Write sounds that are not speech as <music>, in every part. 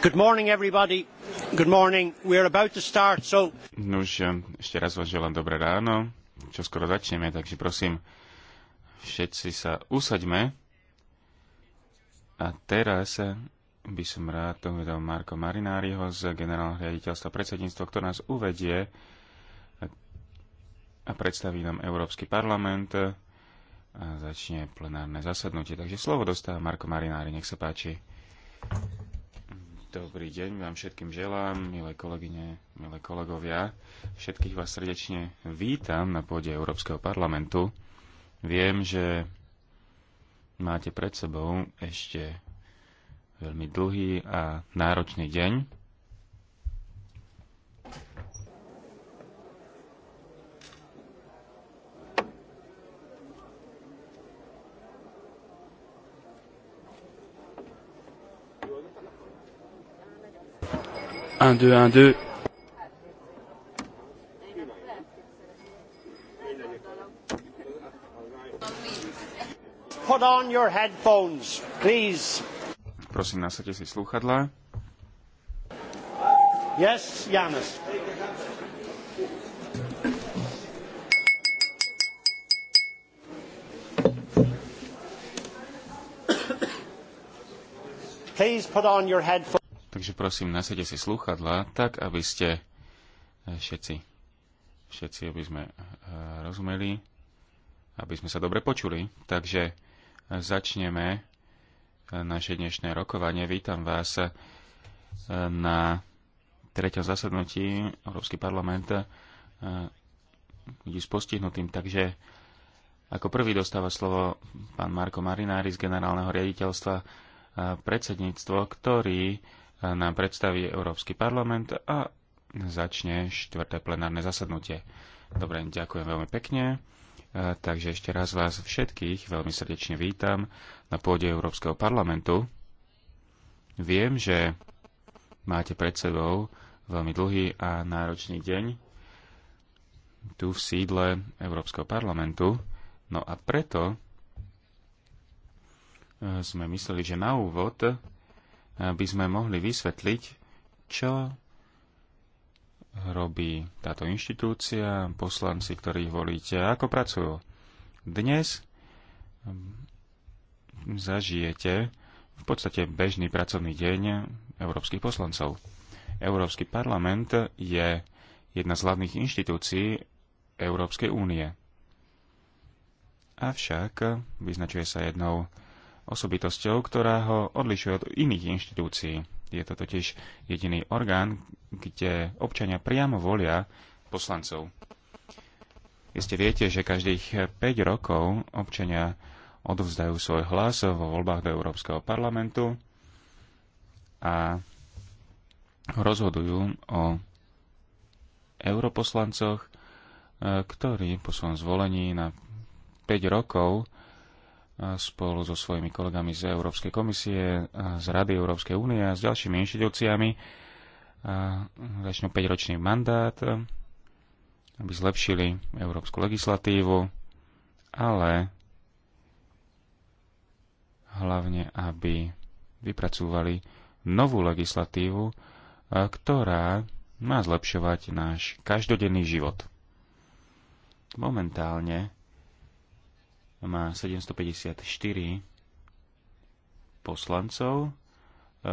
Good morning everybody. Good morning. We are about to start, so... Nuž, eh, ešte raz vás želám dobré ráno. Čo skoro začneme, takže prosím, všetci sa usaďme. A teraz eh, by som rád uvedal Marko Marináriho z generálneho riaditeľstva predsedníctva, ktorý nás uvedie a predstaví nám Európsky parlament a začne plenárne zasadnutie. Takže slovo dostáva Marko Marinári, nech sa páči. Dobrý deň vám všetkým želám, milé kolegyne, milé kolegovia. Všetkých vás srdečne vítam na pôde Európskeho parlamentu. Viem, že máte pred sebou ešte veľmi dlhý a náročný deň. 1, 2, 1, 2. Put on your headphones, please. Prosím, nasadte si slúchadlá. Yes, Janus. Please put on your headphones prosím, nasadte si sluchadla, tak aby ste eh, všetci, všetci, aby sme eh, rozumeli, aby sme sa dobre počuli. Takže eh, začneme naše dnešné rokovanie. Vítam vás na treťom zasadnutí Európsky parlament ľudí s postihnutým, takže ako prvý dostáva slovo pán Marko Marinári z generálneho riaditeľstva predsedníctvo, ktorý nám predstaví Európsky parlament a začne štvrté plenárne zasadnutie. Dobre, ďakujem veľmi pekne. E, takže ešte raz vás všetkých veľmi srdečne vítam na pôde Európskeho parlamentu. Viem, že máte pred sebou veľmi dlhý a náročný deň tu v sídle Európskeho parlamentu. No a preto e, sme mysleli, že na úvod by sme mohli vysvetliť, čo robí táto inštitúcia, poslanci, ktorých volíte, ako pracujú. Dnes mm, zažijete v podstate bežný pracovný deň európskych poslancov. Európsky parlament je jedna z hlavných inštitúcií Európskej únie. Avšak vyznačuje sa jednou osobitosťou, ktorá ho odlišuje od iných inštitúcií. Je to totiž jediný orgán, kde občania priamo volia poslancov. Iste viete, že každých 5 rokov občania odovzdajú svoj hlas vo voľbách do Európskeho parlamentu a rozhodujú o europoslancoch, eh, ktorí po svojom zvolení na 5 rokov spolu so svojimi kolegami z Európskej komisie, z Rady Európskej únie a s ďalšími inštitúciami začnú 5-ročný mandát, aby zlepšili európsku legislatívu, ale hlavne, aby vypracúvali novú legislatívu, ktorá má zlepšovať náš každodenný život. Momentálne má 754 poslancov, e,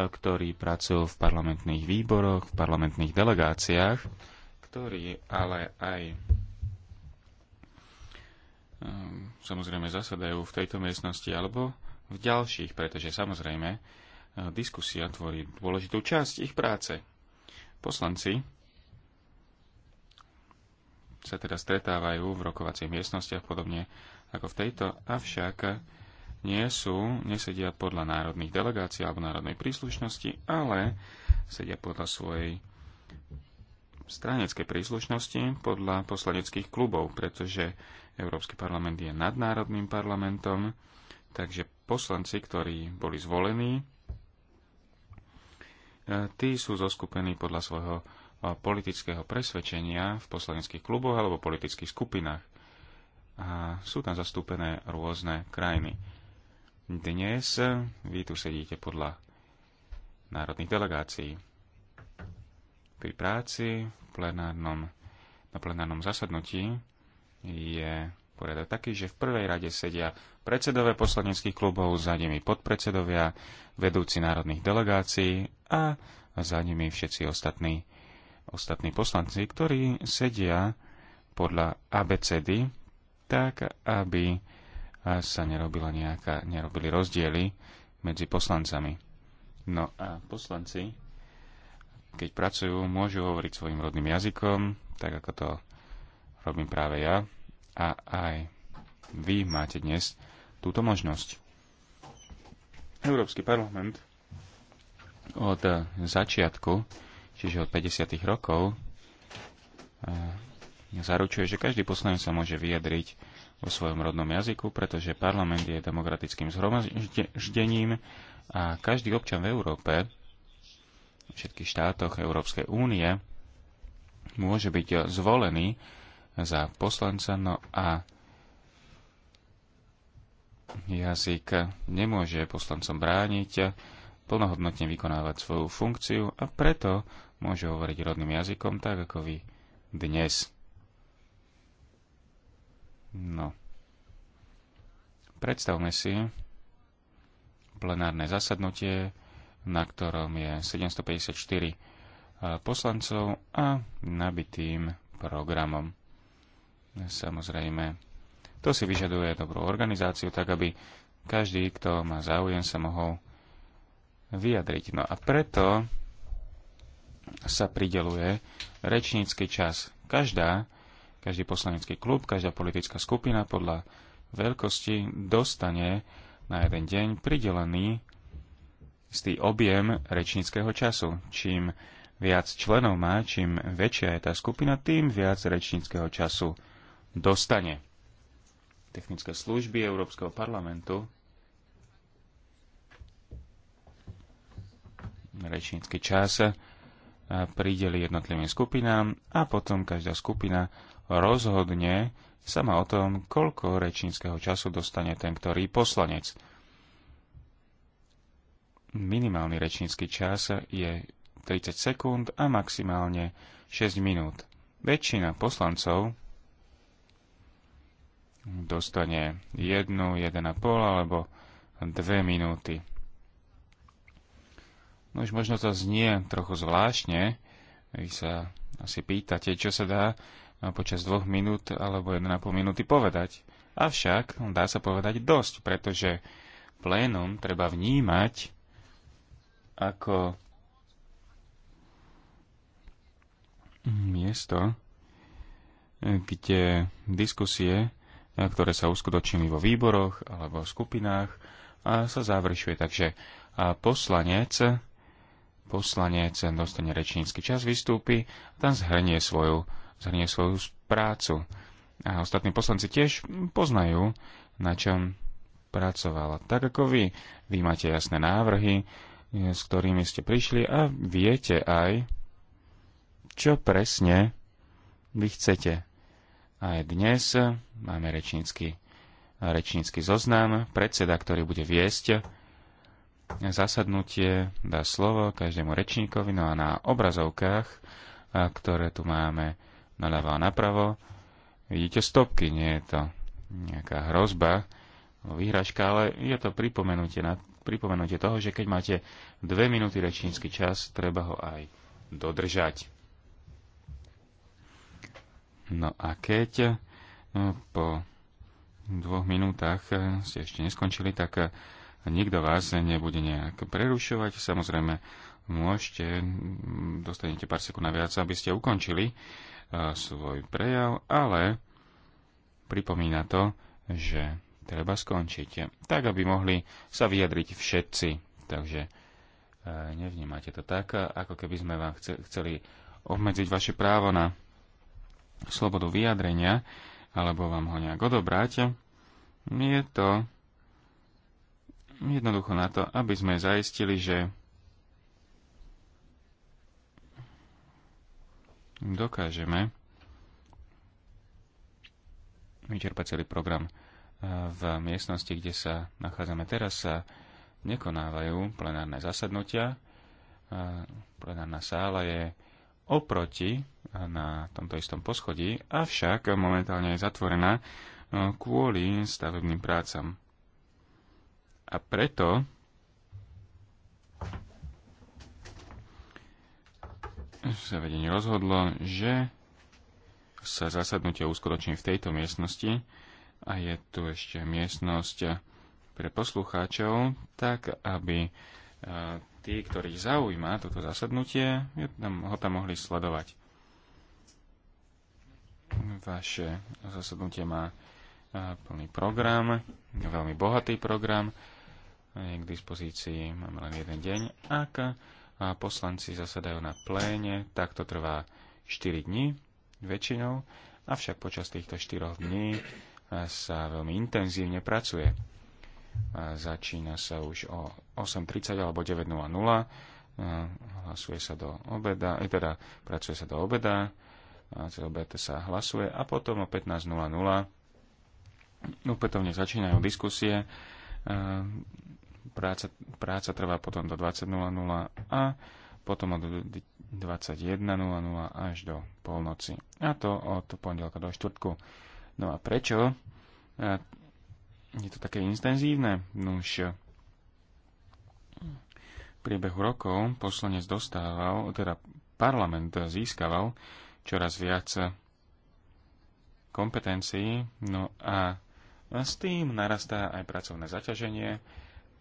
ktorí pracujú v parlamentných výboroch, v parlamentných delegáciách, ktorí ale aj e, samozrejme zasadajú v tejto miestnosti alebo v ďalších, pretože samozrejme e, diskusia tvorí dôležitú časť ich práce. Poslanci sa teda stretávajú v rokovacích miestnostiach podobne ako v tejto, avšak nie sú, nesedia podľa národných delegácií alebo národnej príslušnosti, ale sedia podľa svojej straneckej príslušnosti, podľa poslaneckých klubov, pretože Európsky parlament je nadnárodným parlamentom, takže poslanci, ktorí boli zvolení, e, tí sú zoskupení podľa svojho e, politického presvedčenia v poslaneckých kluboch alebo politických skupinách a sú tam zastúpené rôzne krajiny. Dnes vy tu sedíte podľa národných delegácií. Pri práci v plenárnom, na plenárnom zasadnutí je poriadok taký, že v prvej rade sedia predsedové poslaneckých klubov, za nimi podpredsedovia, vedúci národných delegácií a za nimi všetci ostatní, ostatní poslanci, ktorí sedia podľa ABCD, tak aby sa nerobila nejaká, nerobili rozdiely medzi poslancami. No a poslanci, keď pracujú, môžu hovoriť svojim rodným jazykom, tak ako to robím práve ja. A aj vy máte dnes túto možnosť. Európsky parlament od začiatku, čiže od 50. rokov, zaručuje, že každý poslanec sa môže vyjadriť vo svojom rodnom jazyku, pretože parlament je demokratickým zhromaždením a každý občan v Európe, v všetkých štátoch Európskej únie, môže byť zvolený za poslanca, no a jazyk nemôže poslancom brániť plnohodnotne vykonávať svoju funkciu a preto môže hovoriť rodným jazykom tak ako vy dnes. No. Predstavme si plenárne zasadnutie, na ktorom je 754 eh, poslancov a nabitým programom. Samozrejme, to si vyžaduje dobrú organizáciu, tak aby každý, kto má záujem, sa mohol vyjadriť. No a preto sa prideluje rečnícky čas. Každá každý poslanecký klub, každá politická skupina podľa veľkosti dostane na jeden deň pridelený istý objem rečníckého času. Čím viac členov má, čím väčšia je tá skupina, tým viac rečníckého času dostane. Technické služby Európskeho parlamentu rečnícky čas prideli jednotlivým skupinám a potom každá skupina rozhodne sama o tom, koľko rečníckého času dostane ten ktorý poslanec. Minimálny rečnícky čas je 30 sekúnd a maximálne 6 minút. Väčšina poslancov dostane 1, 1,5 alebo 2 minúty. No už možno to znie trochu zvláštne, vy sa asi pýtate, čo sa dá počas dvoch minút alebo 1,5 minúty povedať. Avšak dá sa povedať dosť, pretože plénum treba vnímať ako miesto, kde diskusie, ktoré sa uskutočnili vo výboroch alebo v skupinách, a sa završuje. Takže poslanec, poslanec dostane rečnícky čas, vystúpi a tam zhrnie svoju zhrnie svoju prácu. A ostatní poslanci tiež poznajú, na čom pracovala. Tak ako vy, vy máte jasné návrhy, e, s ktorými ste prišli a viete aj, čo presne vy chcete. Aj dnes máme rečnícky, rečnícky zoznam. Predseda, ktorý bude viesť zasadnutie, dá slovo každému rečníkovi. No a na obrazovkách, ktoré tu máme naľavo a napravo. Vidíte stopky, nie je to nejaká hrozba, výhražka, ale je to pripomenutie, na, pripomenutie toho, že keď máte dve minúty rečnícky čas, treba ho aj dodržať. No a keď no, po dvoch minútach ste ešte neskončili, tak eh, nikto vás nebude nejak prerušovať. Samozrejme, môžete, dostanete pár sekúnd na viac, aby ste ukončili svoj prejav, ale pripomína to, že treba skončiť, tak aby mohli sa vyjadriť všetci. Takže e, nevnímate to tak, ako keby sme vám chceli obmedziť vaše právo na slobodu vyjadrenia, alebo vám ho nejak odobrať. Je to jednoducho na to, aby sme zaistili, že dokážeme vyčerpať celý program e, v miestnosti, kde sa nachádzame teraz, sa nekonávajú plenárne zasadnutia. E, plenárna sála je oproti e, na tomto istom poschodí, avšak momentálne je zatvorená kvôli stavebným prácam. A preto sa vedenie rozhodlo, že sa zasadnutie uskutoční v tejto miestnosti a je tu ešte miestnosť pre poslucháčov, tak aby e, tí, ktorých zaujíma toto zasadnutie, ho tam mohli sledovať. Vaše zasadnutie má e, plný program, veľmi bohatý program, je k dispozícii, máme len jeden deň. Ak a poslanci zasadajú na pléne, tak to trvá 4 dní väčšinou, avšak počas týchto 4 dní eh, sa veľmi intenzívne pracuje. Eh, začína sa už o 8.30 alebo 9.00, eh, hlasuje sa do obeda, teda pracuje sa do obeda, cez obed sa hlasuje a potom o 15.00 opätovne začínajú diskusie práca, práca trvá potom do 20.00 a potom od 21.00 až do polnoci. A to od pondelka do štvrtku. No a prečo? Je to také intenzívne? No už v priebehu rokov poslanec dostával, teda parlament získaval čoraz viac kompetencií, no a s tým narastá aj pracovné zaťaženie,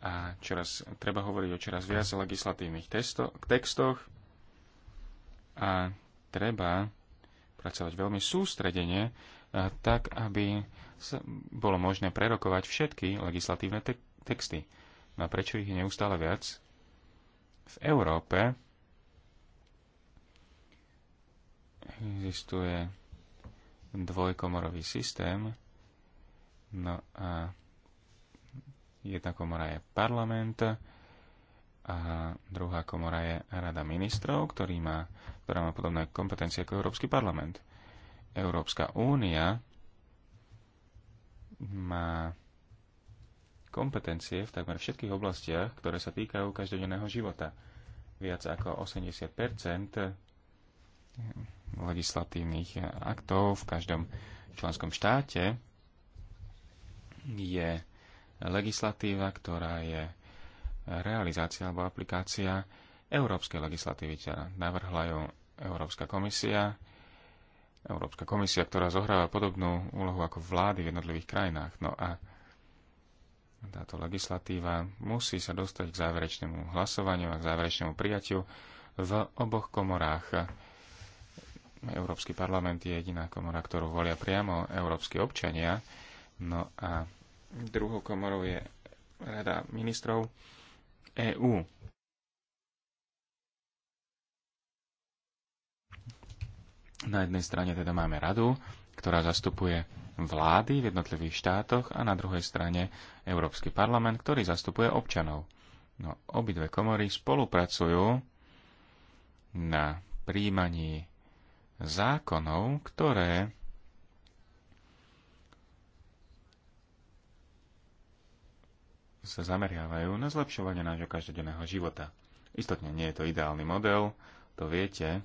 a čoraz, treba hovoriť o čoraz viac legislatívnych testo, textoch a treba pracovať veľmi sústredene, e, tak aby sa bolo možné prerokovať všetky legislatívne te- texty. No a prečo ich je neustále viac? V Európe existuje dvojkomorový systém, no a Jedna komora je parlament a druhá komora je rada ministrov, ktorý má, ktorá má podobné kompetencie ako Európsky parlament. Európska únia má kompetencie v takmer všetkých oblastiach, ktoré sa týkajú každodenného života. Viac ako 80 legislatívnych aktov v každom členskom štáte je legislatíva, ktorá je realizácia alebo aplikácia európskej legislatívy, teda navrhla ju Európska komisia. Európska komisia, ktorá zohráva podobnú úlohu ako vlády v jednotlivých krajinách. No a táto legislatíva musí sa dostať k záverečnému hlasovaniu a k záverečnému prijatiu v oboch komorách. Európsky parlament je jediná komora, ktorú volia priamo európsky občania. No a Druhou komorou je Rada ministrov EÚ. Na jednej strane teda máme radu, ktorá zastupuje vlády v jednotlivých štátoch a na druhej strane Európsky parlament, ktorý zastupuje občanov. No, obidve komory spolupracujú na príjmaní zákonov, ktoré sa zameriavajú na zlepšovanie nášho každodenného života. Istotne nie je to ideálny model, to viete,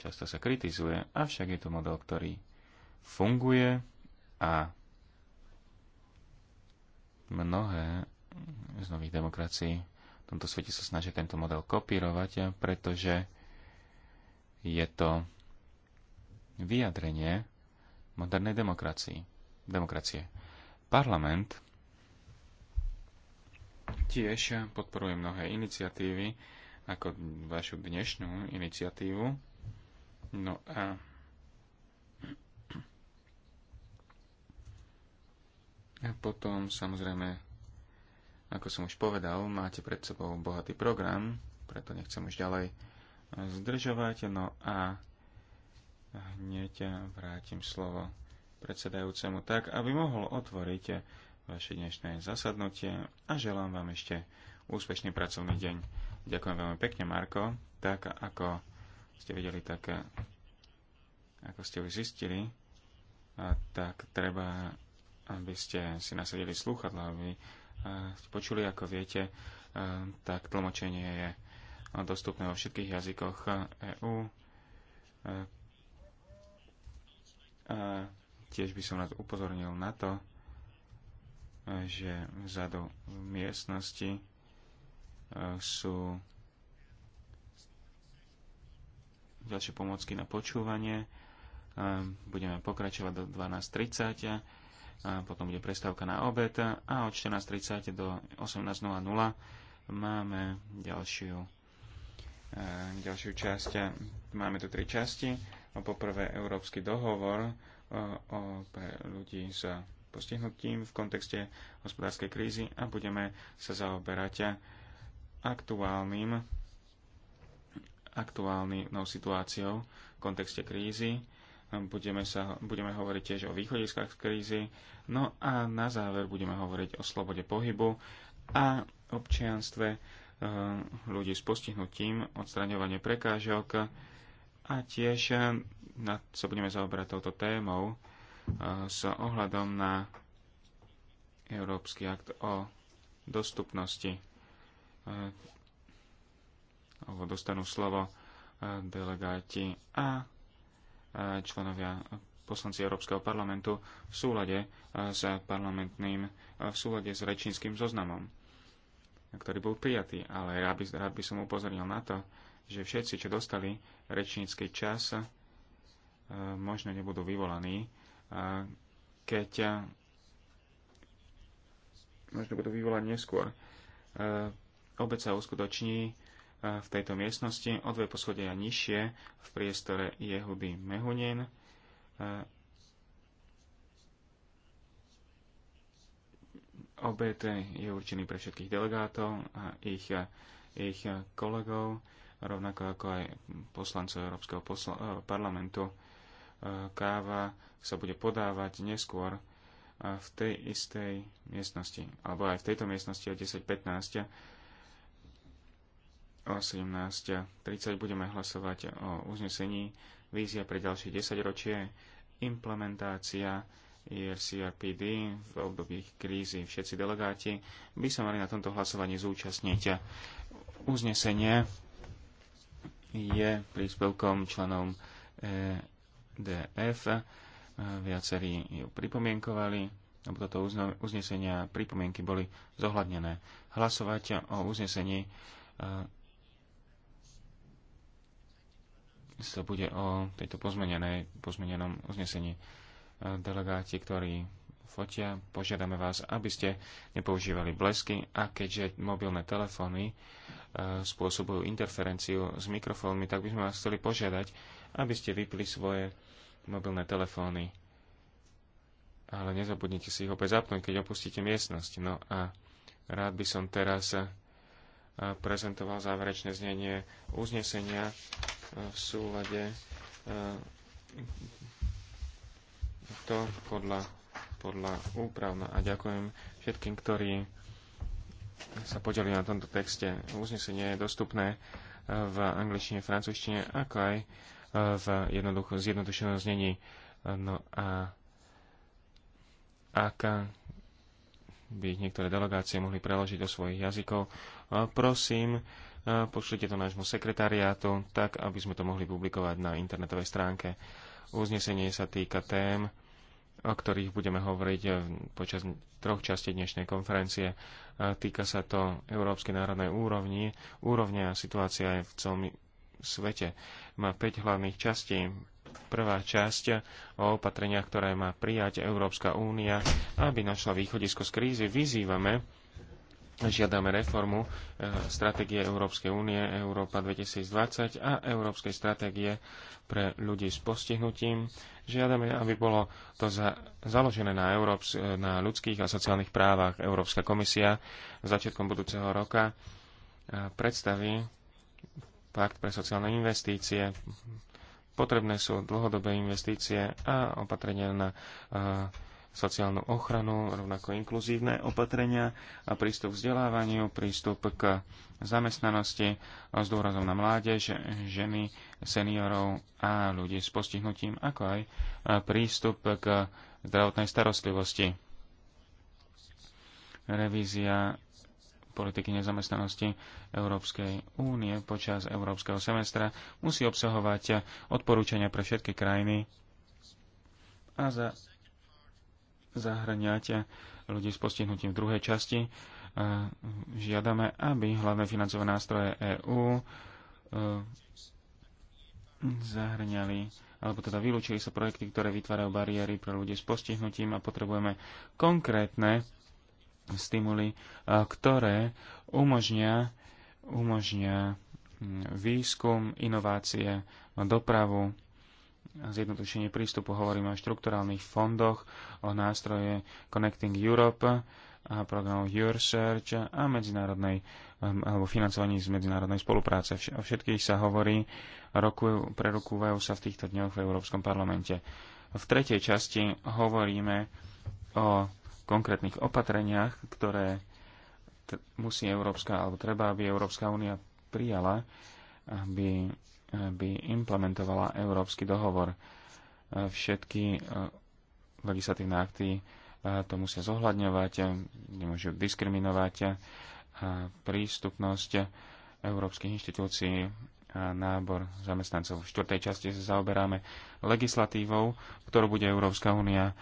často sa kritizuje, avšak je to model, ktorý funguje a mnohé z nových demokracií v tomto svete sa snažia tento model kopírovať, pretože je to vyjadrenie modernej demokracii. demokracie. Parlament Tiež podporujem mnohé iniciatívy, ako vašu dnešnú iniciatívu. No a A potom, samozrejme, ako som už povedal, máte pred sebou bohatý program, preto nechcem už ďalej zdržovať. No a hneď vrátim slovo predsedajúcemu tak, aby mohol otvoriť vaše dnešné zasadnutie a želám vám ešte úspešný pracovný deň. Ďakujem veľmi pekne, Marko. Tak ako ste videli, tak ako ste už zistili, tak treba, aby ste si nasadili slúchadla, aby ste počuli, ako viete, tak tlmočenie je dostupné vo všetkých jazykoch EÚ. Tiež by som nás upozornil na to, že vzadu v miestnosti e, sú ďalšie pomocky na počúvanie. E, budeme pokračovať do 12.30, potom bude prestávka na obed a od 14.30 do 18.00 máme ďalšiu, e, ďalšiu časť. Máme tu tri časti. Poprvé Európsky dohovor o, o, pre ľudí s postihnutím v kontexte hospodárskej krízy a budeme sa zaoberať aktuálnym aktuálnou situáciou v kontexte krízy. Budeme, sa, budeme hovoriť tiež o východiskách krízy. No a na záver budeme hovoriť o slobode pohybu a občianstve eh, ľudí s postihnutím, odstraňovanie prekážok a tiež eh, sa budeme zaoberať touto témou s ohľadom na Európsky akt o dostupnosti. Ovo dostanú slovo e, delegáti a e, členovia poslanci Európskeho parlamentu v súlade e, s parlamentným, v súlade s rečínským zoznamom, ktorý bol prijatý. Ale rád by, rád by som upozornil na to, že všetci, čo dostali rečnícky čas, možno nebudú vyvolaní keď možno budú vyvolať neskôr. Obec sa uskutoční v tejto miestnosti o dve poschodia nižšie v priestore Jehudy Mehunin. Obed je určený pre všetkých delegátov a ich, ich kolegov, rovnako ako aj poslancov Európskeho posla- parlamentu. Káva sa bude podávať neskôr v tej istej miestnosti, alebo aj v tejto miestnosti o 10.15 o 17.30 budeme hlasovať o uznesení vízia pre ďalšie 10 ročie, implementácia IRCRPD e v období krízy. Všetci delegáti by sa mali na tomto hlasovaní zúčastniť. Uznesenie je príspevkom členom e DF viacerí ju pripomienkovali, alebo toto uznesenia a pripomienky boli zohľadnené. Hlasovať o uznesení sa e, bude o tejto pozmenenom uznesení e, delegáti, ktorí fotia. Požiadame vás, aby ste nepoužívali blesky a keďže mobilné telefóny e, spôsobujú interferenciu s mikrofónmi, tak by sme vás chceli požiadať, aby ste vypli svoje mobilné telefóny. Ale nezabudnite si ich opäť zapnúť, keď opustíte miestnosť. No a rád by som teraz eh, prezentoval záverečné znenie uznesenia eh, v súlade eh, to podľa, podľa úpravna. No a ďakujem všetkým, ktorí sa podeli na tomto texte. Uznesenie je dostupné v angličtine, francúzštine, ako aj v zjednodušenom znení. No a ak by niektoré delegácie mohli preložiť do svojich jazykov, prosím, pošlite to nášmu sekretariátu, tak aby sme to mohli publikovať na internetovej stránke. Uznesenie sa týka tém, o ktorých budeme hovoriť počas troch častí dnešnej konferencie. Týka sa to Európskej národnej úrovni, úrovne a situácia je v celom svete. Má 5 hlavných častí. Prvá časť o opatreniach, ktoré má prijať Európska únia, aby našla východisko z krízy. Vyzývame, žiadame reformu eh, stratégie Európskej únie Európa 2020 a Európskej stratégie pre ľudí s postihnutím. Žiadame, aby bolo to za, založené na, Európs, na ľudských a sociálnych právach. Európska komisia začiatkom budúceho roka eh, predstaví pakt pre sociálne investície. Potrebné sú dlhodobé investície a opatrenia na sociálnu ochranu, rovnako inkluzívne opatrenia a prístup k vzdelávaniu, prístup k zamestnanosti s dôrazom na mládež, ženy, seniorov a ľudí s postihnutím, ako aj prístup k zdravotnej starostlivosti. Revízia politiky nezamestnanosti Európskej únie počas európskeho semestra musí obsahovať odporúčania pre všetky krajiny a za, zahrňať ľudí s postihnutím v druhej časti. Žiadame, aby hlavné financové nástroje EÚ e, zahrňali alebo teda vylúčili sa projekty, ktoré vytvárajú bariéry pre ľudí s postihnutím a potrebujeme konkrétne stimuly, ktoré umožnia, umožnia výskum, inovácie, dopravu, zjednodušenie prístupu. Hovoríme o štrukturálnych fondoch, o nástroje Connecting Europe, a Your Search a medzinárodnej alebo financovaní z medzinárodnej spolupráce. O všetkých sa hovorí, roku, prerokúvajú sa v týchto dňoch v Európskom parlamente. V tretej časti hovoríme o konkrétnych opatreniach, ktoré musí Európska, alebo treba, aby Európska únia prijala, aby, aby implementovala Európsky dohovor. E, všetky e, legislatívne akty e, to musia zohľadňovať, nemôžu diskriminovať prístupnosť európskych inštitúcií a nábor zamestnancov. V štvrtej časti sa zaoberáme legislatívou, ktorú bude Európska únia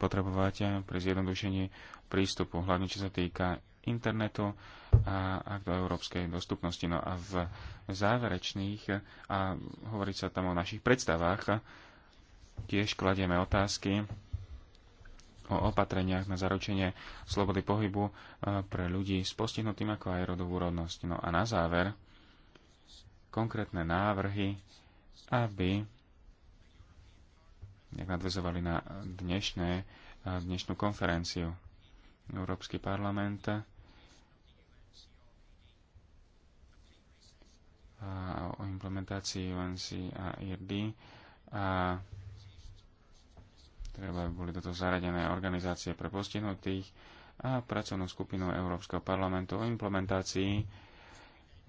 potrebovať eh, pri zjednodušení prístupu, hlavne čo sa týka internetu a, a do európskej dostupnosti. No a v záverečných, eh, a hovorí sa tam o našich predstavách, eh, tiež kladieme otázky o opatreniach na zaručenie slobody pohybu pre ľudí s postihnutým ako aj rodovú rovnosť. No a na záver konkrétne návrhy, aby nejak nadvezovali na dnešné, eh, dnešnú konferenciu. Európsky parlament a eh, o implementácii UNC a IRD a treba boli toto zaradené organizácie pre postihnutých a pracovnú skupinu Európskeho parlamentu o implementácii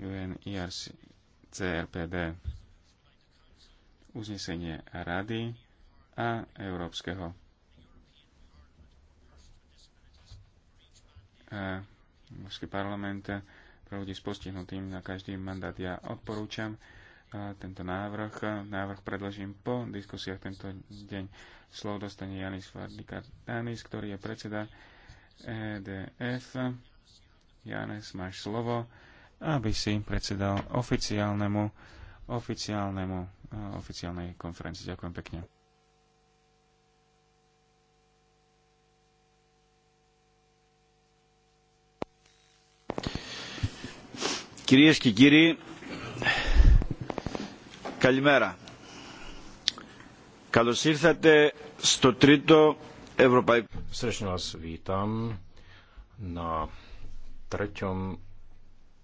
UNIRCRPD. Uznesenie rady a Európskeho Európsky parlament pre ľudí s postihnutým na každý mandát. Ja odporúčam tento návrh. Návrh predložím po diskusiách tento deň. Slovo dostane Janis Vardikatanis, ktorý je predseda EDF. Janes, máš slovo, aby si predsedal oficiálnemu, oficiálnemu, oficiálnej konferencii. Ďakujem pekne. Κυρίες και κύριοι, καλημέρα. Καλώς ήρθατε στο τρίτο ευρωπαϊκό... Srdečne vás vítam na treťom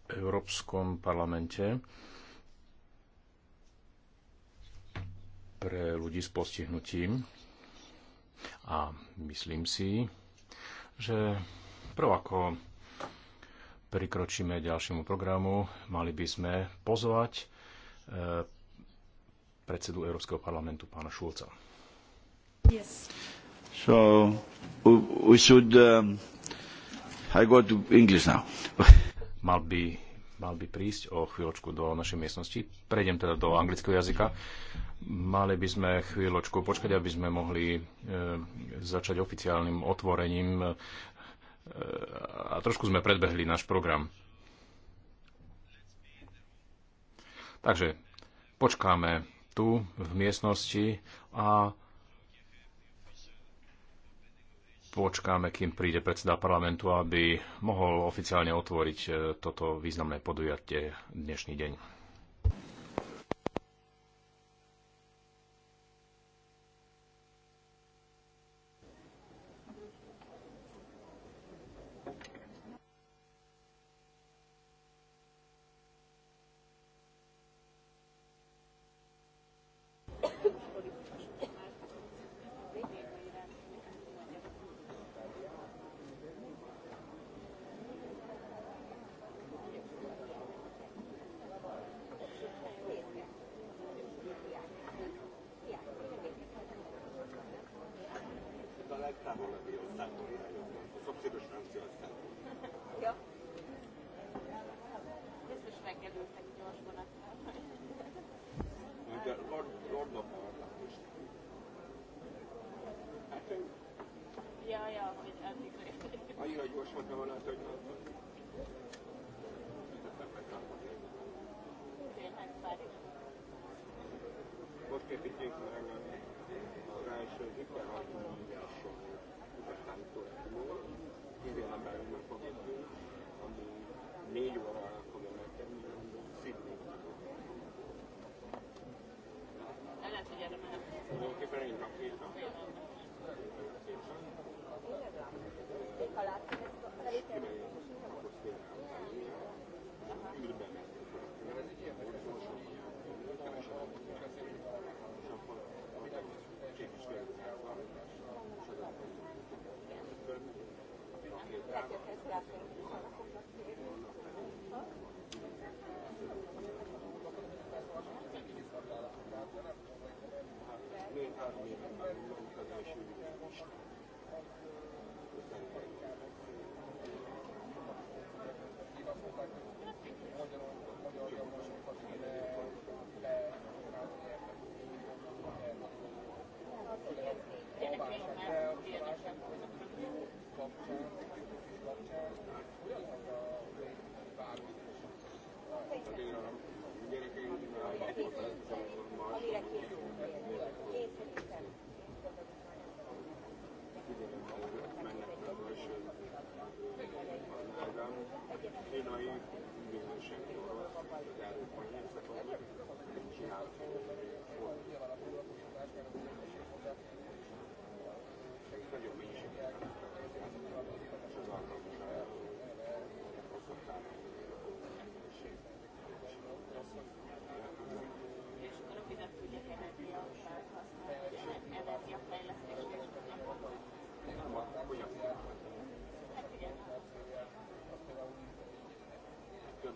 Európskom parlamente pre ľudí s postihnutím. A myslím si, že prvako prikročíme ďalšiemu programu. Mali by sme pozvať e, predsedu Európskeho parlamentu pána Šulca. Yes. So we should um, I go to English now. mal, by, mal by prísť o chvíľočku do našej miestnosti. Prejdem teda do anglického jazyka. Mali by sme chvíľočku počkať, aby sme mohli e, začať oficiálnym otvorením e, a trošku sme predbehli náš program. Takže počkáme tu v miestnosti a počkáme, kým príde predseda parlamentu, aby mohol oficiálne otvoriť eh, toto významné podujatie dnešný deň.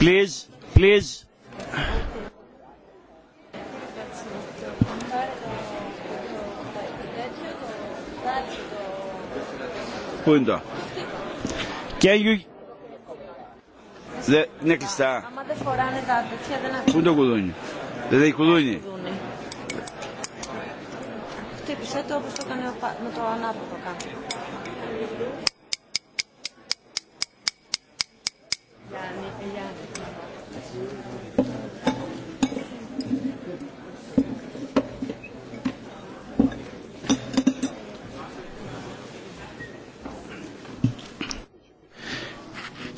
Please, please. Πού είναι το. Can you... Δε, είναι κλειστά. Άμα δεν φοράνε τα τέτοια δεν αφήνουν. Πού είναι το κουδούνι. Δεν έχει κουδούνι. Κλείσε το όπως το έκανε με το ανάποδο κάτω.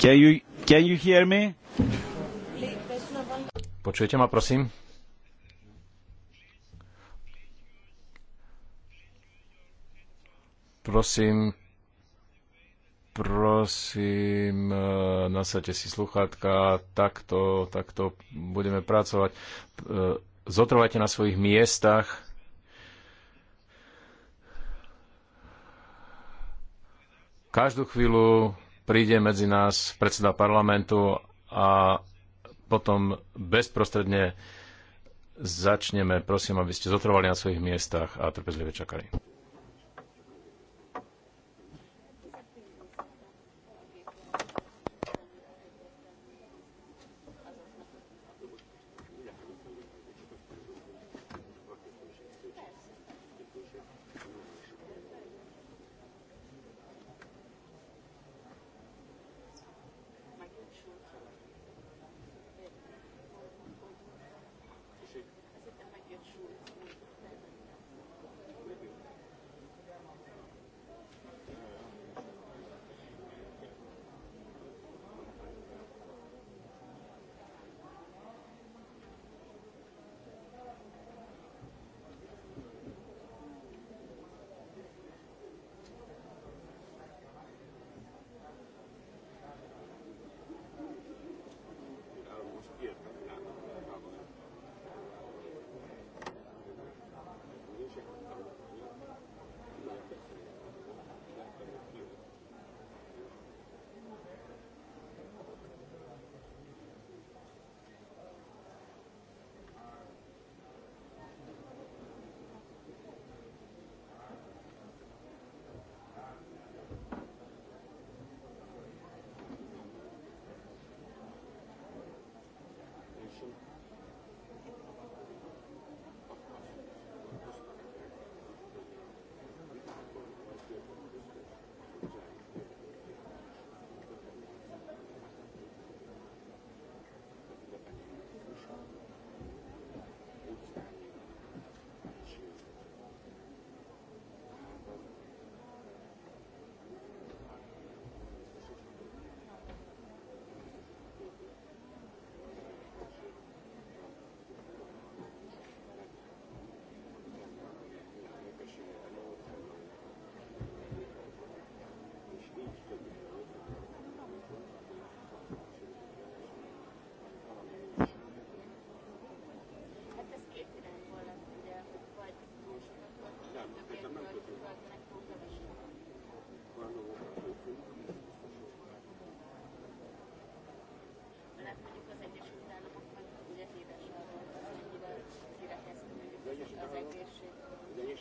Can you, can you hear me? No Počujete ma, prosím? Prosím, prosím, e, nasadte si sluchátka, takto, takto budeme pracovať. E, zotrvajte na svojich miestach. Každú chvíľu príde medzi nás predseda parlamentu a potom bezprostredne začneme. Prosím, aby ste zotrvali na svojich miestach a trpezlivo čakali.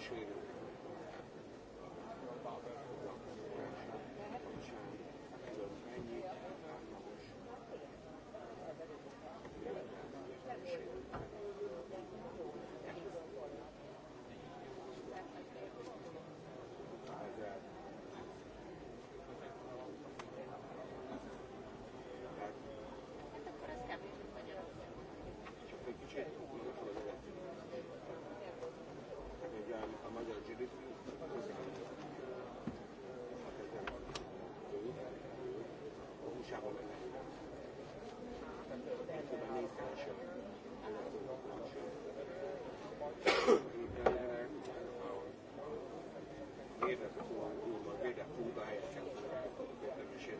Schweden. 的不错，我们这两中端也相当，我们是。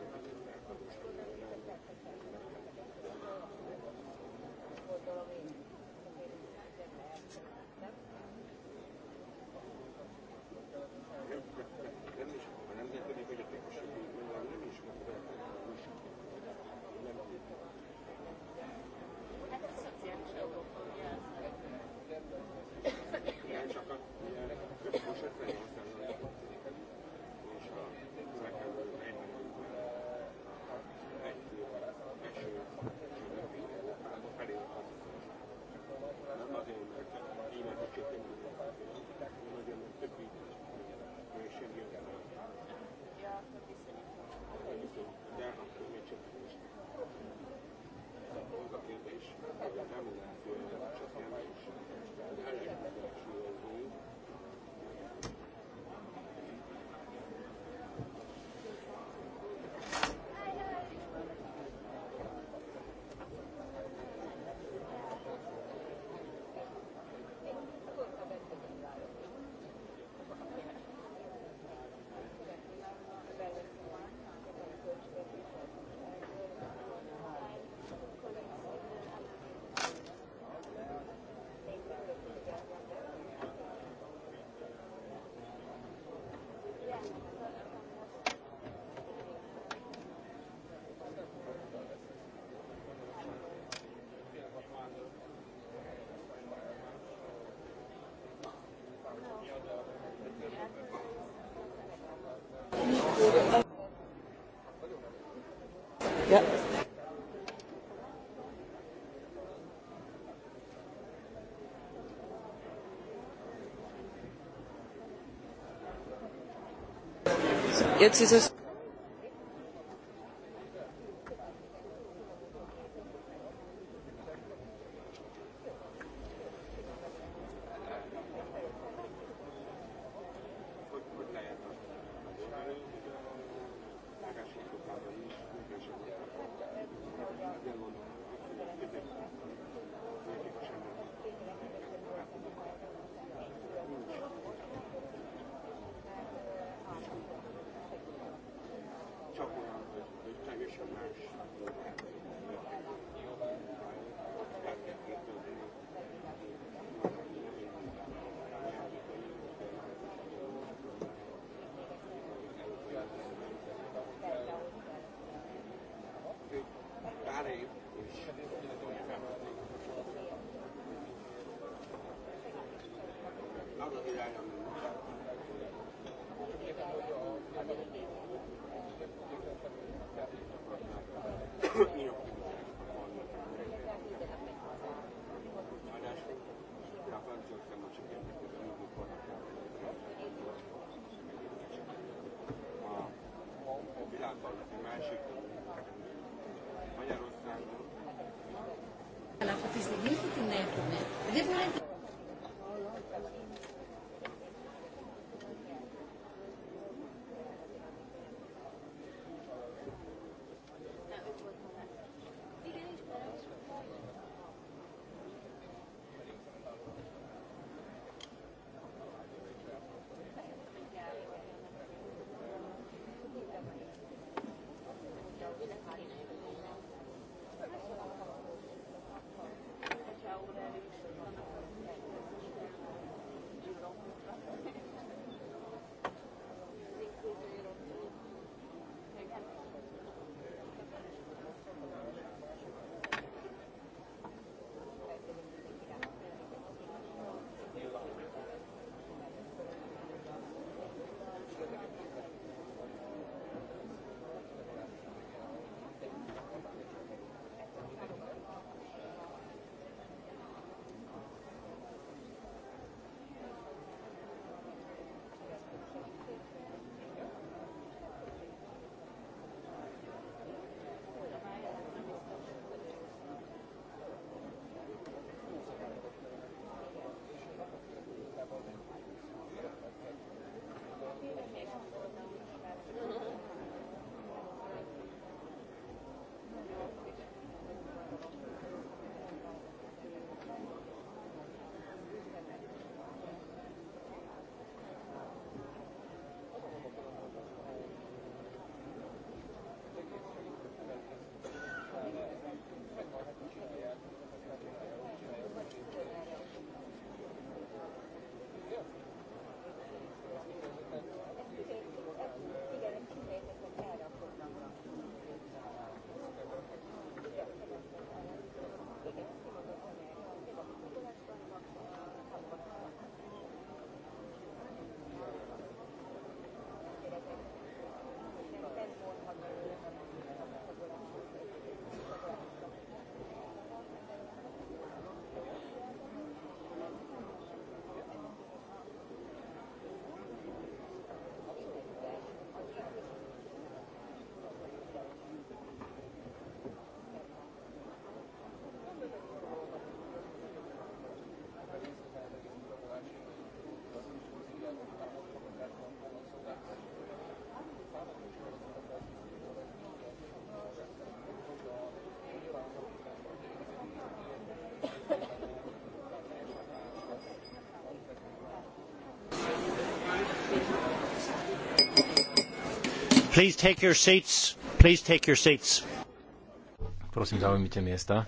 Jetzt ist es Prosím, zaujímite miesta.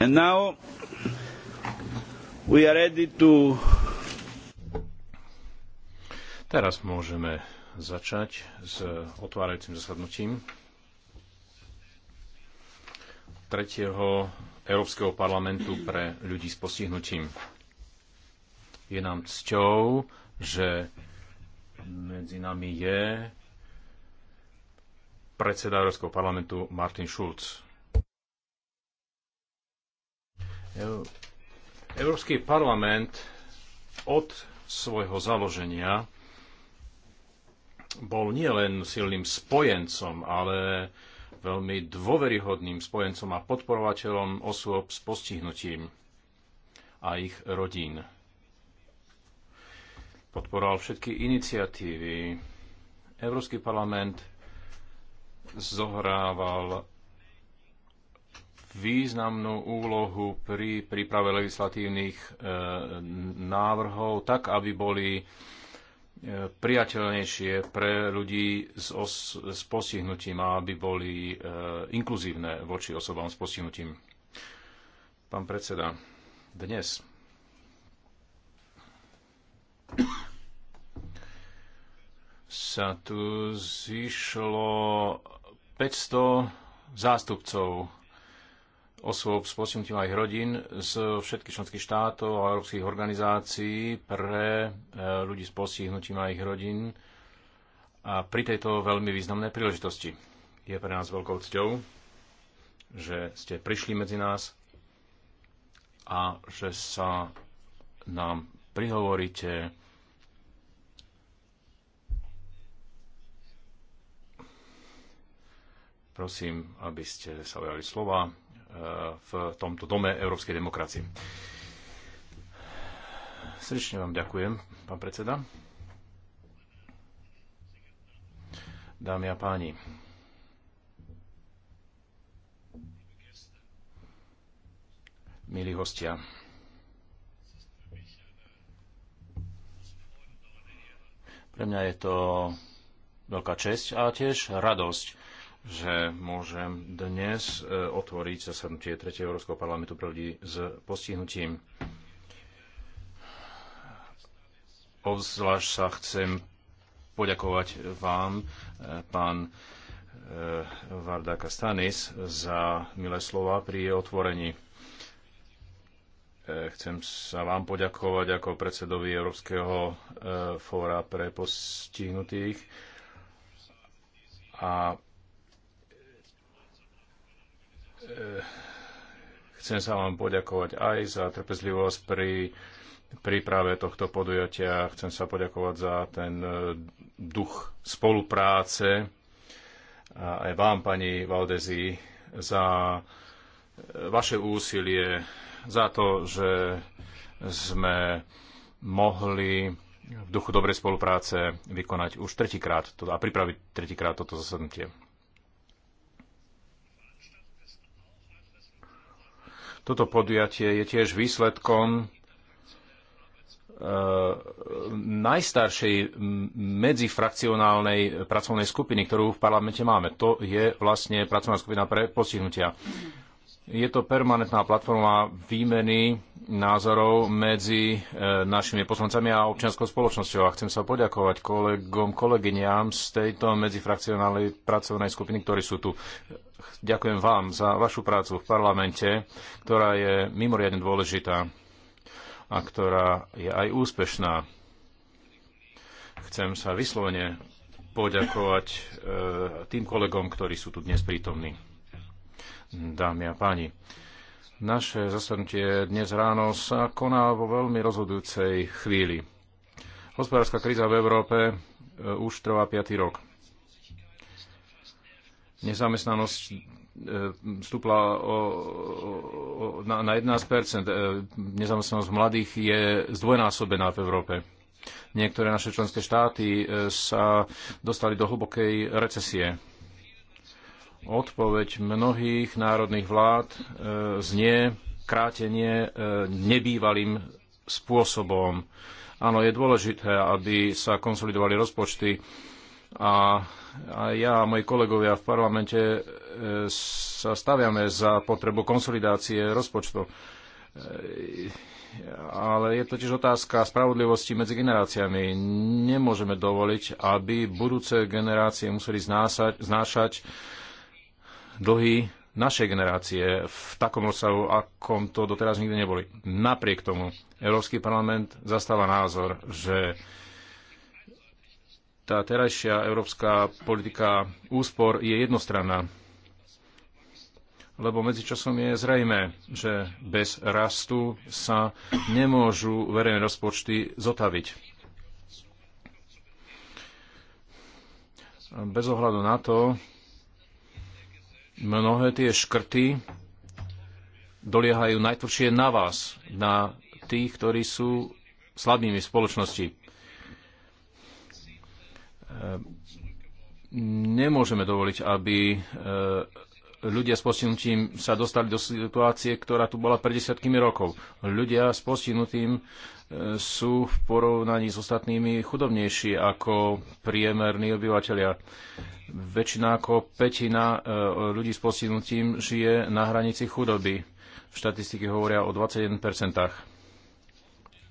And now We are ready to... Teraz môžeme začať s otvárajúcim zasadnutím tretieho Európskeho parlamentu pre ľudí s postihnutím. Je nám cťou, že medzi nami je predseda Európskeho parlamentu Martin Schulz. Európsky parlament od svojho založenia bol nielen silným spojencom, ale veľmi dôveryhodným spojencom a podporovateľom osôb s postihnutím a ich rodín. Podporoval všetky iniciatívy. Európsky parlament zohrával významnú úlohu pri príprave legislatívnych e, návrhov, tak aby boli e, priateľnejšie pre ľudí s, os- s postihnutím a aby boli e, inkluzívne voči osobám s postihnutím. Pán predseda, dnes sa tu zišlo 500 zástupcov osôb z aj rodín z všetkých členských štátov a európskych organizácií pre e, ľudí s postihnutím aj ich rodín a pri tejto veľmi významnej príležitosti. Je pre nás veľkou cťou, že ste prišli medzi nás a že sa nám prihovoríte Prosím, aby ste sa ujali slova v tomto dome európskej demokracie. Srdečne vám ďakujem, pán predseda. Dámy a páni, milí hostia, pre mňa je to veľká česť a tiež radosť že môžem dnes e, otvoriť zasadnutie 3. Európskeho parlamentu pre ľudí s postihnutím. Obzvlášť sa chcem poďakovať vám, e, pán e, Varda Kastanis, za milé slova pri otvorení. Chcem sa vám poďakovať ako predsedovi Európskeho fóra pre postihnutých a Eh, chcem sa vám poďakovať aj za trpezlivosť pri príprave tohto podujatia. Chcem sa poďakovať za ten eh, duch spolupráce a aj vám, pani Valdezi, za eh, vaše úsilie, za to, že sme mohli v duchu dobrej spolupráce vykonať už tretíkrát a pripraviť tretíkrát toto zasadnutie. Toto podujatie je tiež výsledkom e, najstaršej medzifrakcionálnej pracovnej skupiny, ktorú v parlamente máme. To je vlastne pracovná skupina pre postihnutia. Je to permanentná platforma výmeny názorov medzi e, našimi poslancami a občianskou spoločnosťou. A chcem sa poďakovať kolegom, kolegyňam z tejto medzifrakcionálnej pracovnej skupiny, ktorí sú tu. Ďakujem vám za vašu prácu v parlamente, ktorá je mimoriadne dôležitá a ktorá je aj úspešná. Chcem sa vyslovene poďakovať e, tým kolegom, ktorí sú tu dnes prítomní dámy a páni. Naše zasadnutie dnes ráno sa koná vo veľmi rozhodujúcej chvíli. Hospodárska kríza v Európe e, už trvá 5. rok. Nezamestnanosť e, stúpla o, o, na, na 11 e, Nezamestnanosť mladých je zdvojnásobená v Európe. Niektoré naše členské štáty sa dostali do hlbokej recesie Odpoveď mnohých národných vlád e, znie krátenie e, nebývalým spôsobom. Áno, je dôležité, aby sa konsolidovali rozpočty a, a ja a moji kolegovia v parlamente e, sa staviame za potrebu konsolidácie rozpočtov. Ale je totiž otázka spravodlivosti medzi generáciami. Nemôžeme dovoliť, aby budúce generácie museli znášať, znášať dlhy našej generácie v takom rozsahu, akom to doteraz nikdy neboli. Napriek tomu Európsky parlament zastáva názor, že tá terajšia európska politika úspor je jednostranná. Lebo medzičasom je zrejme, že bez rastu sa nemôžu verejné rozpočty zotaviť. bez ohľadu na to, mnohé tie škrty doliehajú najtvrdšie na vás, na tých, ktorí sú slabými v spoločnosti. Ehm, nemôžeme dovoliť, aby ehm, ľudia s postihnutím sa dostali do situácie, ktorá tu bola pred desiatkými rokov. Ľudia s postihnutím e, sú v porovnaní s ostatnými chudobnejší ako priemerní obyvateľia. Väčšina ako petina e, ľudí s postihnutím žije na hranici chudoby. Štatistiky hovoria o 21%.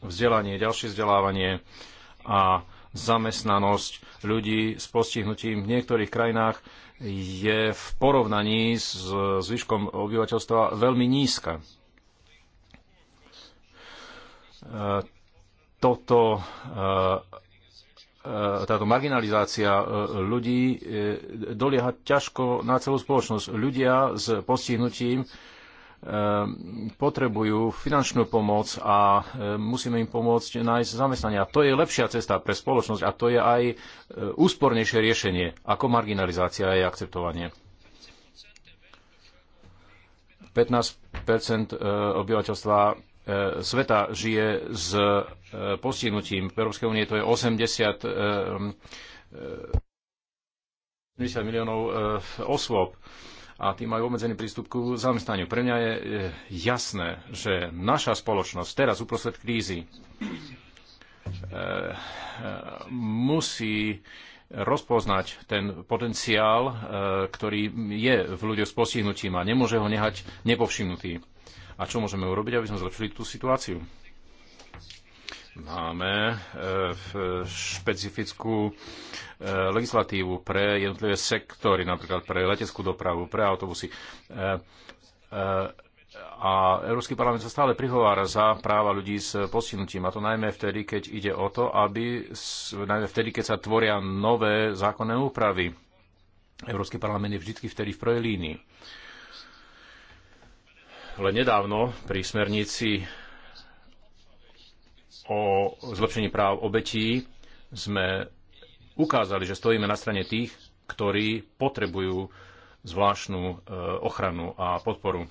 Vzdelanie, ďalšie vzdelávanie a zamestnanosť ľudí s postihnutím v niektorých krajinách je v porovnaní s zvyškom obyvateľstva veľmi nízka. E, toto, e, e, táto marginalizácia ľudí dolieha ťažko na celú spoločnosť. Ľudia s postihnutím Ehm, potrebujú finančnú pomoc a ehm, musíme im pomôcť nájsť zamestnania. To je lepšia cesta pre spoločnosť a to je aj e, úspornejšie riešenie ako marginalizácia a jej akceptovanie. 15 e, obyvateľstva e, sveta žije s postihnutím. V Európskej únie to je 80, 80 ehm, miliónov osôb a tí majú obmedzený prístup ku zamestnaniu. Pre mňa je jasné, že naša spoločnosť teraz uprostred krízy e, e, musí rozpoznať ten potenciál, e, ktorý je v ľuďoch s postihnutím a nemôže ho nehať nepovšimnutý. A čo môžeme urobiť, aby sme zlepšili tú situáciu? máme e, špecifickú e, legislatívu pre jednotlivé sektory, napríklad pre leteckú dopravu, pre autobusy. E, a Európsky parlament sa stále prihovára za práva ľudí s postihnutím, a to najmä vtedy, keď ide o to, aby, najmä vtedy, keď sa tvoria nové zákonné úpravy. Európsky parlament je vždy vtedy v prvej línii. Len nedávno pri smernici o zlepšení práv obetí sme ukázali, že stojíme na strane tých, ktorí potrebujú zvláštnu e, ochranu a podporu.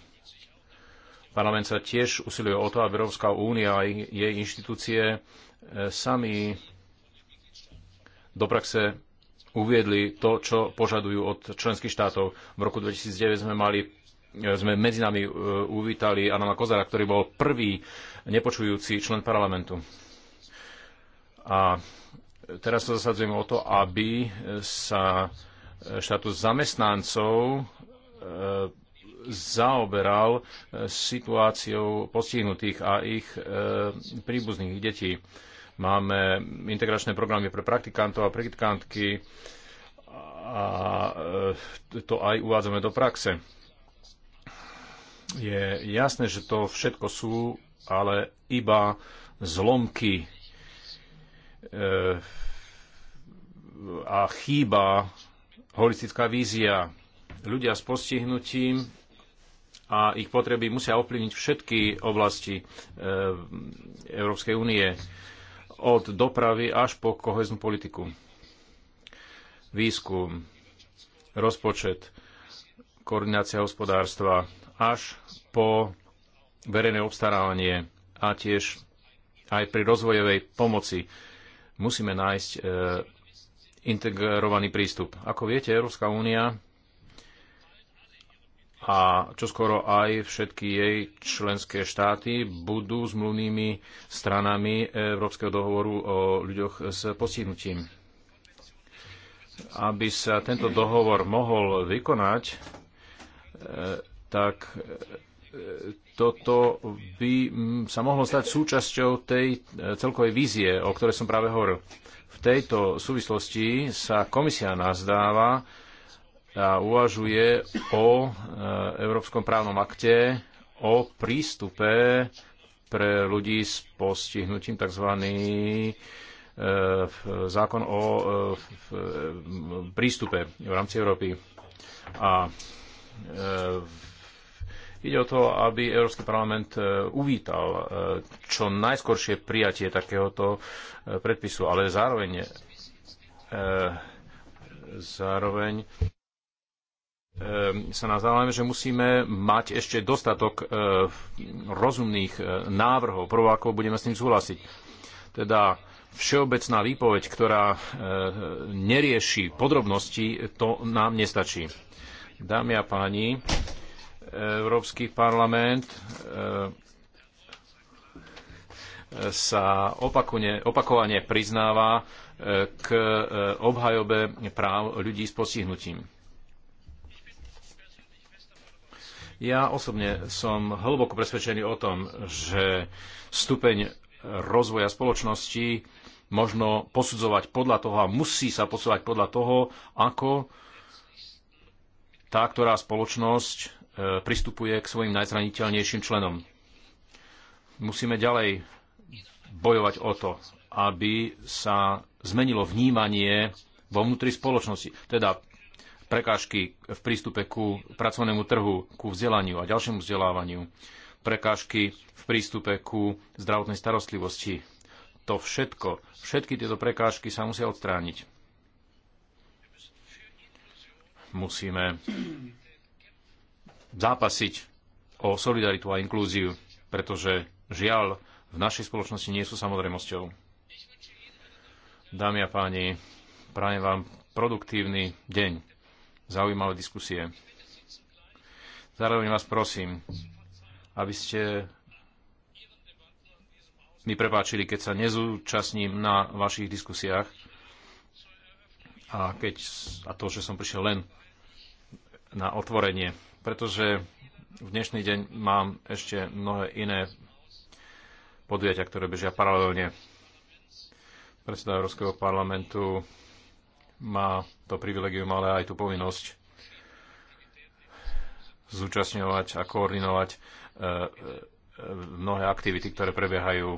Parlament sa tiež usiluje o to, aby Európska únia a jej inštitúcie e, sami do praxe uviedli to, čo požadujú od členských štátov. V roku 2009 sme mali e, sme medzi nami uvítali Anama Kozara, ktorý bol prvý nepočujúci člen parlamentu. A teraz sa zasadzujem o to, aby sa štátu zamestnancov e, zaoberal e, situáciou postihnutých a ich e, príbuzných ich detí. Máme integračné programy pre praktikantov a praktikantky a to aj uvádzame do praxe. Je jasné, že to všetko sú ale iba zlomky e, a chýba holistická vízia. Ľudia s postihnutím a ich potreby musia ovplyvniť všetky oblasti e, Európskej únie, od dopravy až po koheznú politiku, výskum, rozpočet, koordinácia hospodárstva, až po verejné obstarávanie a tiež aj pri rozvojovej pomoci musíme nájsť e, integrovaný prístup. Ako viete, Európska únia a čoskoro aj všetky jej členské štáty budú zmluvnými stranami Európskeho dohovoru o ľuďoch s postihnutím. Aby sa tento dohovor mohol vykonať, e, tak toto by sa mohlo stať súčasťou tej e, celkovej vízie, o ktorej som práve hovoril. V tejto súvislosti sa komisia nazdáva a uvažuje o e, Európskom právnom akte o prístupe pre ľudí s postihnutím tzv. E, zákon o prístupe v rámci Európy. A v Ide o to, aby Európsky parlament e, uvítal e, čo najskoršie prijatie takéhoto e, predpisu, ale zároveň zároveň sa nazdávame, že musíme mať ešte dostatok rozumných návrhov, prvo, ako budeme s tým súhlasiť. Teda všeobecná výpoveď, ktorá nerieši podrobnosti, to nám nestačí. Dámy a páni, Európsky parlament e, e, sa opakovane priznáva e, k obhajobe práv ľudí s postihnutím. Ja osobne som hlboko presvedčený o tom, že stupeň rozvoja spoločnosti možno posudzovať podľa toho a musí sa posudzovať podľa toho, ako tá, ktorá spoločnosť pristupuje k svojim najzraniteľnejším členom. Musíme ďalej bojovať o to, aby sa zmenilo vnímanie vo vnútri spoločnosti, teda prekážky v prístupe ku pracovnému trhu, ku vzdelaniu a ďalšiemu vzdelávaniu, prekážky v prístupe ku zdravotnej starostlivosti. To všetko, všetky tieto prekážky sa musia odstrániť. Musíme zápasiť o solidaritu a inklúziu, pretože žiaľ v našej spoločnosti nie sú samozrejmosťou. Dámy a páni, prajem vám produktívny deň, zaujímavé diskusie. Zároveň vás prosím, aby ste mi prepáčili, keď sa nezúčastním na vašich diskusiách a, keď, a to, že som prišiel len na otvorenie pretože v dnešný deň mám ešte mnohé iné podujatia, ktoré bežia paralelne. Predseda Európskeho parlamentu má to privilegium, ale aj tú povinnosť zúčastňovať a koordinovať e, e, mnohé aktivity, ktoré prebiehajú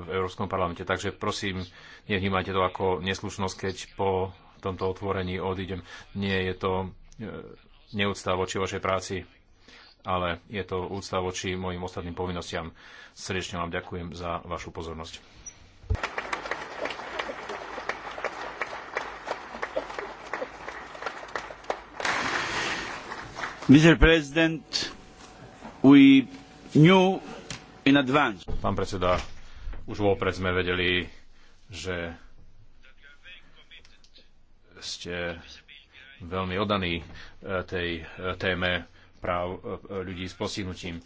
v Európskom parlamente. Takže prosím, nevnímajte to ako neslušnosť, keď po tomto otvorení odídem. Nie je to e, neúcta voči vašej práci, ale je to úcta voči mojim ostatným povinnostiam. Srdečne vám ďakujem za vašu pozornosť. Mr. President, we knew in advance. Pán predseda, už vopred sme vedeli, že ste veľmi oddaný e, tej e, téme práv e, ľudí s postihnutím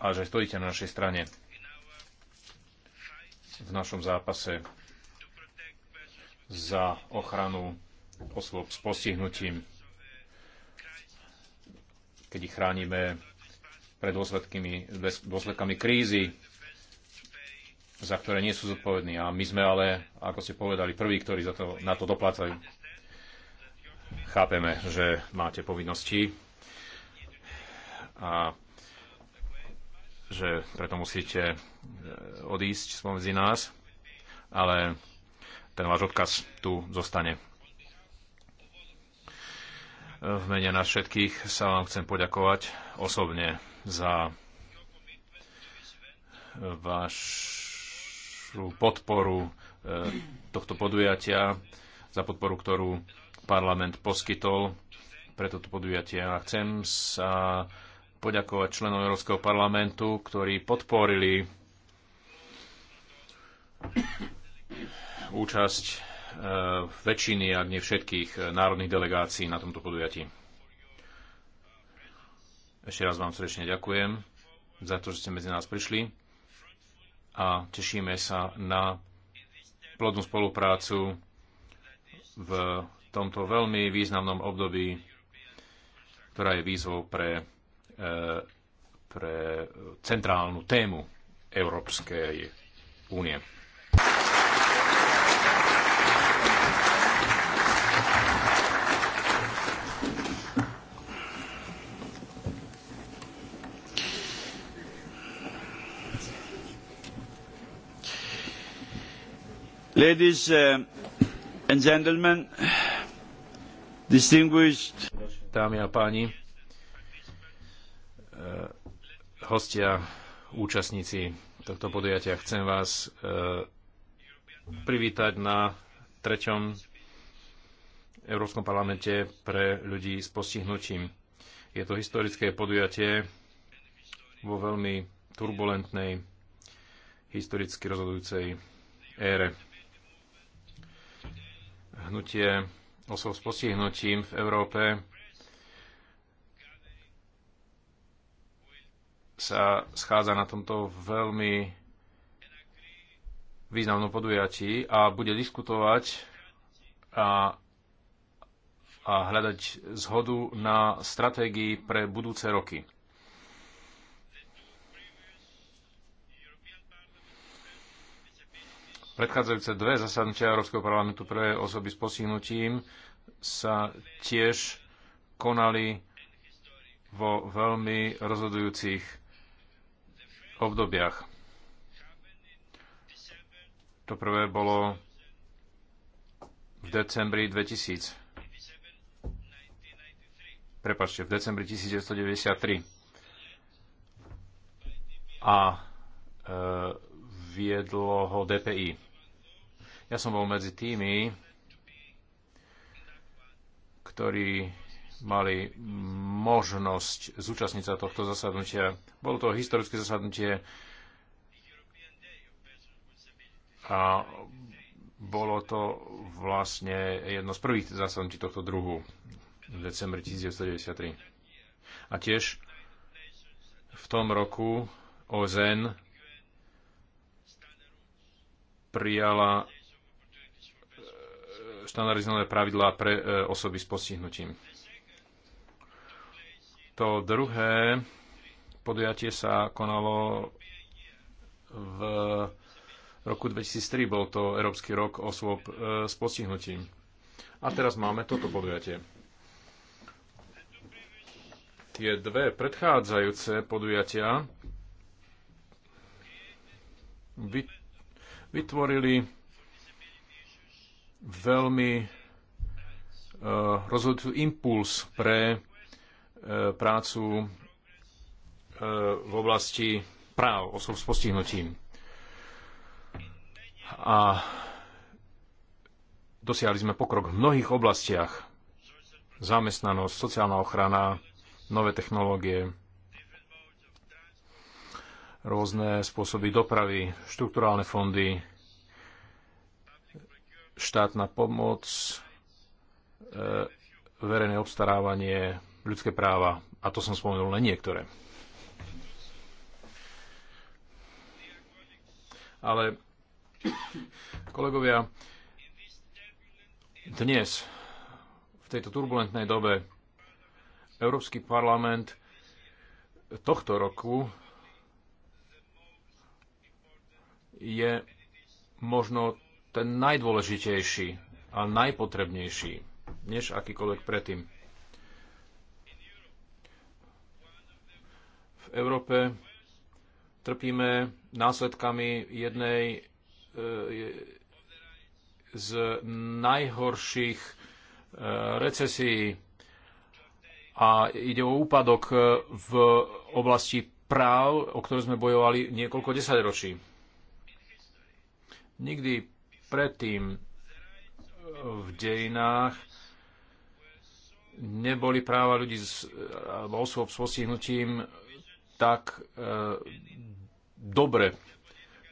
a že stojíte na našej strane v našom zápase za ochranu osôb s postihnutím, keď ich chránime pred dôsledkami krízy, za ktoré nie sú zodpovední. A my sme ale, ako ste povedali, prví, ktorí za to, na to doplácajú. Chápeme, že máte povinnosti a že preto musíte e, odísť spomedzi nás, ale ten váš odkaz tu zostane. V mene nás všetkých sa vám chcem poďakovať osobne za vašu podporu e, tohto podujatia, za podporu, ktorú parlament poskytol pre toto podujatie. A chcem sa poďakovať členom Európskeho parlamentu, ktorí podporili účasť e, väčšiny, ak nie všetkých e, národných delegácií na tomto podujatí. Ešte raz vám srdečne ďakujem za to, že ste medzi nás prišli a tešíme sa na plodnú spoluprácu v tomto veľmi významnom období, ktorá je výzvou pre, e, pre centrálnu tému Európskej únie. Ladies uh, and gentlemen, Distinguished... Dámy a páni, eh, hostia, účastníci tohto podujatia, chcem vás eh, privítať na treťom Európskom parlamente pre ľudí s postihnutím. Je to historické podujatie vo veľmi turbulentnej, historicky rozhodujúcej ére. Hnutie osob s postihnutím v Európe sa schádza na tomto veľmi významnom podujatí a bude diskutovať a, a hľadať zhodu na stratégii pre budúce roky. Predchádzajúce dve zasadnutia Európskeho parlamentu pre osoby s postihnutím sa tiež konali vo veľmi rozhodujúcich obdobiach. To prvé bolo v decembri 2000. Prepačte, v decembri 1993. A e, viedlo ho DPI. Ja som bol medzi tými, ktorí mali možnosť zúčastniť sa tohto zasadnutia. Bolo to historické zasadnutie a bolo to vlastne jedno z prvých zasadnutí tohto druhu v decembri 1993. A tiež v tom roku OZN prijala štandardizované pravidlá pre e, osoby s postihnutím. To druhé podujatie sa konalo v roku 2003, bol to Európsky rok osôb e, s postihnutím. A teraz máme toto podujatie. Tie dve predchádzajúce podujatia vytvorili veľmi e, rozhodujúci impuls pre e, prácu e, v oblasti práv osob s postihnutím. A dosiahli sme pokrok v mnohých oblastiach. Zamestnanosť, sociálna ochrana, nové technológie, rôzne spôsoby dopravy, štrukturálne fondy, štátna pomoc, e, verejné obstarávanie, ľudské práva. A to som spomenul len niektoré. Ale, kolegovia, dnes, v tejto turbulentnej dobe, Európsky parlament tohto roku je možno ten najdôležitejší a najpotrebnejší, než akýkoľvek predtým. V Európe trpíme následkami jednej e, z najhorších e, recesí a ide o úpadok e, v oblasti práv, o ktoré sme bojovali niekoľko desaťročí. Nikdy predtým eh, v dejinách neboli práva ľudí z, eh, alebo osôb s postihnutím tak e, dobre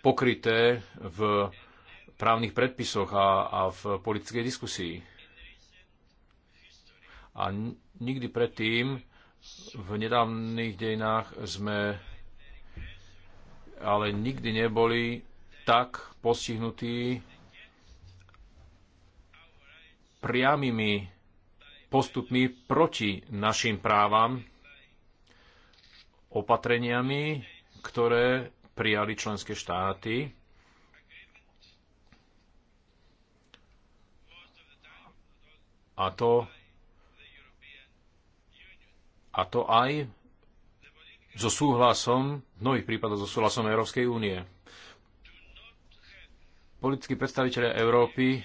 pokryté v právnych predpisoch a, a v politickej diskusii. A nikdy predtým v nedávnych dejinách sme ale nikdy neboli tak postihnutí priamými postupmi proti našim právam, opatreniami, ktoré prijali členské štáty. A to, a to aj so súhlasom, v mnohých prípadoch so súhlasom Európskej únie. Politickí predstaviteľe Európy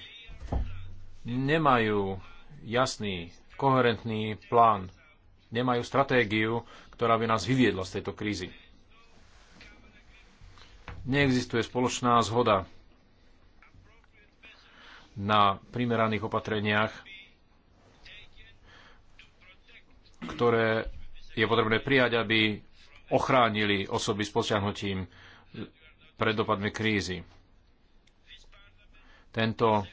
nemajú jasný, koherentný plán, nemajú stratégiu, ktorá by nás vyviedla z tejto krízy. Neexistuje spoločná zhoda na primeraných opatreniach, ktoré je potrebné prijať, aby ochránili osoby s postiahnutím pred dopadmi krízy. Tento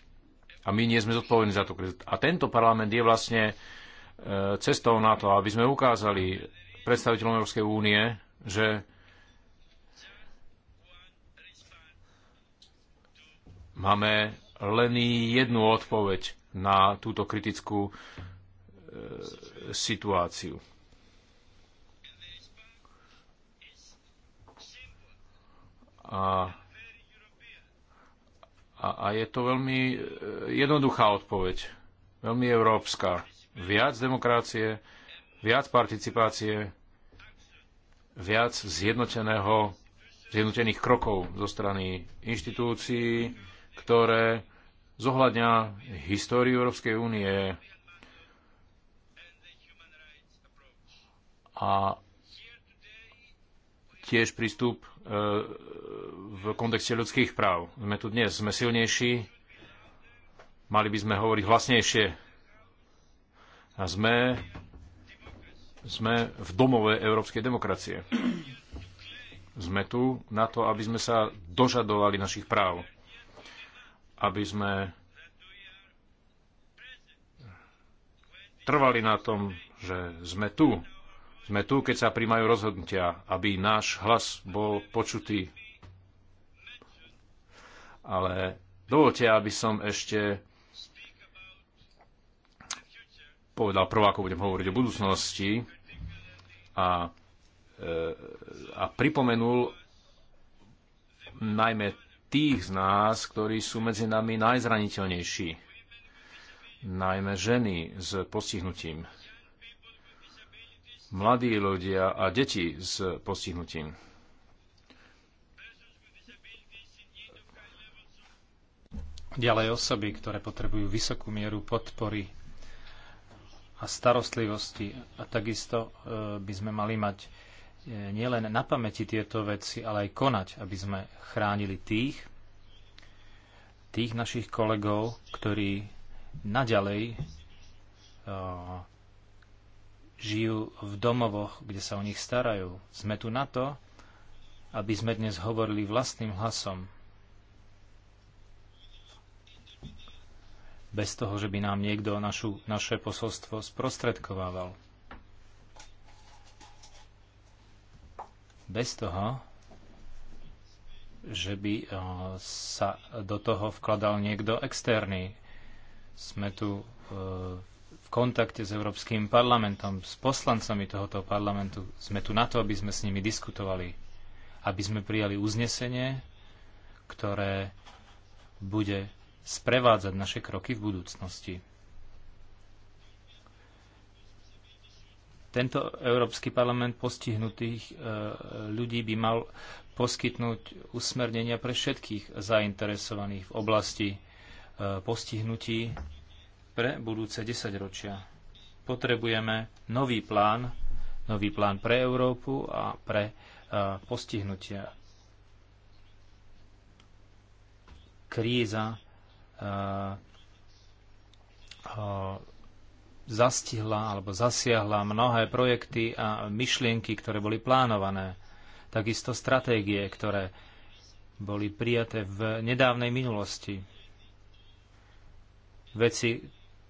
a my nie sme zodpovední za tú krízu. A tento parlament je vlastne e, cestou na to, aby sme ukázali predstaviteľom Európskej únie, že máme len jednu odpoveď na túto kritickú e, situáciu. A a, a je to veľmi e, jednoduchá odpoveď, veľmi európska. Viac demokracie, viac participácie, viac zjednoteného, zjednotených krokov zo strany inštitúcií, ktoré zohľadňa históriu Európskej únie a tiež prístup e, v kontexte ľudských práv. Sme tu dnes, sme silnejší, mali by sme hovoriť hlasnejšie. A sme, sme v domove európskej demokracie. Sme tu na to, aby sme sa dožadovali našich práv. Aby sme trvali na tom, že sme tu, sme tu, keď sa príjmajú rozhodnutia, aby náš hlas bol počutý. Ale dovolte, aby som ešte povedal prvá, ako budem hovoriť o budúcnosti a, e, a pripomenul najmä tých z nás, ktorí sú medzi nami najzraniteľnejší, najmä ženy s postihnutím mladí ľudia a deti s postihnutím. Ďalej osoby, ktoré potrebujú vysokú mieru podpory a starostlivosti. A takisto e, by sme mali mať e, nielen na pamäti tieto veci, ale aj konať, aby sme chránili tých, tých našich kolegov, ktorí naďalej e, žijú v domovoch, kde sa o nich starajú. Sme tu na to, aby sme dnes hovorili vlastným hlasom. Bez toho, že by nám niekto našu, naše posolstvo sprostredkovával. Bez toho, že by eh, sa do toho vkladal niekto externý. Sme tu eh, kontakte s Európskym parlamentom, s poslancami tohoto parlamentu. Sme tu na to, aby sme s nimi diskutovali, aby sme prijali uznesenie, ktoré bude sprevádzať naše kroky v budúcnosti. Tento Európsky parlament postihnutých e, ľudí by mal poskytnúť usmernenia pre všetkých zainteresovaných v oblasti e, postihnutí pre budúce desaťročia. Potrebujeme nový plán, nový plán pre Európu a pre e, postihnutia. Kríza e, e, zastihla alebo zasiahla mnohé projekty a myšlienky, ktoré boli plánované. Takisto stratégie, ktoré boli prijaté v nedávnej minulosti. Veci,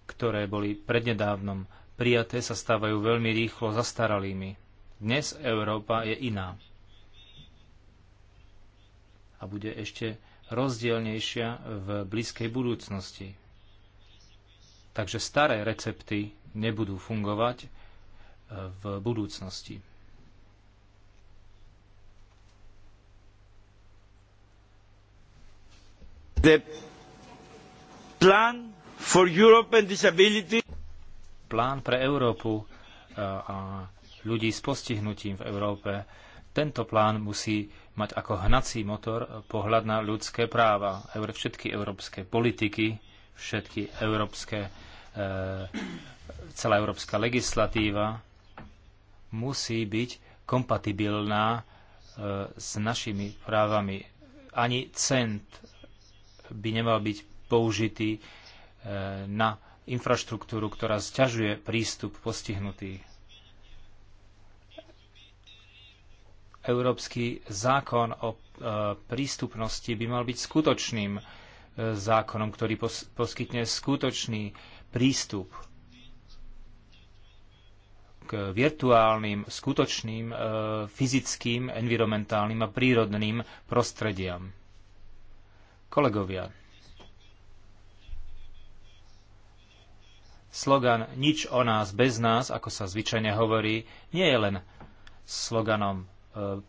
ktoré boli prednedávnom prijaté, sa stávajú veľmi rýchlo zastaralými. Dnes Európa je iná. A bude ešte rozdielnejšia v blízkej budúcnosti. Takže staré recepty nebudú fungovať e, v budúcnosti. The plan for Europe and disability. Plán pre Európu eh, a ľudí s postihnutím v Európe. Tento plán musí mať ako hnací motor pohľad na ľudské práva, všetky európske politiky, všetky európske, eh, celá európska legislatíva musí byť kompatibilná eh, s našimi právami. Ani cent by nemal byť použitý na infraštruktúru, ktorá sťažuje prístup postihnutých. Európsky zákon o e, prístupnosti by mal byť skutočným e, zákonom, ktorý poskytne skutočný prístup k virtuálnym, skutočným, e, fyzickým, environmentálnym a prírodným prostrediam. Kolegovia, Slogan Nič o nás bez nás, ako sa zvyčajne hovorí, nie je len sloganom e,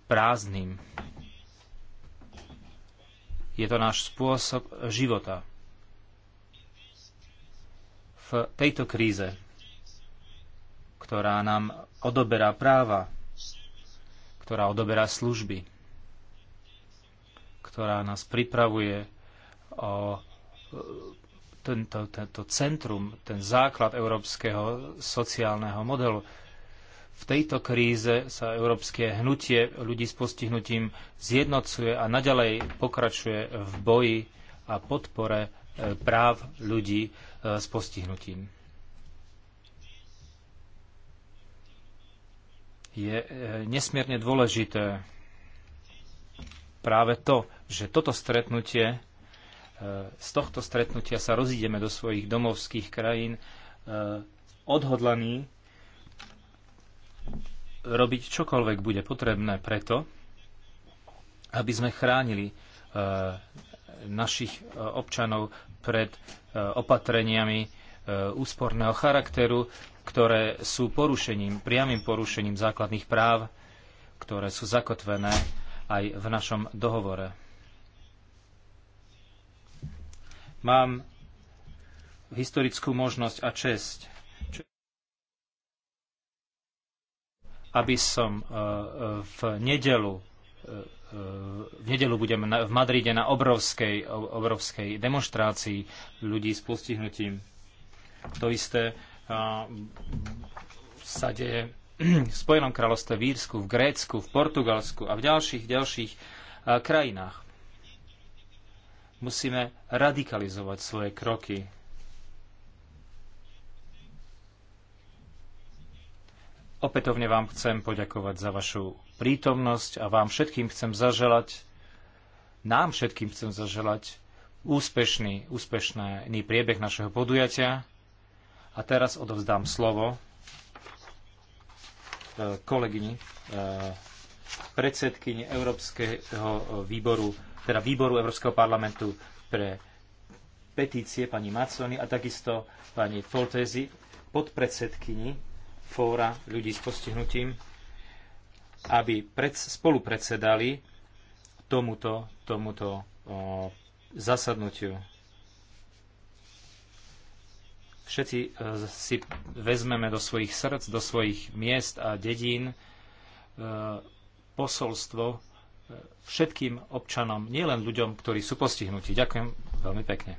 prázdnym. Je to náš spôsob života. V tejto kríze, ktorá nám odoberá práva, ktorá odoberá služby, ktorá nás pripravuje o e, tento, tento centrum, ten základ európskeho sociálneho modelu. V tejto kríze sa európske hnutie ľudí s postihnutím zjednocuje a naďalej pokračuje v boji a podpore e, práv ľudí e, s postihnutím. Je e, nesmierne dôležité práve to, že toto stretnutie z tohto stretnutia sa rozídeme do svojich domovských krajín e, odhodlaní robiť čokoľvek bude potrebné preto, aby sme chránili e, našich e, občanov pred opatreniami úsporného charakteru, ktoré sú porušením, priamým porušením základných práv, ktoré sú zakotvené aj v našom dohovore. Mám historickú možnosť a česť, aby som e, e, v nedelu e, v nedelu budem v Madride na obrovskej, obrovskej demonstrácii ľudí s postihnutím. To isté sa deje v Spojenom kráľovstve, v Írsku, v Grécku, v Portugalsku a v ďalších, ďalších krajinách. Musíme radikalizovať svoje kroky. Opätovne vám chcem poďakovať za vašu prítomnosť a vám všetkým chcem zaželať, nám všetkým chcem zaželať úspešný, úspešný priebeh našeho podujatia. A teraz odovzdám slovo eh, kolegyni, eh, predsedkyni Európskeho eh, výboru teda výboru Európskeho parlamentu pre petície pani Maconi a takisto pani Foltezi, podpredsedkyni Fóra ľudí s postihnutím, aby pred, spolupredsedali tomuto, tomuto o, zasadnutiu. Všetci e, si vezmeme do svojich srdc, do svojich miest a dedín e, posolstvo všetkým občanom, nielen ľuďom, ktorí sú postihnutí. Ďakujem veľmi pekne.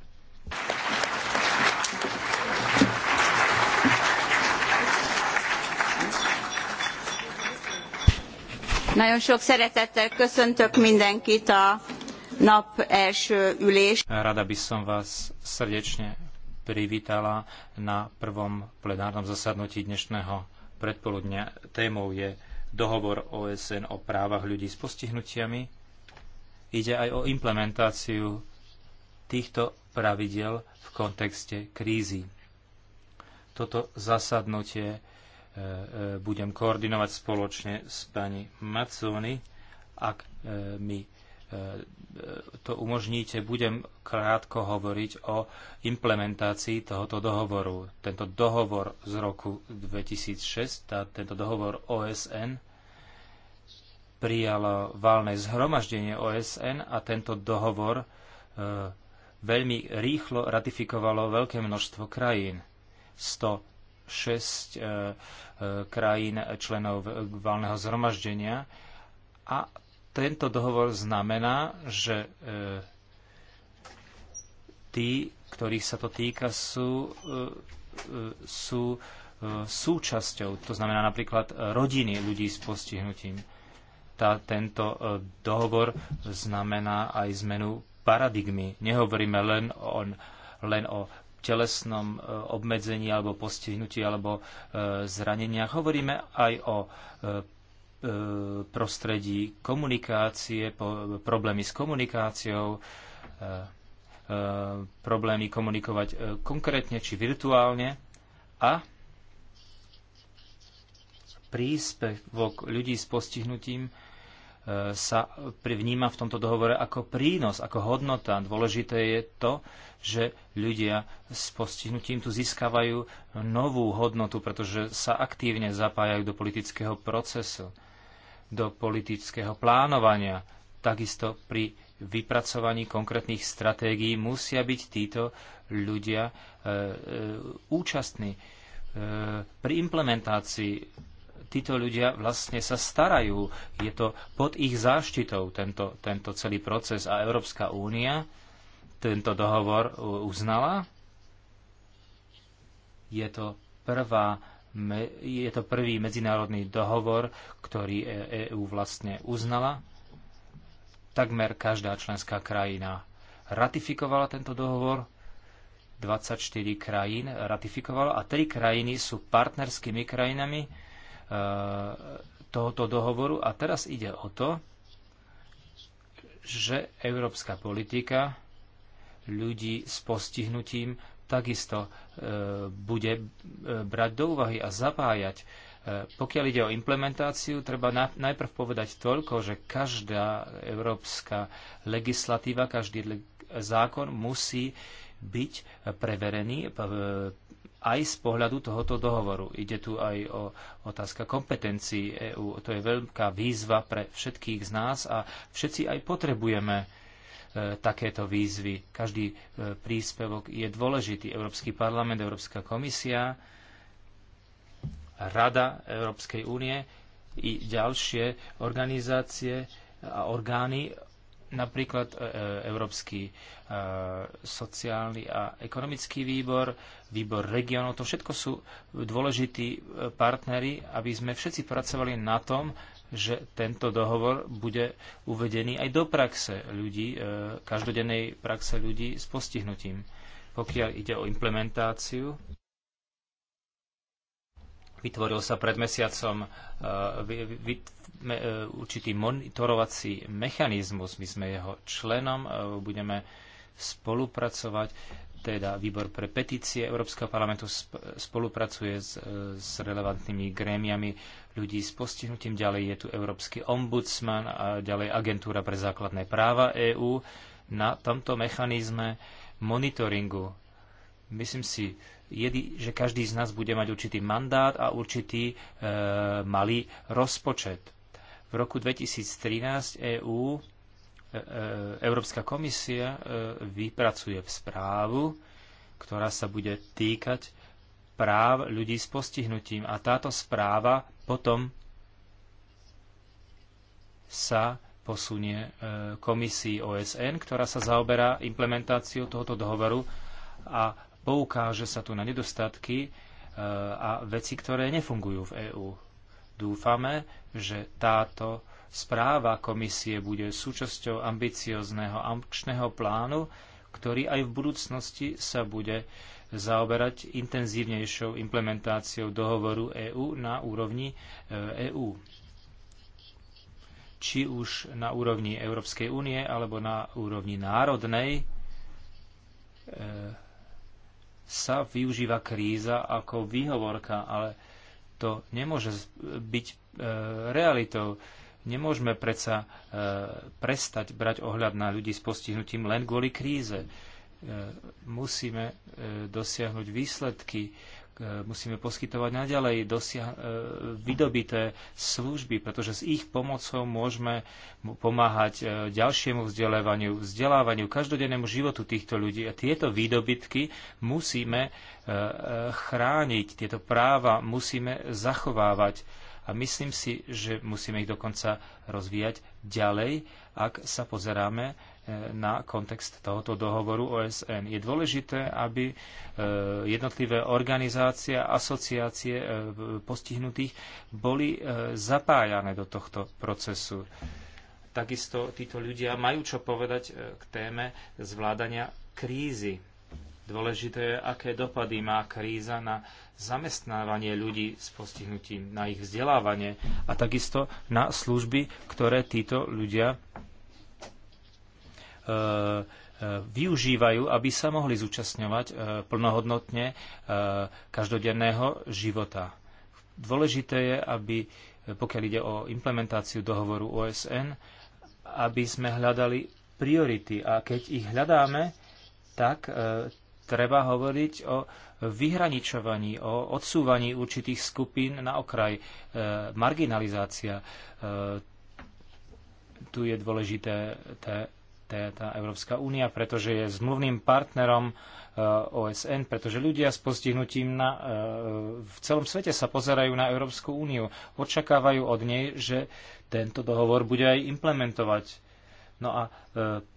Nagyon sok szeretettel köszöntök mindenkit a nap első ülés. Rada by som vás srdečne privítala na prvom plenárnom zasadnutí dnešného predpoludnia. Témou je dohovor OSN o právach ľudí s postihnutiami. Ide aj o implementáciu týchto pravidel v kontexte krízy. Toto zasadnutie e, e, budem koordinovať spoločne s pani Macóny. Ak e, mi to umožníte, budem krátko hovoriť o implementácii tohoto dohovoru. Tento dohovor z roku 2006, tá, tento dohovor OSN, prijalo valné zhromaždenie OSN a tento dohovor e, veľmi rýchlo ratifikovalo veľké množstvo krajín. 106 e, e, krajín členov valného zhromaždenia. A tento dohovor znamená, že tí, ktorých sa to týka, sú, sú súčasťou, to znamená napríklad rodiny ľudí s postihnutím tá, tento e, dohovor znamená aj zmenu paradigmy. Nehovoríme len o, len o telesnom e, obmedzení alebo postihnutí alebo e, zraneniach. Hovoríme aj o prostredí komunikácie, problémy s komunikáciou, problémy komunikovať konkrétne či virtuálne a príspevok ľudí s postihnutím sa vníma v tomto dohovore ako prínos, ako hodnota. Dôležité je to, že ľudia s postihnutím tu získavajú novú hodnotu, pretože sa aktívne zapájajú do politického procesu, do politického plánovania. Takisto pri vypracovaní konkrétnych stratégií musia byť títo ľudia e, e, účastní. E, pri implementácii títo ľudia vlastne sa starajú. Je to pod ich záštitou tento, tento celý proces a Európska únia tento dohovor uznala. Je to, prvá, je to prvý medzinárodný dohovor, ktorý EÚ e vlastne uznala. Takmer každá členská krajina ratifikovala tento dohovor, 24 krajín ratifikovalo a 3 krajiny sú partnerskými krajinami, E, tohoto dohovoru. A teraz ide o to, že európska politika ľudí s postihnutím takisto e, bude e, brať do úvahy a zapájať. Pokiaľ ide o implementáciu, treba najprv povedať toľko, že každá európska legislatíva, každý zákon musí byť preverený, aj z pohľadu tohoto dohovoru. Ide tu aj o otázka kompetencií EÚ. To je veľká výzva pre všetkých z nás a všetci aj potrebujeme e, takéto výzvy. Každý e, príspevok je dôležitý. Európsky parlament, Európska komisia, Rada Európskej únie i ďalšie organizácie a orgány napríklad e, Európsky sociálny a ekonomický výbor, výbor regionov. To všetko sú dôležití e, partnery, aby sme všetci pracovali na tom, že tento dohovor bude uvedený aj do praxe ľudí, e, každodennej praxe ľudí s postihnutím. Pokiaľ ide o implementáciu, vytvoril sa pred mesiacom e, určitý monitorovací mechanizmus. My sme jeho členom, budeme spolupracovať teda výbor pre petície Európskeho parlamentu spolupracuje s, e, s relevantnými grémiami ľudí s postihnutím. Ďalej je tu Európsky ombudsman a ďalej Agentúra pre základné práva EÚ. Na tomto mechanizme monitoringu myslím si, jedy, že každý z nás bude mať určitý mandát a určitý e, malý rozpočet. V roku 2013 EÚ Európska komisia e, vypracuje správu, ktorá sa bude týkať práv ľudí s postihnutím. A táto správa potom sa posunie e, komisii OSN, ktorá sa zaoberá implementáciou tohoto dohovoru a poukáže sa tu na nedostatky e, a veci, ktoré nefungujú v EÚ. Dúfame, že táto Správa komisie bude súčasťou ambiciozného akčného plánu, ktorý aj v budúcnosti sa bude zaoberať intenzívnejšou implementáciou dohovoru EÚ na úrovni EÚ. E Či už na úrovni Európskej únie alebo na úrovni národnej e, sa využíva kríza ako výhovorka, ale to nemôže byť e, realitou Nemôžeme predsa e, prestať brať ohľad na ľudí s postihnutím len kvôli kríze. E, musíme e, dosiahnuť výsledky, e, musíme poskytovať naďalej dosiah, e, vydobité služby, pretože s ich pomocou môžeme pomáhať e, ďalšiemu vzdelávaniu, vzdelávaniu, každodennému životu týchto ľudí. A tieto výdobytky musíme e, e, chrániť, tieto práva musíme zachovávať a myslím si, že musíme ich dokonca rozvíjať ďalej, ak sa pozeráme e, na kontext tohoto dohovoru OSN. Je dôležité, aby e, jednotlivé organizácie a asociácie e, postihnutých boli zapájané do tohto procesu. Takisto títo ľudia majú čo povedať k téme zvládania krízy Dôležité je, aké dopady má kríza na zamestnávanie ľudí s postihnutím, na ich vzdelávanie a takisto na služby, ktoré títo ľudia e, e, využívajú, aby sa mohli zúčastňovať e, plnohodnotne e, každodenného života. Dôležité je, aby e, pokiaľ ide o implementáciu dohovoru OSN, aby sme hľadali priority. A keď ich hľadáme, tak e, treba hovoriť o vyhraničovaní, o odsúvaní určitých skupín na okraj, e, marginalizácia. E, tu je dôležité tá, tá, tá Európska únia, pretože je zmluvným partnerom e, OSN, pretože ľudia s postihnutím na, e, v celom svete sa pozerajú na Európsku úniu, očakávajú od nej, že tento dohovor bude aj implementovať No a e,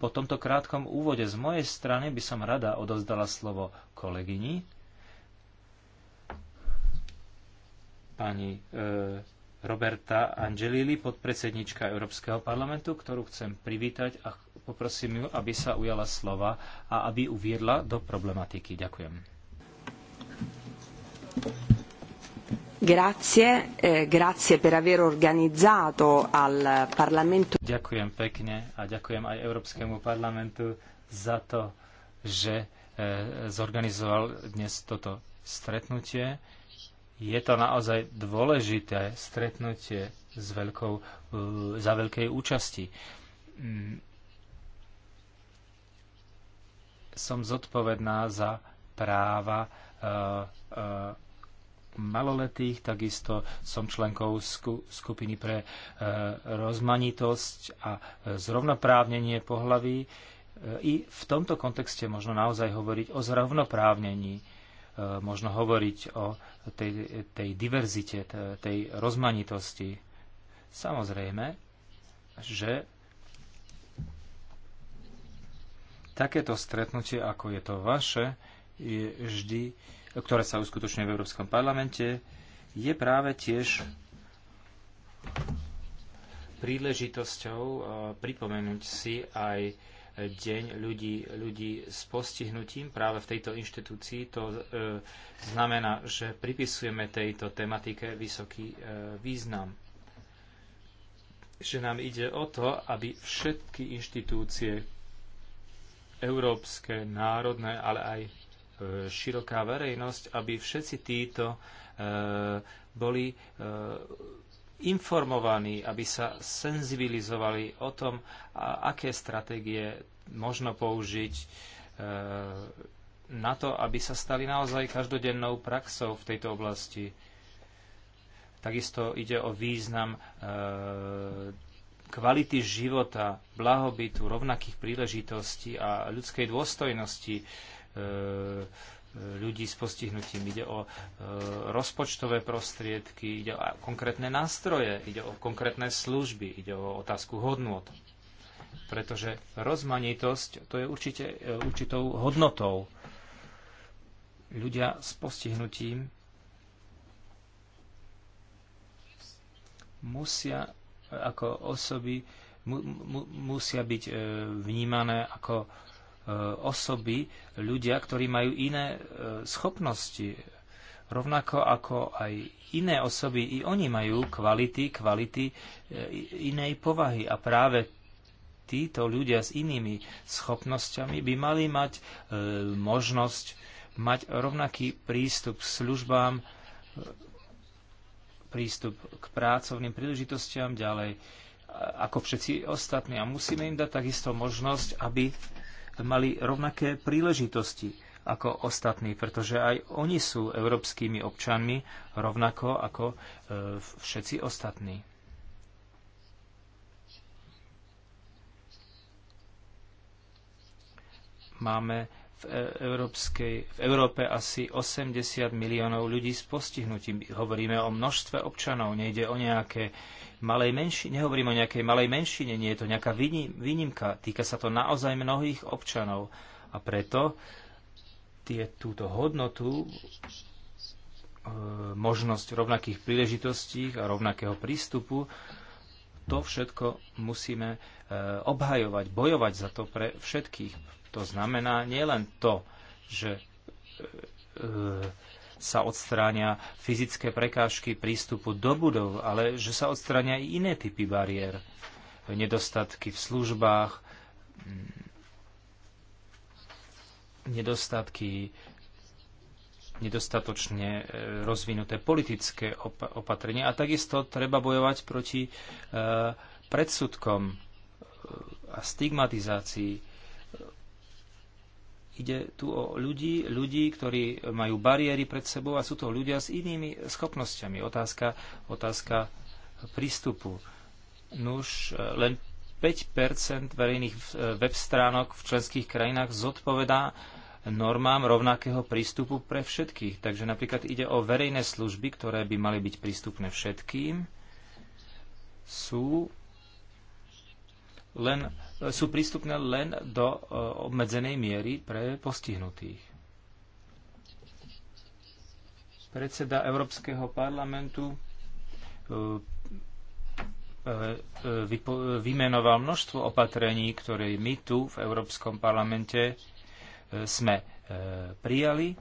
po tomto krátkom úvode z mojej strany by som rada odozdala slovo kolegyni, pani e, Roberta Angelili, podpredsednička Európskeho parlamentu, ktorú chcem privítať a poprosím ju, aby sa ujala slova a aby uviedla do problematiky. Ďakujem. Grazie, eh, grazie per aver organizzato al Parlamento. Ďakujem pekne a ďakujem aj Európskemu parlamentu za to, že eh, zorganizoval dnes toto stretnutie. Je to naozaj dôležité stretnutie s veľkou, eh, za veľkej účasti. Mm. Som zodpovedná za práva eh, eh, maloletých, takisto som členkou skupiny pre e, rozmanitosť a e, zrovnoprávnenie pohlaví. E, I v tomto kontexte možno naozaj hovoriť o zrovnoprávnení, možno hovoriť o tej, tej diverzite, tej rozmanitosti. Samozrejme, že takéto stretnutie, ako je to vaše, je vždy ktoré sa uskutočňuje v Európskom parlamente, je práve tiež príležitosťou e, pripomenúť si aj deň ľudí, ľudí s postihnutím práve v tejto inštitúcii. To e, znamená, že pripisujeme tejto tematike vysoký e, význam. Že nám ide o to, aby všetky inštitúcie, európske, národné, ale aj široká verejnosť, aby všetci títo e, boli e, informovaní, aby sa senzibilizovali o tom, aké stratégie možno použiť e, na to, aby sa stali naozaj každodennou praxou v tejto oblasti. Takisto ide o význam kvality života, blahobytu, rovnakých príležitostí a ľudskej dôstojnosti E, ľudí s postihnutím, ide o e, rozpočtové prostriedky, ide o konkrétne nástroje, ide o konkrétne služby, ide o otázku hodnot. Pretože rozmanitosť to je určite e, určitou hodnotou. Ľudia s postihnutím musia ako osoby mu, mu, musia byť vnímané ako Eh, osoby, ľudia, ktorí majú iné eh, schopnosti, rovnako ako aj iné osoby, i oni majú kvality, kvality eh, inej povahy. A práve títo ľudia s inými schopnosťami by mali mať možnosť mať rovnaký prístup k službám, prístup k pracovným príležitostiam ďalej ako všetci ostatní. A musíme im dať takisto možnosť, aby mali rovnaké príležitosti ako ostatní, pretože aj oni sú európskymi občanmi rovnako ako e, všetci ostatní. Máme v, e- Európskej, v Európe asi 80 miliónov ľudí s postihnutím. Hovoríme o množstve občanov, nejde o nejaké malej menšine, nehovorím o nejakej malej menšine, nie je to nejaká výnimka, týka sa to naozaj mnohých občanov. A preto tie, túto hodnotu, e, možnosť rovnakých príležitostí a rovnakého prístupu to všetko musíme e, obhajovať, bojovať za to pre všetkých. To znamená nielen to, že e, e, sa odstránia fyzické prekážky prístupu do budov, ale že sa odstránia i iné typy bariér, nedostatky v službách, mm, nedostatky nedostatočne e, rozvinuté politické opatrenia a takisto treba bojovať proti e, predsudkom e, a stigmatizácii. Ide tu o ľudí, ľudí, ktorí majú bariéry pred sebou a sú to ľudia s inými schopnosťami. Otázka, otázka prístupu. Nuž, len 5 verejných web stránok v členských krajinách zodpovedá normám rovnakého prístupu pre všetkých. Takže napríklad ide o verejné služby, ktoré by mali byť prístupné všetkým, sú, len, sú prístupné len do e, obmedzenej miery pre postihnutých. Predseda Európskeho parlamentu e, e, vymenoval množstvo opatrení, ktoré my tu v Európskom parlamente sme e, prijali.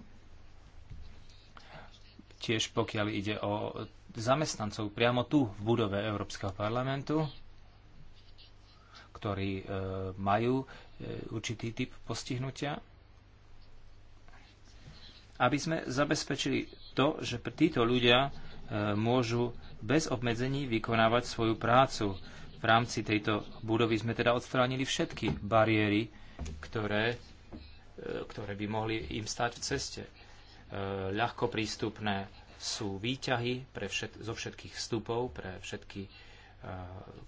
Tiež pokiaľ ide o zamestnancov priamo tu v budove Európskeho parlamentu, ktorí e, majú e, určitý typ postihnutia, aby sme zabezpečili to, že títo ľudia môžu bez obmedzení vykonávať svoju prácu. V rámci tejto budovy sme teda odstránili všetky bariéry, ktoré ktoré by mohli im stať v ceste. E, Ľahko prístupné sú výťahy pre všet, zo všetkých vstupov, pre všetky e,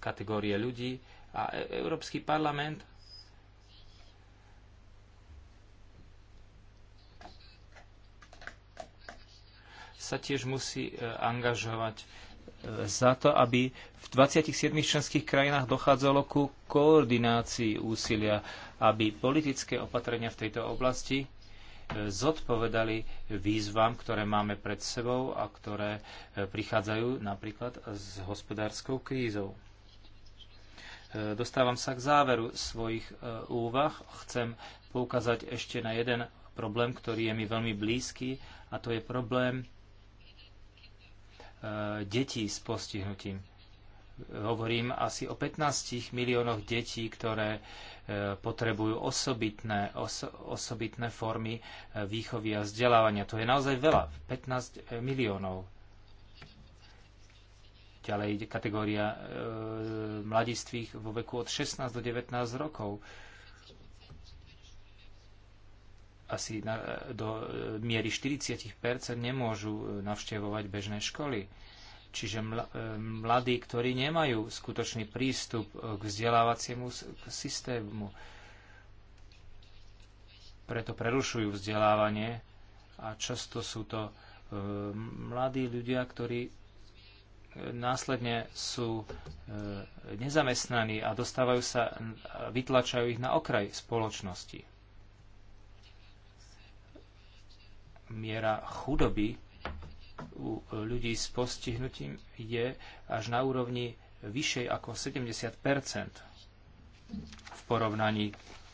kategórie ľudí a e, Európsky parlament sa tiež musí angažovať za to, aby v 27 členských krajinách dochádzalo ku koordinácii úsilia aby politické opatrenia v tejto oblasti e, zodpovedali výzvam, ktoré máme pred sebou a ktoré e, prichádzajú napríklad s hospodárskou krízou. E, dostávam sa k záveru svojich úvah. Chcem poukázať ešte na jeden problém, ktorý je mi veľmi blízky a to je problém detí s postihnutím Hovorím asi o 15 miliónoch detí, ktoré e, potrebujú osobitné, oso, osobitné formy e, výchovy a vzdelávania. To je naozaj veľa, 15 e, miliónov. Ďalej ide kategória e, mladistvých vo veku od 16 do 19 rokov. Asi na, do miery 40 nemôžu navštevovať bežné školy Čiže e, mladí, ktorí nemajú skutočný prístup e, k vzdelávaciemu systému, preto prerušujú vzdelávanie a často sú to e, mladí ľudia, ktorí následne sú nezamestnaní a dostávajú sa, vytlačajú ich na okraj spoločnosti. Miera chudoby u ľudí s postihnutím je až na úrovni vyššej ako 70 v porovnaní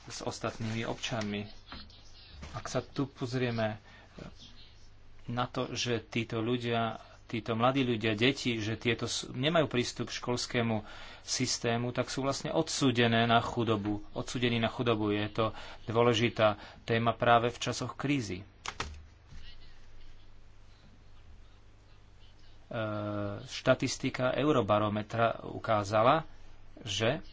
s ostatnými občanmi. Ak sa tu pozrieme na to, že títo ľudia, títo mladí ľudia, deti, že tieto nemajú prístup k školskému systému, tak sú vlastne odsúdené na chudobu. Odsúdení na chudobu. Je to dôležitá téma práve v časoch krízy. E, štatistika Eurobarometra ukázala, že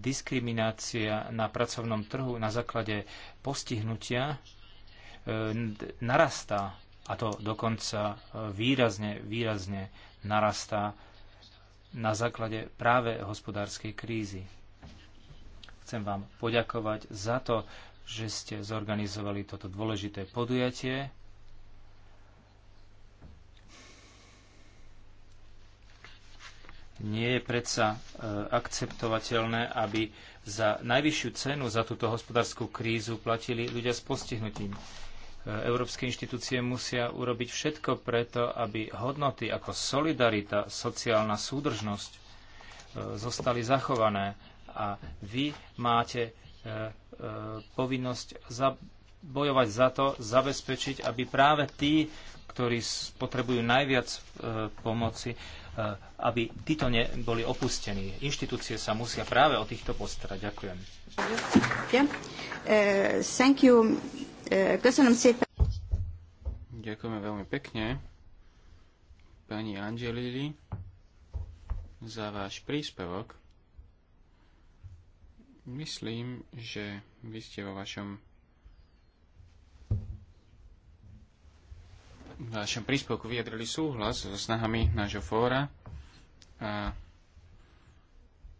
diskriminácia na pracovnom trhu na základe postihnutia e, narastá, a to dokonca e, výrazne, výrazne narastá na základe práve hospodárskej krízy. Chcem vám poďakovať za to, že ste zorganizovali toto dôležité podujatie Nie je predsa e, akceptovateľné, aby za najvyššiu cenu za túto hospodárskú krízu platili ľudia s postihnutím. E, európske inštitúcie musia urobiť všetko preto, aby hodnoty ako solidarita, sociálna súdržnosť e, zostali zachované a vy máte povinnosť bojovať za to, zabezpečiť, aby práve tí, ktorí potrebujú najviac pomoci, Eh, aby títo neboli opustení. Inštitúcie sa musia práve o týchto postarať. Ďakujem. Ďakujeme eh, eh, veľmi pekne pani Angelili za váš príspevok. Myslím, že vy ste vo vašom v našom príspevku vyjadrili súhlas so snahami nášho fóra a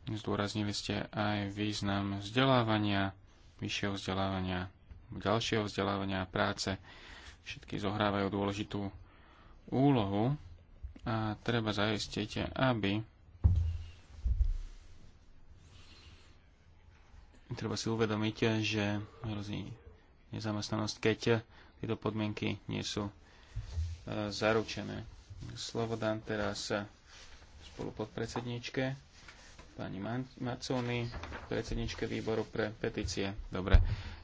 zdôraznili ste aj význam vzdelávania, vyššieho vzdelávania, ďalšieho vzdelávania a práce. Všetky zohrávajú dôležitú úlohu a treba zaistiť, aby treba si uvedomiť, že hrozí nezamestnanosť, keď tieto podmienky nie sú E, zaručené. Slovo dám teraz spolu podpredsedničke pani Macóny, predsedničke výboru pre petície. Dobre,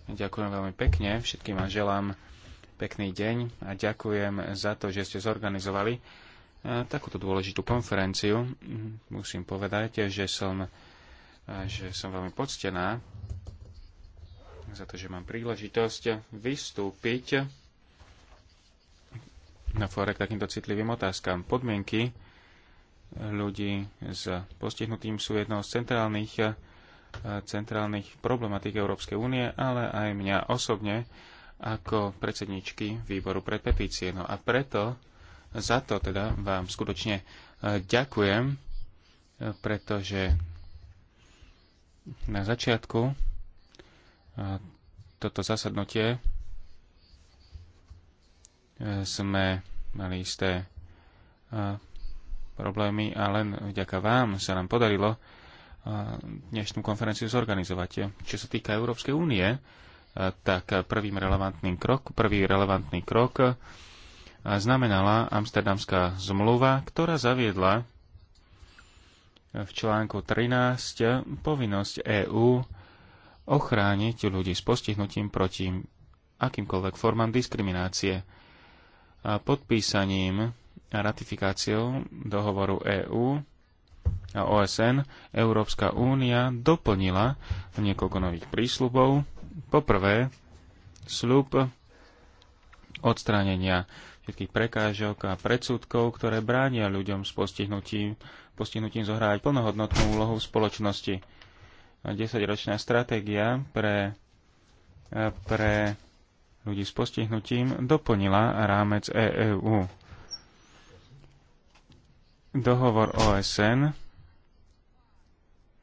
ďakujem veľmi pekne, všetkým vám želám pekný deň a ďakujem za to, že ste zorganizovali e, takúto dôležitú konferenciu. Musím povedať, že som, e, že som veľmi poctená za to, že mám príležitosť vystúpiť na fóre k takýmto citlivým otázkam. Podmienky ľudí s postihnutým sú jednou z centrálnych, eh, centrálnych problematík Európskej únie, ale aj mňa osobne ako predsedničky výboru pre petície. No a preto za to teda vám skutočne eh, ďakujem, eh, pretože na začiatku toto zasadnutie E, sme mali isté e, problémy a len vďaka vám sa nám podarilo e, dnešnú konferenciu zorganizovať. Čo sa týka Európskej únie, tak prvým relevantným krok, prvý relevantný krok znamenala Amsterdamská zmluva, ktorá zaviedla v článku 13 povinnosť EÚ ochrániť ľudí s postihnutím proti akýmkoľvek formám diskriminácie podpísaním a ratifikáciou dohovoru EÚ a OSN Európska únia doplnila niekoľko nových prísľubov. Poprvé, sľub odstránenia všetkých prekážok a predsudkov, ktoré bránia ľuďom s postihnutím, postihnutím zohrávať plnohodnotnú úlohu v spoločnosti. 10-ročná stratégia pre, pre ľudí s postihnutím doplnila rámec EEU. Dohovor OSN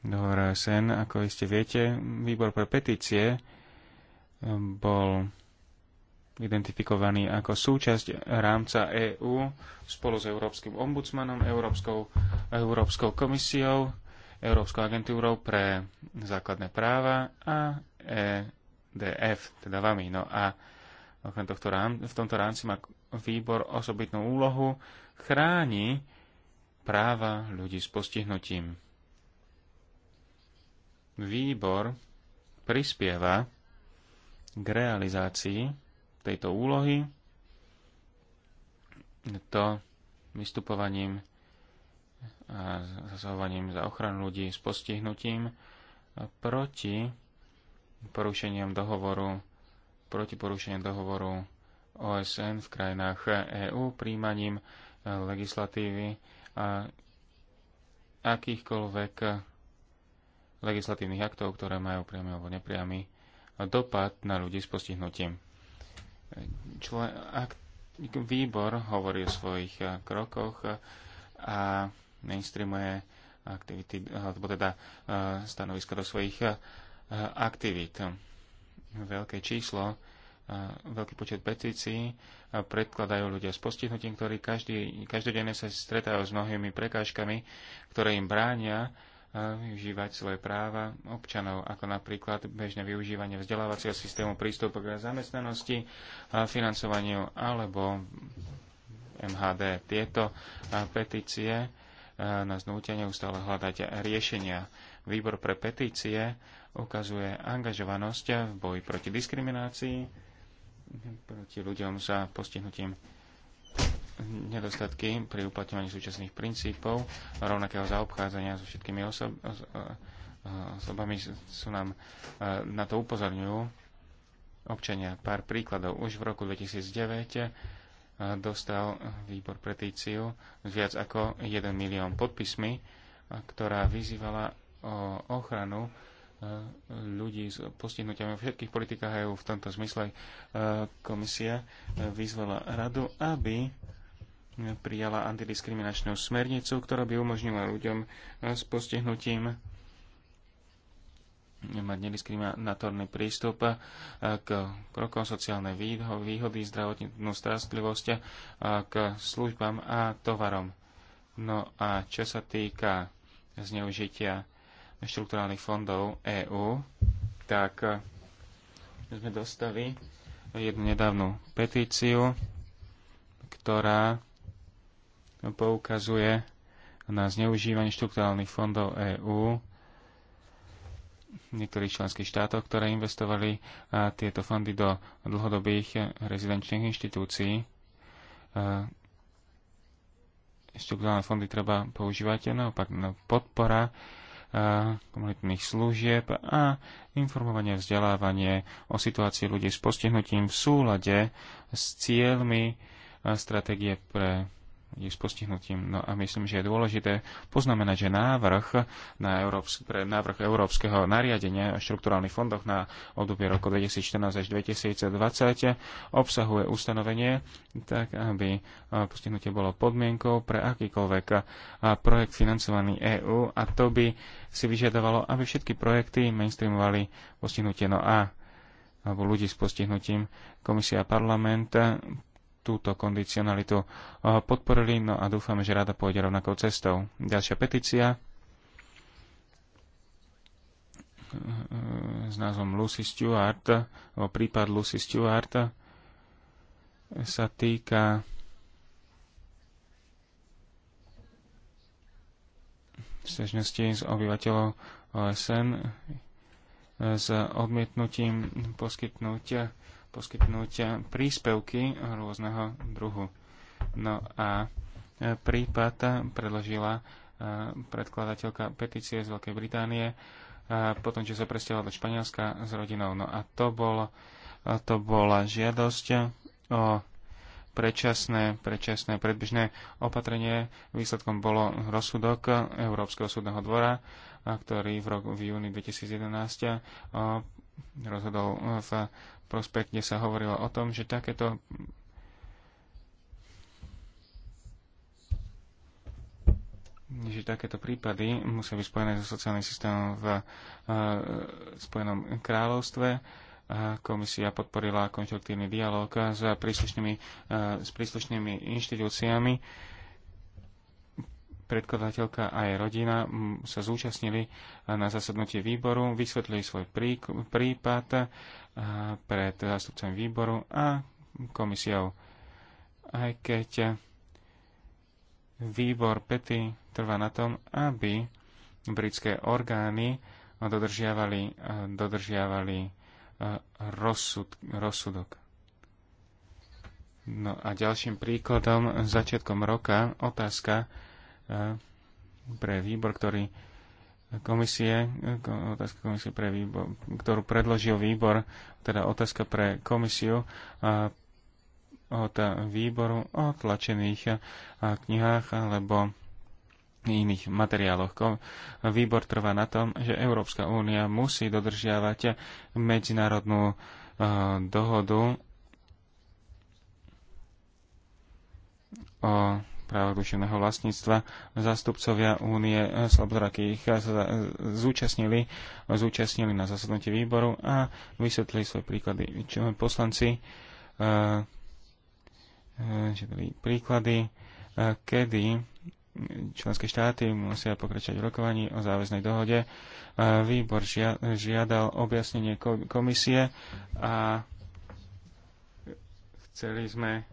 Dohovor OSN, ako iste viete, výbor pre petície eh, bol identifikovaný ako súčasť rámca EÚ e spolu s Európskym ombudsmanom, Európskou, Európskou komisiou, Európskou agentúrou pre základné práva a e DF, teda vami. No a okrem tohto rám, v tomto rámci má výbor osobitnú úlohu, chráni práva ľudí s postihnutím. Výbor prispieva k realizácii tejto úlohy to vystupovaním a zasahovaním za ochranu ľudí s postihnutím proti porušeniam dohovoru, proti porušeniam dohovoru OSN v krajinách EÚ príjmaním eh, legislatívy a akýchkoľvek legislatívnych aktov, ktoré majú priamy alebo nepriamy dopad na ľudí s postihnutím. Člen, ak, výbor hovorí o svojich eh, krokoch eh, a mainstreamuje aktivity, alebo teda stanoviska do svojich Eh, aktivít. Veľké číslo, eh, veľký počet petícií eh, predkladajú ľudia s postihnutím, ktorí každý, každodenne sa stretajú s mnohými prekážkami, ktoré im bránia využívať svoje práva občanov, ako napríklad bežné využívanie vzdelávacieho systému, prístup k zamestnanosti, financovaniu alebo MHD. Tieto petície nás nútenia ustále hľadať riešenia. Výbor pre petície ukazuje angažovanosť v boji proti diskriminácii, proti ľuďom za postihnutím nedostatky pri uplatňovaní súčasných princípov rovnakého zaobchádzania so všetkými osob- osobami sú nám e, na to upozorňujú občania. Pár príkladov. Už v roku 2009 e, dostal výbor petíciu s viac ako 1 milión podpismi, e, ktorá vyzývala ochranu e, ľudí s postihnutiami vo všetkých politikách EU v tomto zmysle e, komisia e, vyzvala radu, aby prijala antidiskriminačnú smernicu, ktorá by umožnila ľuďom s postihnutím mať nediskriminatórny prístup k krokom sociálnej výhody, zdravotnú starostlivosť, k službám a tovarom. No a čo sa týka zneužitia štruktúrálnych fondov EÚ, tak eh, sme dostali jednu nedávnu petíciu, ktorá poukazuje na zneužívanie štruktúrálnych fondov EÚ v niektorých členských štátoch, ktoré investovali tieto fondy do dlhodobých rezidenčných inštitúcií. Eh, Štruktúrálne fondy treba používať naopak. No, podpora komunitných služieb a informovanie a vzdelávanie o situácii ľudí s postihnutím v súlade s cieľmi stratégie pre je s postihnutím. No a myslím, že je dôležité poznamenať, že návrh, na Európs- pre návrh Európskeho nariadenia o štruktúrálnych fondoch na obdobie roku 2014 až 2020 obsahuje ustanovenie, tak aby e, postihnutie bolo podmienkou pre akýkoľvek e, projekt financovaný EÚ a to by si vyžiadovalo, aby všetky projekty mainstreamovali postihnutie no a alebo ľudí s postihnutím. Komisia a parlament túto kondicionalitu eh, podporili, no a dúfame, že rada pôjde rovnakou cestou. Ďalšia petícia eh, s názvom Lucy Stewart, o prípad Lucy Stewart, sa týka stežnosti z obyvateľov OSN eh, s odmietnutím poskytnúť poskytnúť príspevky rôzneho druhu. No a prípad predložila e, predkladateľka petície z Veľkej Británie e, potom, čo sa presťahovala do Španielska s rodinou. No a to, bol, e, to bola žiadosť o predčasné, predčasné predbežné opatrenie. Výsledkom bolo rozsudok Európskeho súdneho dvora, ktorý v, roku, v júni 2011 rozhodol v prospekte sa hovorilo o tom, že takéto že takéto prípady musia byť spojené so sociálnym systémom v uh, Spojenom kráľovstve. Uh, komisia podporila konštruktívny dialog s príslušnými, uh, s príslušnými inštitúciami predkladateľka a jej rodina sa zúčastnili eh, na zasadnutie výboru, vysvetlili svoj prípad eh, pred zástupcom výboru a komisiou. Aj keď eh, výbor pety trvá na tom, aby britské orgány dodržiavali, dodržiavali rozsud, rozsudok. No a ďalším príkladom začiatkom roka otázka pre výbor, ktorý komisie, otázka komisie pre výbor, ktorú predložil výbor, teda otázka pre komisiu od výboru o tlačených knihách alebo iných materiáloch. Výbor trvá na tom, že Európska únia musí dodržiavať medzinárodnú dohodu o práva duševného vlastníctva. Zástupcovia únie slobodrakých sa zúčastnili, zúčastnili na zasadnutí výboru a vysvetlili svoje príklady. Čo poslanci e, e, že boli príklady, e, kedy členské štáty musia pokračovať rokovaní o záväznej dohode. Výbor žiadal objasnenie komisie a chceli sme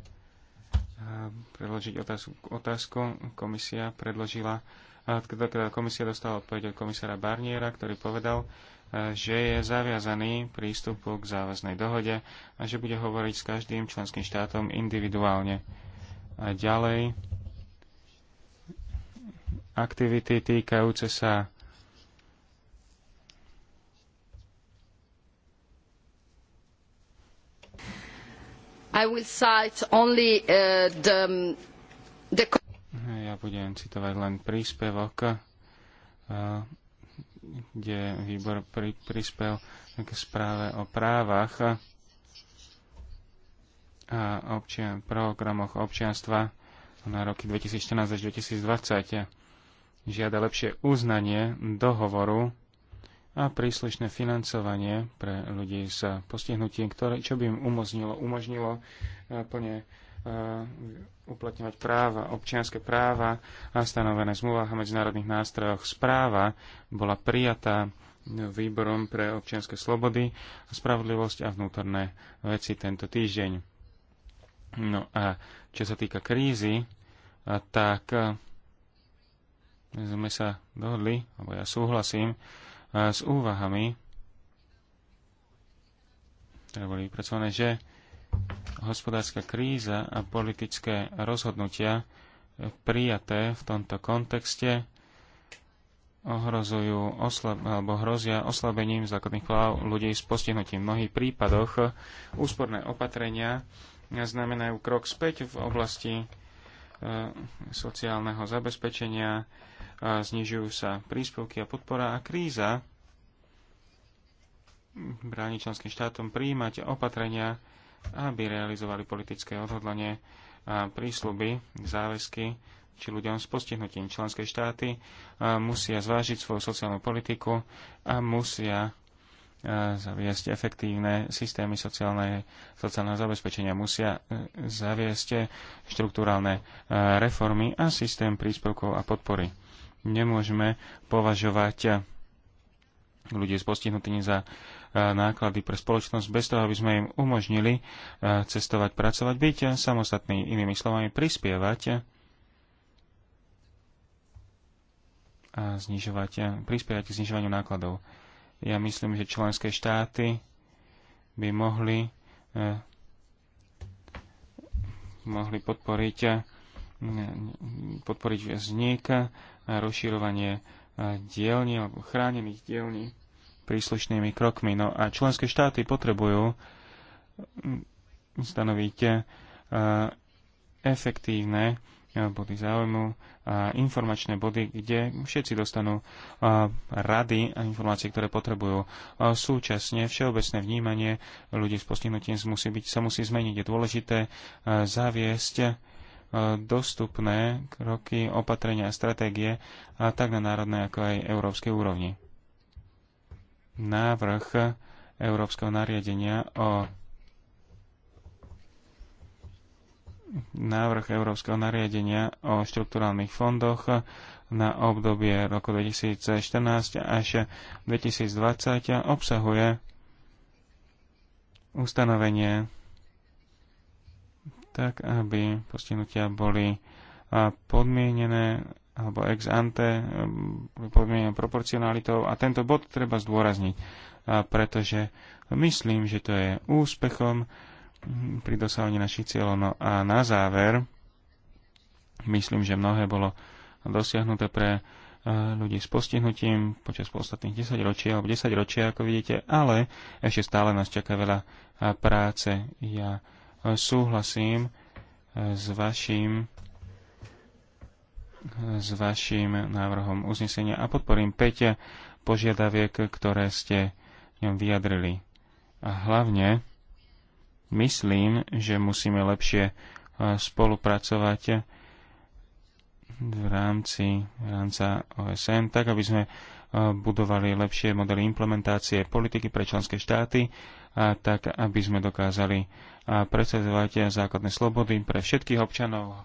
predložiť otázku, otázku. Komisia predložila, teda, teda komisia dostala odpoveď od komisára Barniera, ktorý povedal, e, že je zaviazaný prístupu k záväznej dohode a že bude hovoriť s každým členským štátom individuálne. A ďalej aktivity týkajúce sa I will cite only uh, the, um, the... Ja budem citovať len príspevok, uh, kde výbor pri, prispel k správe o právach a občian, programoch občianstva na roky 2014 až 2020. Žiada lepšie uznanie dohovoru a príslušné financovanie pre ľudí s postihnutím, ktoré, čo by im umožnilo, umožnilo e, plne e, uplatňovať práva, občianské práva a stanovené v zmluvách a medzinárodných nástrojoch. Správa bola prijatá výborom pre občianske slobody, spravodlivosť a vnútorné veci tento týždeň. No a čo sa týka krízy, tak e, sme sa dohodli, alebo ja súhlasím, s úvahami, ktoré boli vypracované, že hospodárska kríza a politické rozhodnutia prijaté v tomto kontexte ohrozujú oslab, alebo hrozia oslabením základných práv ľudí s postihnutím. V mnohých prípadoch úsporné opatrenia znamenajú krok späť v oblasti e, sociálneho zabezpečenia, a znižujú sa príspevky a podpora a kríza bráni členským štátom prijímať opatrenia, aby realizovali politické odhodlanie a prísluby, záväzky či ľuďom s postihnutím. Členské štáty musia zvážiť svoju sociálnu politiku a musia zaviesť efektívne systémy sociálne, sociálneho zabezpečenia, musia e, zaviesť štruktúralne e, reformy a systém príspevkov a podpory nemôžeme považovať ľudí s postihnutými za e, náklady pre spoločnosť bez toho, aby sme im umožnili e, cestovať, pracovať, byť samostatný, inými slovami prispievať a znižovať, prispievať k znižovaniu nákladov. Ja myslím, že členské štáty by mohli, eh, mohli podporiť, eh, podporiť vznik rozširovanie dielní alebo chránených dielní príslušnými krokmi. No a členské štáty potrebujú stanoviť efektívne body záujmu a informačné body, kde všetci dostanú rady a informácie, ktoré potrebujú. Súčasne všeobecné vnímanie ľudí s postihnutím musí byť, sa musí zmeniť. Je dôležité zaviesť dostupné kroky, opatrenia a stratégie a tak na národnej ako aj európskej úrovni. Návrh európskeho nariadenia o návrh európskeho nariadenia o štrukturálnych fondoch na obdobie roku 2014 až 2020 obsahuje ustanovenie tak aby postihnutia boli podmienené alebo ex ante e, podmienené proporcionalitou. A tento bod treba zdôrazniť, pretože myslím, že to je úspechom pri dosahovaní našich cieľov. No a na záver, myslím, že mnohé bolo dosiahnuté pre e, ľudí s postihnutím počas ostatných 10 ročí alebo 10 ročí, ako vidíte, ale ešte stále nás čaká veľa práce. Ja súhlasím eh, s vašim eh, s vašim návrhom uznesenia a podporím 5 požiadaviek, ktoré ste v ňom vyjadrili. A hlavne myslím, že musíme lepšie eh, spolupracovať v rámci rámca OSN, tak aby sme budovali lepšie modely implementácie politiky pre členské štáty tak aby sme dokázali predsedovať základné slobody pre všetkých občanov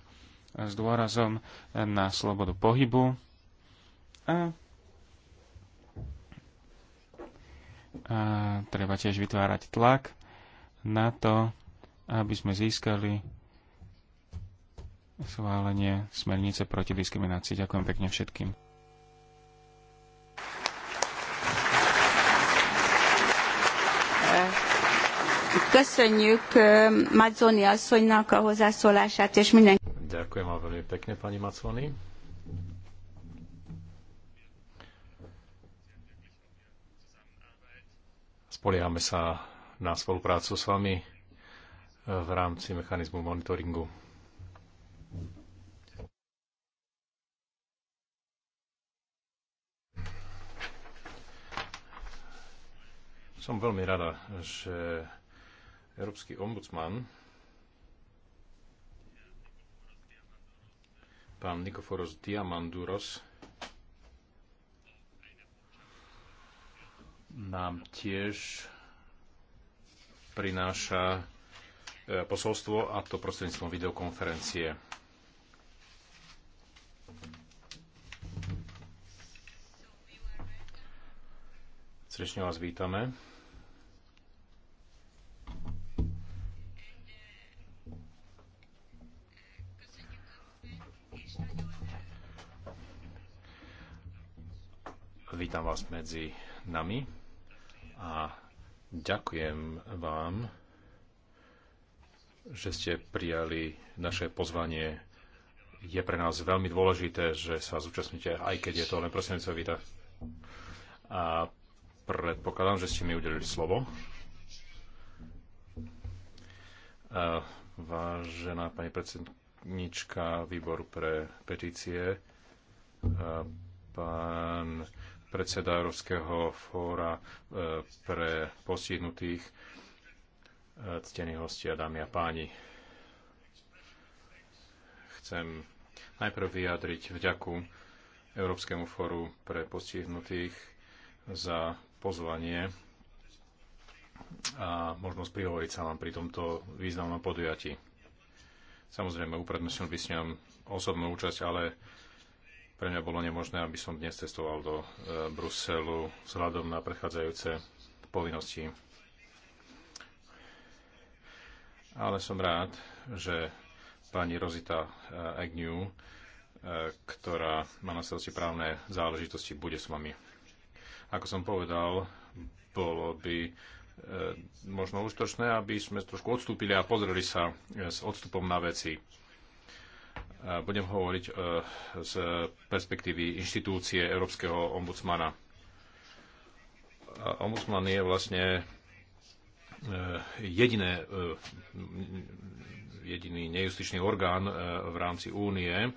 s dôrazom na slobodu pohybu a, a treba tiež vytvárať tlak na to, aby sme získali schválenie smernice proti diskriminácii. Ďakujem pekne všetkým. Köszönjük Mazzoni asszonynak a hozzászólását, és Ďakujem vám veľmi pekne, pani Maconi. Spoliehame sa na spoluprácu s vami e, v rámci mechanizmu monitoringu. Som veľmi rada, že Európsky ombudsman, pán Nikoforos Diamanduros, nám tiež prináša e, posolstvo a to prostredníctvom videokonferencie. Srečne vás vítame. Vítam vás medzi nami a ďakujem vám, že ste prijali naše pozvanie. Je pre nás veľmi dôležité, že sa zúčastnite, aj keď je to len prostredníctvom víta. A predpokladám, že ste mi udelili slovo. A vážená pani predsednička výboru pre petície, pán predseda Európskeho fóra e, pre postihnutých, e, ctení hostia, dámy a páni. Chcem najprv vyjadriť vďaku Európskemu fóru pre postihnutých za pozvanie a možnosť prihovoriť sa vám pri tomto významnom podujatí. Samozrejme, upredmestňujem by s ňom osobnú účasť, ale pre mňa bolo nemožné, aby som dnes cestoval do e, Bruselu vzhľadom na predchádzajúce povinnosti. Ale som rád, že pani Rozita e, Agnew, e, ktorá má na starosti právne záležitosti, bude s vami. Ako som povedal, bolo by možno užitočné, aby sme trošku odstúpili a pozreli sa s odstupom na veci budem hovoriť e, z perspektívy inštitúcie Európskeho ombudsmana. Ombudsman je vlastne e, jediné, e, jediný nejustičný orgán v rámci únie,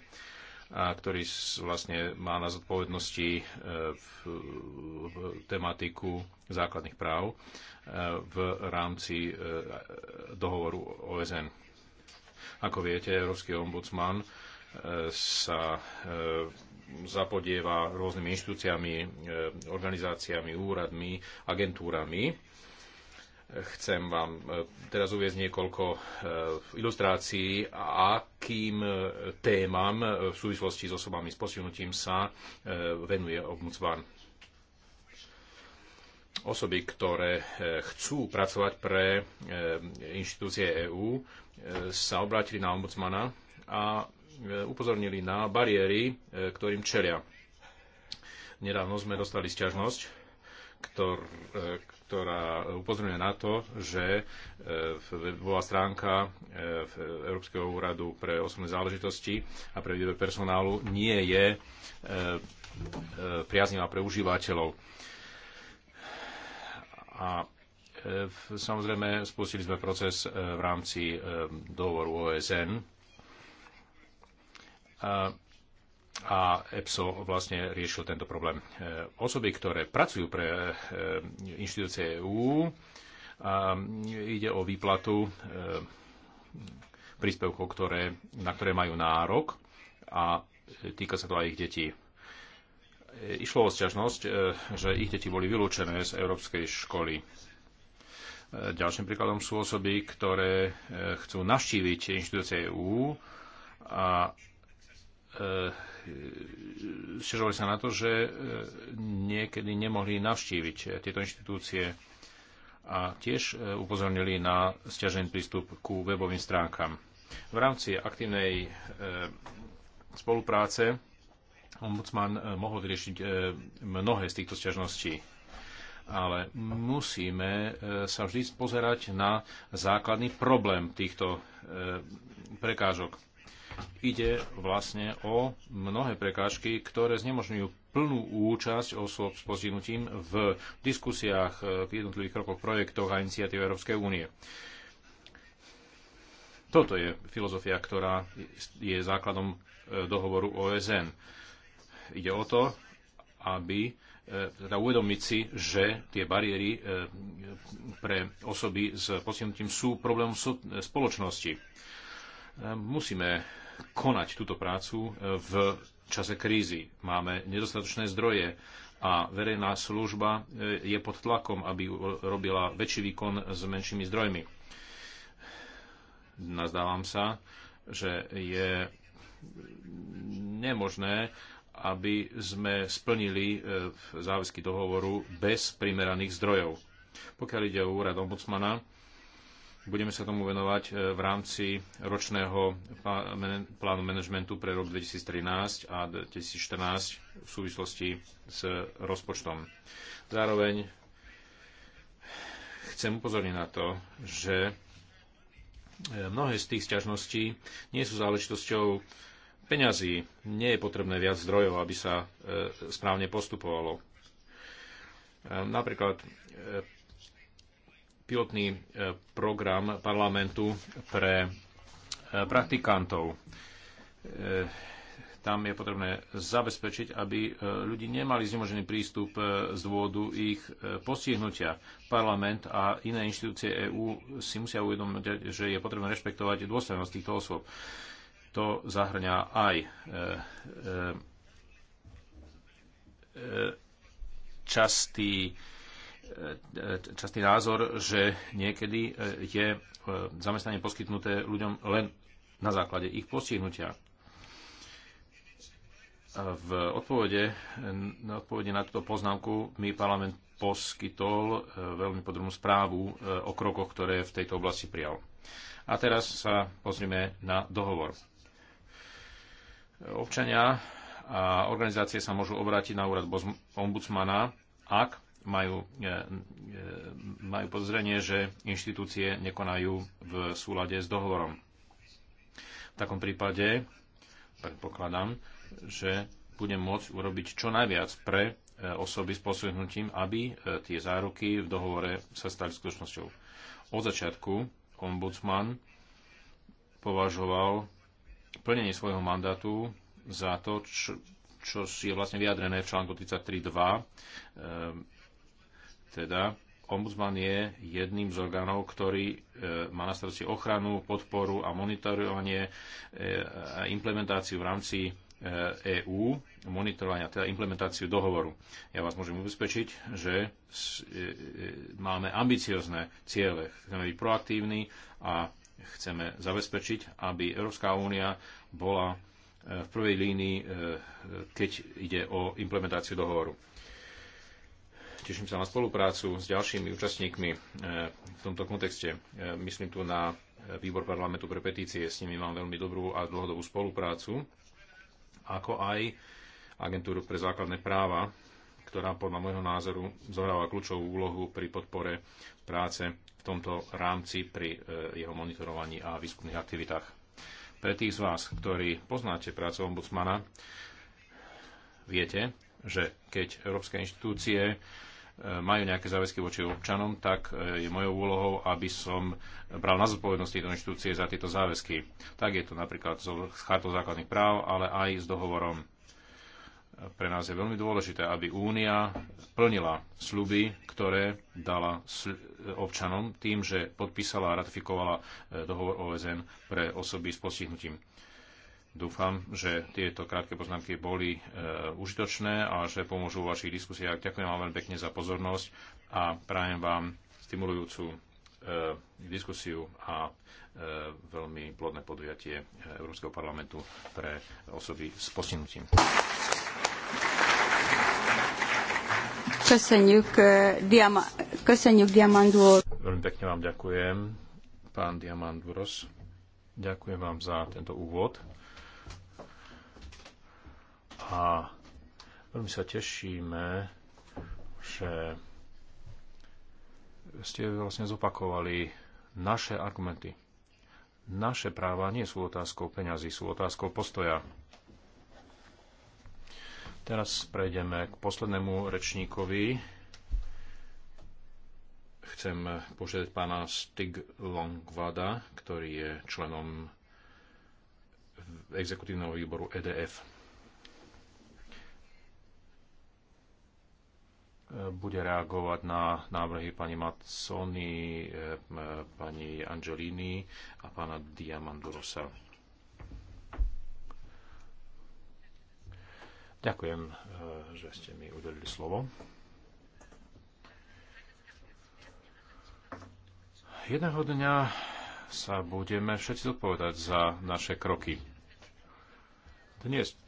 a ktorý vlastne má na zodpovednosti v tematiku základných práv v rámci dohovoru OSN. Ako viete, Európsky ombudsman e, sa e, zapodieva rôznymi inštitúciami, e, organizáciami, úradmi, agentúrami. Chcem vám teraz uviezť niekoľko ilustrácií, akým témam v súvislosti s osobami s postihnutím sa venuje ombudsman. Osoby, ktoré chcú pracovať pre inštitúcie EÚ, sa obrátili na ombudsmana a e, upozornili na bariéry, e, ktorým čelia. Nedávno sme dostali sťažnosť, ktor, e, ktorá upozorňuje na to, že webová stránka Európskeho úradu pre osobné záležitosti a pre výber personálu nie je priaznivá pre užívateľov. A Samozrejme, spustili sme proces e, v rámci e, dohovoru OSN a, EPSO vlastne riešil tento problém. E, osoby, ktoré pracujú pre inštitúcie EU, ide o výplatu príspevkov, ktoré, na ktoré majú nárok a týka sa to aj ich detí išlo o sťažnosť, že ich deti boli vylúčené z európskej školy. Ďalším príkladom sú osoby, ktoré eh, chcú navštíviť inštitúcie EÚ a eh, stiažovali sa na to, že eh, niekedy nemohli navštíviť tieto inštitúcie a tiež upozornili na stiažený prístup ku webovým stránkam. V rámci aktívnej spolupráce ombudsman mohol vyriešiť mnohé z týchto stiažností ale musíme e, sa vždy pozerať na základný problém týchto e, prekážok. Ide vlastne o mnohé prekážky, ktoré znemožňujú plnú účasť osôb s postihnutím v diskusiách e, v jednotlivých krokoch, projektoch a iniciatív Európskej únie. Toto je filozofia, ktorá je základom dohovoru OSN. Ide o to, aby teda uvedomiť si, že tie bariéry e, pre osoby s postihnutím sú problémom spoločnosti. E, musíme konať túto prácu e, v čase krízy. Máme nedostatočné zdroje a verejná služba je pod tlakom, aby robila väčší výkon s menšími zdrojmi. Nazdávam sa, že je nemožné aby sme splnili e, záväzky dohovoru bez primeraných zdrojov. Pokiaľ ide o úrad ombudsmana, budeme sa tomu venovať e, v rámci ročného plánu manažmentu pre rok 2013 a 2014 v súvislosti s rozpočtom. Zároveň chcem upozorniť na to, že e, mnohé z tých sťažností nie sú záležitosťou peňazí. Nie je potrebné viac zdrojov, aby sa e, správne postupovalo. E, napríklad e, pilotný program parlamentu pre praktikantov. Tam je potrebné zabezpečiť, aby ľudí nemali znemožený prístup z dôvodu ich postihnutia. Parlament a iné inštitúcie EÚ si musia uvedomiť, že je potrebné rešpektovať dôstojnosť týchto osôb. To zahrňa aj e, e, e, častý, častý názor, že niekedy je zamestnanie poskytnuté ľuďom len na základe ich postihnutia. V odpovede, na odpovede na túto poznámku mi parlament poskytol veľmi podrobnú správu o krokoch, ktoré v tejto oblasti prijal. A teraz sa pozrieme na dohovor. Občania a organizácie sa môžu obrátiť na úrad ombudsmana, ak majú, e, e, majú podozrenie, že inštitúcie nekonajú v súlade s dohovorom. V takom prípade predpokladám, že budem môcť urobiť čo najviac pre e, osoby s posunutím, aby tie záruky v dohovore sa stali skutočnosťou. Od začiatku ombudsman považoval plnenie svojho mandátu za to, čo, čo je vlastne vyjadrené v článku 33.2. Ehm, teda ombudsman je jedným z orgánov, ktorý e, má na starosti ochranu, podporu a monitorovanie e, a implementáciu v rámci EÚ, e monitorovania, teda implementáciu dohovoru. Ja vás môžem ubezpečiť, že e, e, máme ambiciozne ciele. Chceme byť proaktívni a chceme zabezpečiť, aby Európska únia bola e, v prvej línii, e, keď ide o implementáciu dohovoru. Teším sa na spoluprácu s ďalšími účastníkmi e, v tomto kontexte. Myslím tu na výbor parlamentu pre petície, s nimi mám veľmi dobrú a dlhodobú spoluprácu, ako aj agentúru pre základné práva, ktorá podľa môjho názoru zohráva kľúčovú úlohu pri podpore práce v tomto rámci pri e, jeho monitorovaní a výskumných aktivitách. Pre tých z vás, ktorí poznáte prácu ombudsmana, viete, že keď európske inštitúcie e, majú nejaké záväzky voči občanom, tak e, je mojou úlohou, aby som bral na zodpovednosť tieto inštitúcie za tieto záväzky. Tak je to napríklad s chartou základných práv, ale aj s dohovorom pre nás je veľmi dôležité, aby Únia plnila sluby, ktoré dala občanom tým, že podpísala a ratifikovala e, dohovor OSN pre osoby s postihnutím. Dúfam, že tieto krátke poznámky boli e, užitočné a že pomôžu vašich diskusiách. Ďakujem vám veľmi pekne za pozornosť a prajem vám stimulujúcu e, diskusiu a e, veľmi plodné podujatie Európskeho parlamentu pre osoby s postihnutím. Köszönjük, Diama, köszönjük Diamandúr. Veľmi pekne vám ďakujem, pán Diamanduros. Ďakujem vám za tento úvod. A veľmi sa tešíme, že ste vlastne zopakovali naše argumenty. Naše práva nie sú otázkou peňazí, sú otázkou postoja. Teraz prejdeme k poslednému rečníkovi. Chcem požiadať pána Stig Longvada, ktorý je členom exekutívneho výboru EDF. Bude reagovať na návrhy pani Matsony, eh, eh, pani Angelini a pána Diamandurosa. Ďakujem, e, že ste mi udelili slovo. Jedného dňa sa budeme všetci zodpovedať za naše kroky. Dnes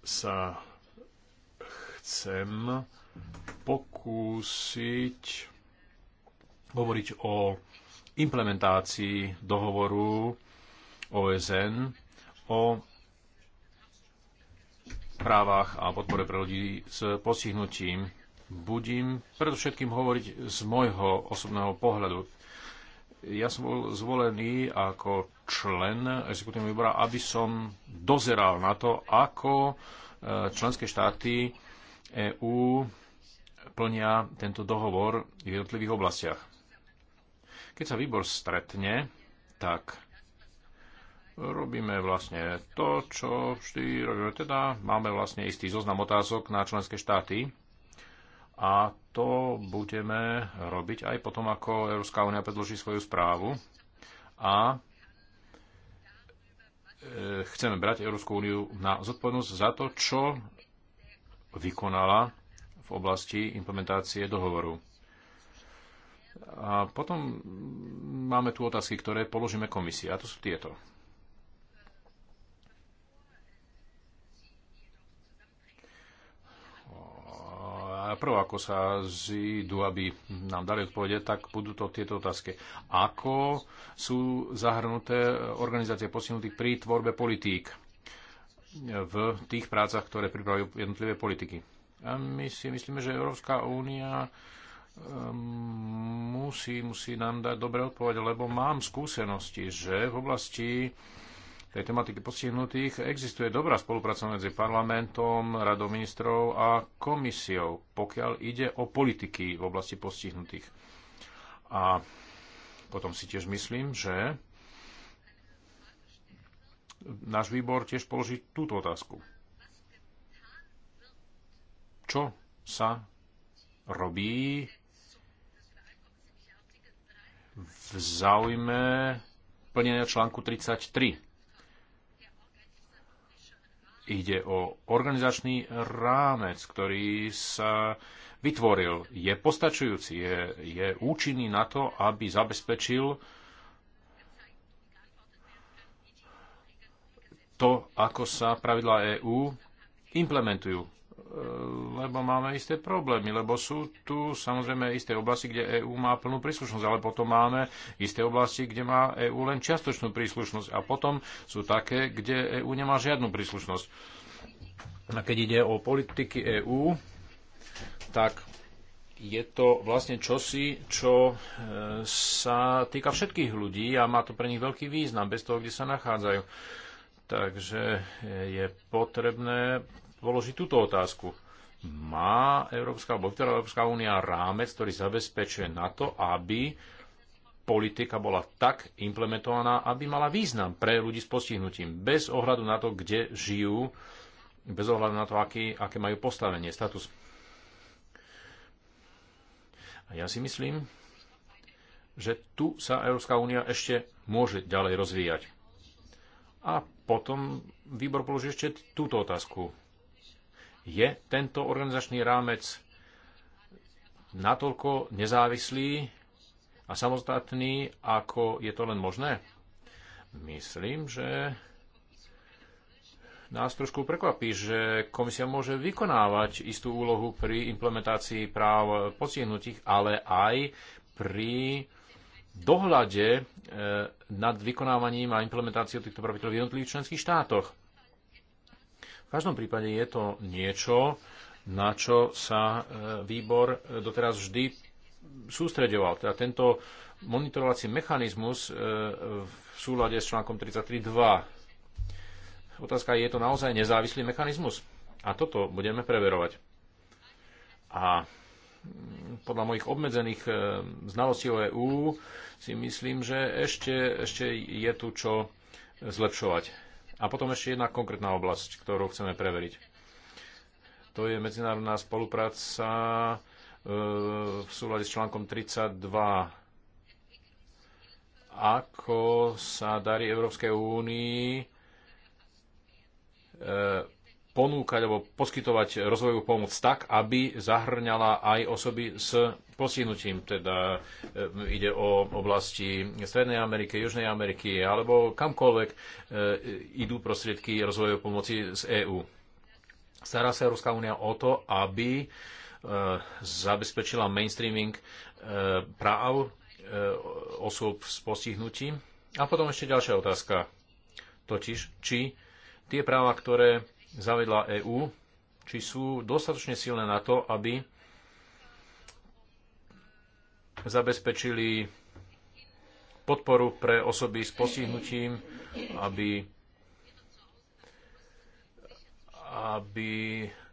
sa chcem pokúsiť hovoriť o implementácii dohovoru OSN o právach a podpore pre ľudí s postihnutím budím predovšetkým hovoriť z môjho osobného pohľadu. Ja som bol zvolený ako člen exekutívneho výbora, aby som dozeral na to, ako e, členské štáty EÚ plnia tento dohovor v jednotlivých oblastiach. Keď sa výbor stretne, tak robíme vlastne to, čo vždy robíme. Teda máme vlastne istý zoznam otázok na členské štáty a to budeme robiť aj potom, ako Európska únia predloží svoju správu a e, chceme brať Európsku úniu na zodpovednosť za to, čo vykonala v oblasti implementácie dohovoru. A potom máme tu otázky, ktoré položíme komisii. A to sú tieto. najprv, ako sa zídu, aby nám dali odpovede, tak budú to tieto otázky. Ako sú zahrnuté organizácie posunutých pri tvorbe politík v tých prácach, ktoré pripravujú jednotlivé politiky? A my si myslíme, že Európska únia ehm, musí, musí nám dať dobré odpovede, lebo mám skúsenosti, že v oblasti tej tematiky postihnutých, existuje dobrá spolupráca medzi parlamentom, radou ministrov a komisiou, pokiaľ ide o politiky v oblasti postihnutých. A potom si tiež myslím, že náš výbor tiež položí túto otázku. Čo sa robí v záujme plnenia článku 33 Ide o organizačný rámec, ktorý sa vytvoril. Je postačujúci, je, je účinný na to, aby zabezpečil to, ako sa pravidlá EÚ implementujú. E, lebo máme isté problémy, lebo sú tu samozrejme isté oblasti, kde EÚ má plnú príslušnosť, ale potom máme isté oblasti, kde má EÚ len čiastočnú príslušnosť a potom sú také, kde EÚ nemá žiadnu príslušnosť. A keď ide o politiky EÚ, tak je to vlastne čosi, čo e, sa týka všetkých ľudí a má to pre nich veľký význam, bez toho, kde sa nachádzajú. Takže e, je potrebné položiť túto otázku. Má Európska, alebo teda Európska únia rámec, ktorý zabezpečuje na to, aby politika bola tak implementovaná, aby mala význam pre ľudí s postihnutím, bez ohľadu na to, kde žijú, bez ohľadu na to, aký, aké majú postavenie, status. A ja si myslím, že tu sa Európska únia ešte môže ďalej rozvíjať. A potom výbor položí ešte túto otázku je tento organizačný rámec natoľko nezávislý a samostatný, ako je to len možné? Myslím, že nás trošku prekvapí, že komisia môže vykonávať istú úlohu pri implementácii práv postihnutých, ale aj pri dohľade eh, nad vykonávaním a implementáciou týchto pravidel v jednotlivých členských štátoch každom prípade je to niečo, na čo sa e, výbor e, doteraz vždy sústreďoval. Teda tento monitorovací mechanizmus e, v súlade s článkom 33.2. Otázka je, je to naozaj nezávislý mechanizmus? A toto budeme preverovať. A mm, podľa mojich obmedzených znalostí o EÚ si myslím, že ešte, ešte je tu čo zlepšovať a potom ešte jedna konkrétna oblasť, ktorú chceme preveriť. To je medzinárodná spolupráca e, v súlade s článkom 32. Ako sa darí Európskej únii e, ponúkať alebo poskytovať rozvojovú pomoc tak, aby zahrňala aj osoby s postihnutím. Teda e, ide o oblasti Strednej Ameriky, Južnej Ameriky alebo kamkoľvek e, idú prostriedky rozvojovej pomoci z EÚ. Stará sa Európska únia o to, aby e, zabezpečila mainstreaming práv osôb s postihnutím. A potom ešte ďalšia otázka. Totiž, či tie práva, ktoré zavedla EÚ, či sú dostatočne silné na to, aby zabezpečili podporu pre osoby s postihnutím, aby, aby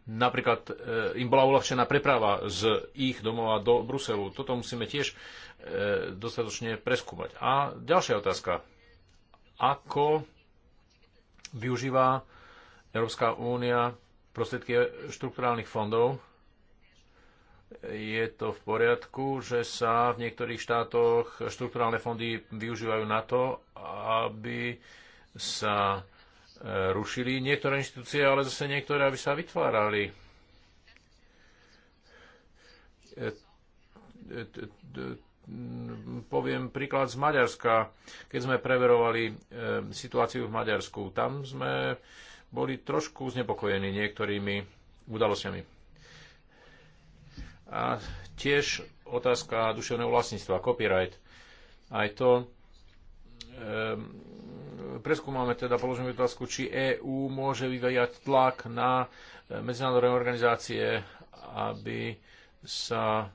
napríklad e, im bola uľahčená preprava z ich domova do Bruselu. Toto musíme tiež e, dostatočne preskúmať. A ďalšia otázka. Ako využíva Európska únia prostriedky štrukturálnych fondov. Je to v poriadku, že sa v niektorých štátoch štrukturálne fondy využívajú na to, aby sa e, rušili niektoré inštitúcie, ale zase niektoré, aby sa vytvárali. E, poviem príklad z Maďarska. Keď sme preverovali e, situáciu v Maďarsku, tam sme boli trošku znepokojení niektorými udalosťami. A tiež otázka duševného vlastníctva, copyright. Aj to ehm, preskúmame teda, položíme otázku, či EÚ môže vyvíjať tlak na medzinárodné organizácie, aby sa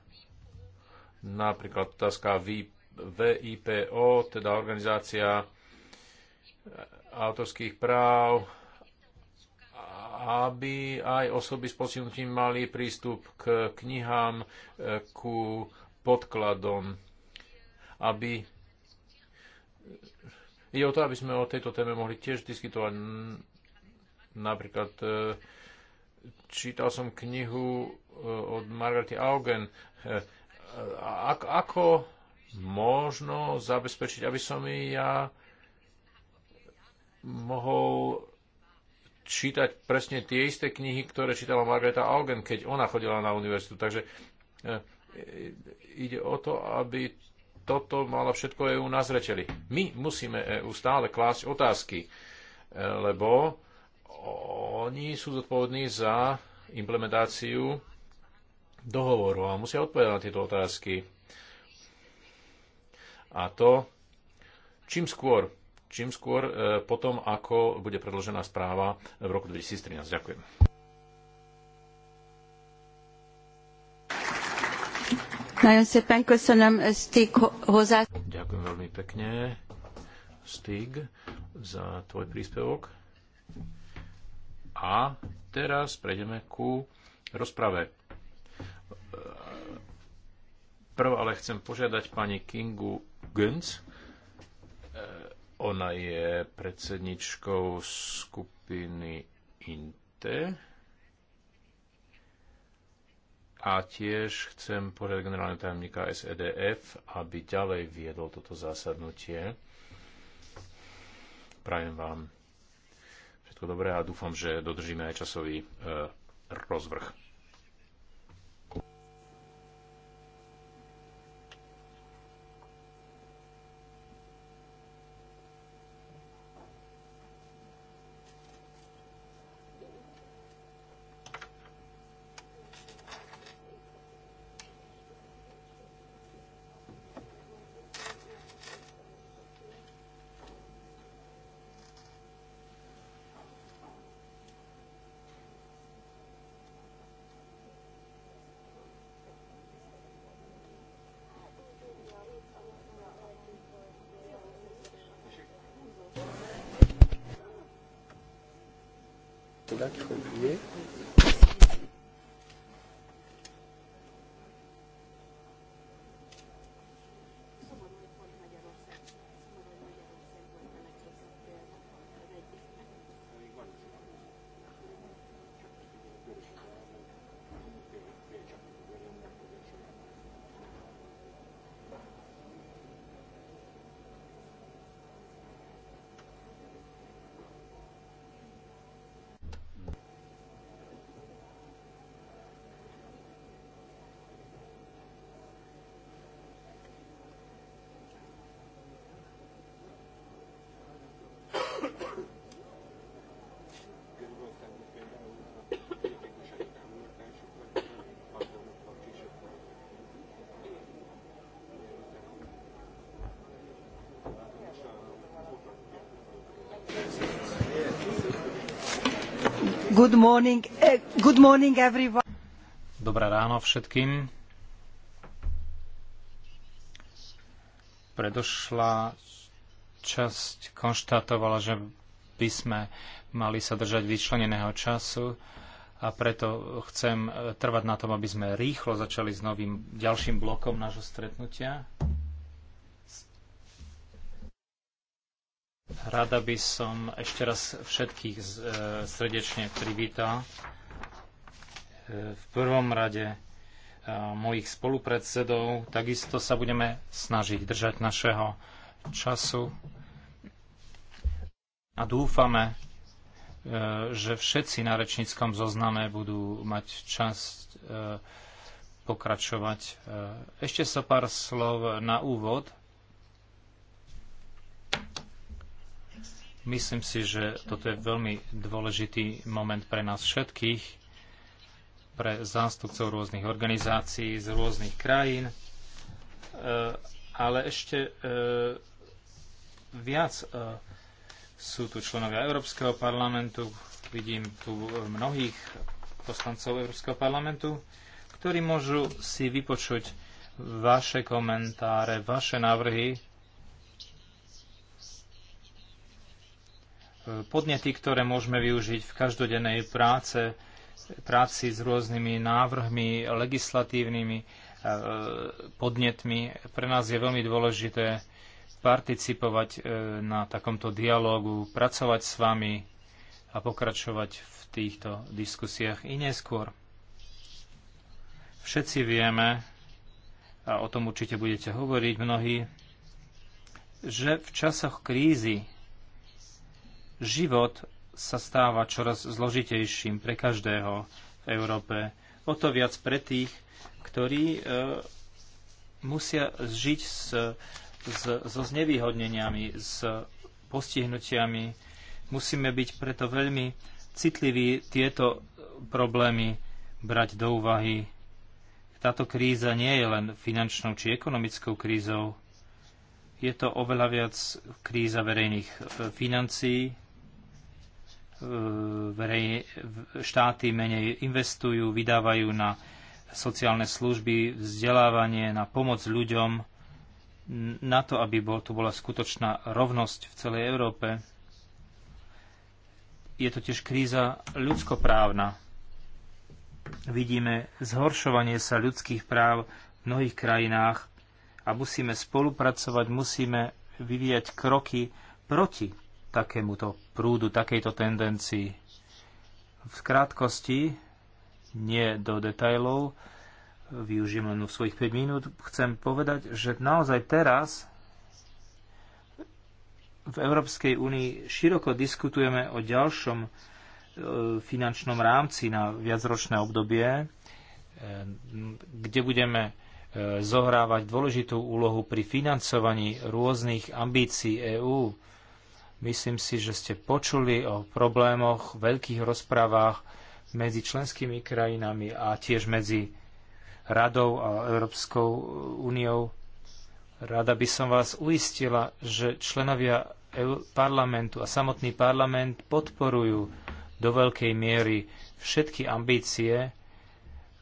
napríklad otázka VIPO, teda organizácia autorských práv, aby aj osoby s postihnutím mali prístup k knihám, e, ku podkladom, aby Ide o to, aby sme o tejto téme mohli tiež diskutovať. Napríklad e, čítal som knihu e, od Margarety Augen. Ako možno zabezpečiť, aby som i ja mohol čítať presne tie isté knihy, ktoré čítala Margareta Augen, keď ona chodila na univerzitu. Takže eh, ide o to, aby toto mala všetko EU na zreteli. My musíme EU stále klásť otázky, eh, lebo oni sú zodpovední za implementáciu dohovoru a musia odpovedať na tieto otázky. A to čím skôr čím skôr e, potom, ako bude predložená správa v roku 2013. Ďakujem. Ďakujem veľmi pekne, Stig, za tvoj príspevok. A teraz prejdeme ku rozprave. Prv ale chcem požiadať pani Kingu Gönc, ona je predsedničkou skupiny INTE. A tiež chcem povedať generálneho tajomníka SEDF, aby ďalej viedol toto zásadnutie. Prajem vám všetko dobré a dúfam, že dodržíme aj časový e, rozvrh. là qu'il faut oublier. Morning, eh, morning Dobré ráno všetkým. Predošla časť konštatovala, že by sme mali sa držať vyčleneného času a preto chcem trvať na tom, aby sme rýchlo začali s novým ďalším blokom nášho stretnutia. Rada by som ešte raz všetkých e, srdečne privítal. E, v prvom rade e, mojich spolupredsedov. Takisto sa budeme snažiť držať našeho času a dúfame, e, že všetci na rečníckom zozname budú mať čas e, pokračovať. E, ešte sa so pár slov na úvod. Myslím si, že toto je veľmi dôležitý moment pre nás všetkých, pre zástupcov rôznych organizácií z rôznych krajín. Ale ešte viac e, sú tu členovia Európskeho parlamentu, vidím tu mnohých poslancov Európskeho parlamentu, ktorí môžu si vypočuť vaše komentáre, vaše návrhy, e, podnety, ktoré môžeme využiť v každodennej práce, práci s rôznymi návrhmi legislatívnymi, e, podnetmi. Pre nás je veľmi dôležité participovať e, na takomto dialógu, pracovať s vami a pokračovať v týchto diskusiách i neskôr. Všetci vieme, a o tom určite budete hovoriť mnohí, že v časoch krízy život sa stáva čoraz zložitejším pre každého v Európe. O to viac pre tých, ktorí e, musia žiť s so znevýhodneniami, s postihnutiami. Musíme byť preto veľmi citliví tieto problémy brať do úvahy. Táto kríza nie je len finančnou či ekonomickou krízou. Je to oveľa viac kríza verejných e, financií. E, Verej, štáty menej investujú, vydávajú na sociálne služby, vzdelávanie, na pomoc ľuďom na to, aby bol, tu bola skutočná rovnosť v celej Európe. Je to tiež kríza ľudskoprávna. Vidíme zhoršovanie sa ľudských práv v mnohých krajinách a musíme spolupracovať, musíme vyvíjať kroky proti takémuto prúdu, takejto tendencii. V krátkosti, nie do detajlov, využijem len svojich 5 minút, chcem povedať, že naozaj teraz v Európskej únii široko diskutujeme o ďalšom e, finančnom rámci na viacročné obdobie, e, kde budeme e, zohrávať dôležitú úlohu pri financovaní rôznych ambícií EÚ. Myslím si, že ste počuli o problémoch, veľkých rozprávach medzi členskými krajinami a tiež medzi radou a Európskou úniou. Rada by som vás uistila, že členovia parlamentu a samotný parlament podporujú do veľkej miery všetky ambície,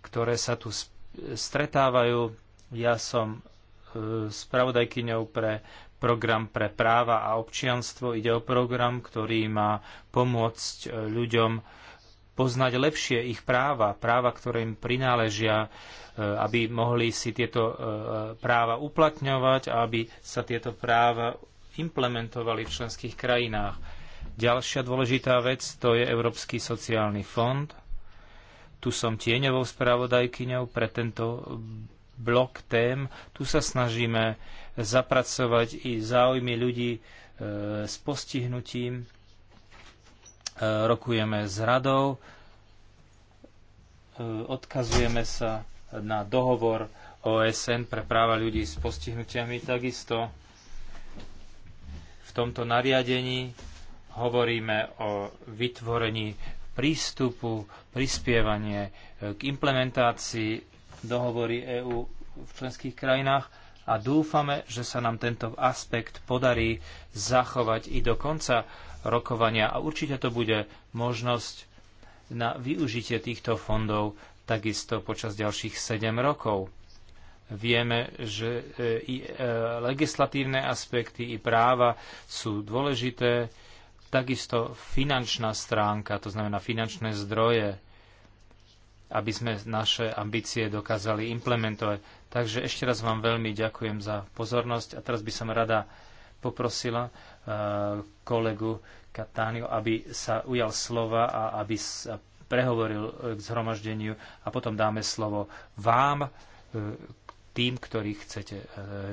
ktoré sa tu stretávajú. Ja som e, spravodajkyňou pre program pre práva a občianstvo. Ide o program, ktorý má pomôcť e, ľuďom poznať lepšie ich práva, práva, ktoré im prináležia, e, aby mohli si tieto e, práva uplatňovať a aby sa tieto práva implementovali v členských krajinách. Ďalšia dôležitá vec to je Európsky sociálny fond. Tu som tieňovou spravodajkyňou pre tento blok tém. Tu sa snažíme zapracovať i záujmy ľudí e, s postihnutím Eh, rokujeme s radou, eh, odkazujeme sa na dohovor OSN pre práva ľudí s postihnutiami takisto. V tomto nariadení hovoríme o vytvorení prístupu, prispievanie eh, k implementácii dohovory EÚ v členských krajinách a dúfame, že sa nám tento aspekt podarí zachovať i do konca rokovania a určite to bude možnosť na využitie týchto fondov takisto počas ďalších 7 rokov. Vieme, že e, i e, legislatívne aspekty, i práva sú dôležité, takisto finančná stránka, to znamená finančné zdroje, aby sme naše ambície dokázali implementovať. Takže ešte raz vám veľmi ďakujem za pozornosť a teraz by som rada poprosila eh, kolegu Katániu, aby sa ujal slova a aby sa prehovoril eh, k zhromaždeniu a potom dáme slovo vám, eh, tým, ktorí chcete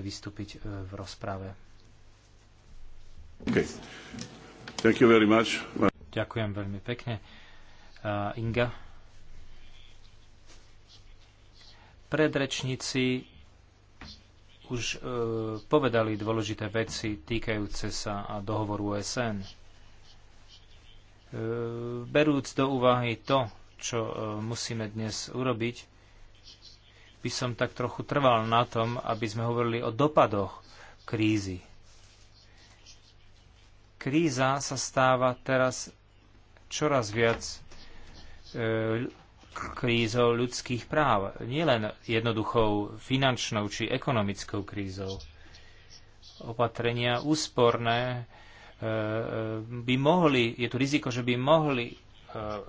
vystúpiť v rozprave. Okay. Ďakujem veľmi pekne. Inga. Predrečníci už e, povedali dôležité veci týkajúce sa a dohovoru OSN. E, berúc do úvahy to, čo e, musíme dnes urobiť, by som tak trochu trval na tom, aby sme hovorili o dopadoch krízy. Kríza sa stáva teraz čoraz viac e, krízou ľudských práv, nielen jednoduchou finančnou či ekonomickou krízou. Opatrenia úsporné e, e, by mohli, je tu riziko, že by mohli e,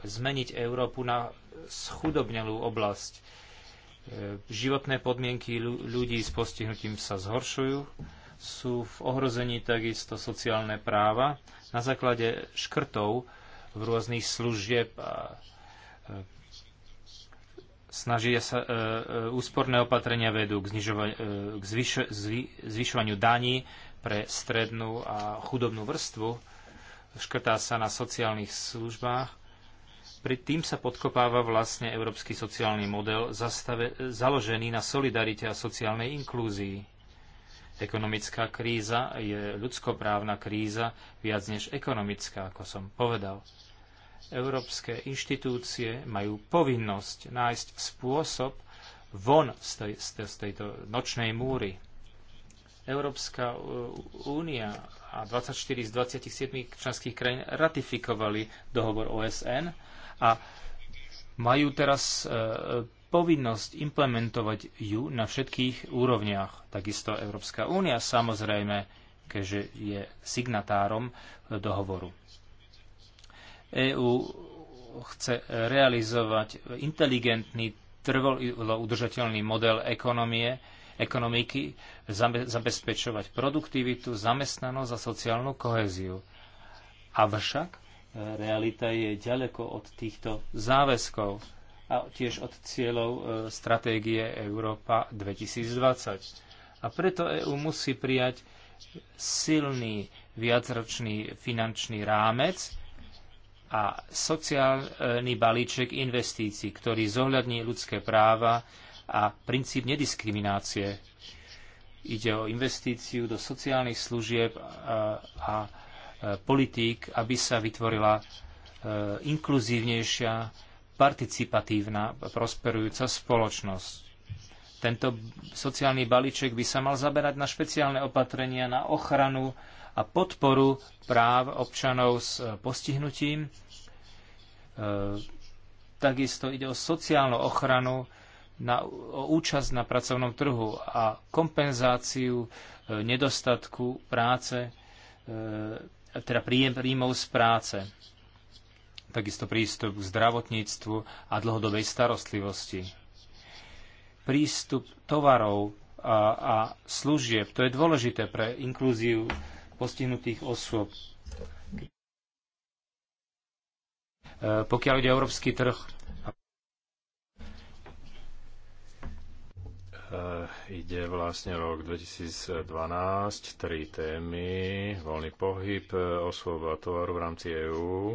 zmeniť Európu na schudobnelú oblasť. Životné podmienky ľudí s postihnutím sa zhoršujú, sú v ohrození takisto sociálne práva na základe škrtov v rôznych služieb a snažia sa, e, e, úsporné opatrenia vedú k, znižova, e, k zvyš, zvy, zvyšovaniu daní pre strednú a chudobnú vrstvu, škrtá sa na sociálnych službách. Pri tým sa podkopáva vlastne európsky sociálny model zastave, založený na solidarite a sociálnej inklúzii. Ekonomická kríza je ľudskoprávna kríza viac než ekonomická, ako som povedal Európske inštitúcie majú povinnosť nájsť spôsob von z, tej, z tejto nočnej múry. Európska uh, únia a 24 z 27 členských krajín ratifikovali dohovor OSN a majú teraz e, povinnosť implementovať ju na všetkých úrovniach. Takisto Európska únia samozrejme, keďže je signatárom uh, dohovoru. EÚ chce realizovať inteligentný, trvalo udržateľný model ekonomie, ekonomiky, zabezpečovať produktivitu, zamestnanosť a sociálnu kohéziu. Avšak e, realita je ďaleko od týchto záväzkov a tiež od cieľov e, stratégie Európa 2020. A preto EÚ musí prijať silný viacročný finančný rámec, a sociálny balíček investícií, ktorý zohľadní ľudské práva a princíp nediskriminácie. Ide o investíciu do sociálnych služieb a, a politík, aby sa vytvorila e, inkluzívnejšia, participatívna, prosperujúca spoločnosť. Tento sociálny balíček by sa mal zaberať na špeciálne opatrenia na ochranu a podporu práv občanov s e, postihnutím. E, takisto ide o sociálnu ochranu, na, o účasť na pracovnom trhu a kompenzáciu e, nedostatku práce, teda príjmov z práce. Takisto prístup k zdravotníctvu a dlhodobej starostlivosti. Prístup tovarov a, a služieb, to je dôležité pre inklúziu postihnutých osôb. E, pokiaľ ide o európsky trh, e, ide vlastne rok 2012, tri témy, voľný pohyb e, osôb a tovaru v rámci EÚ,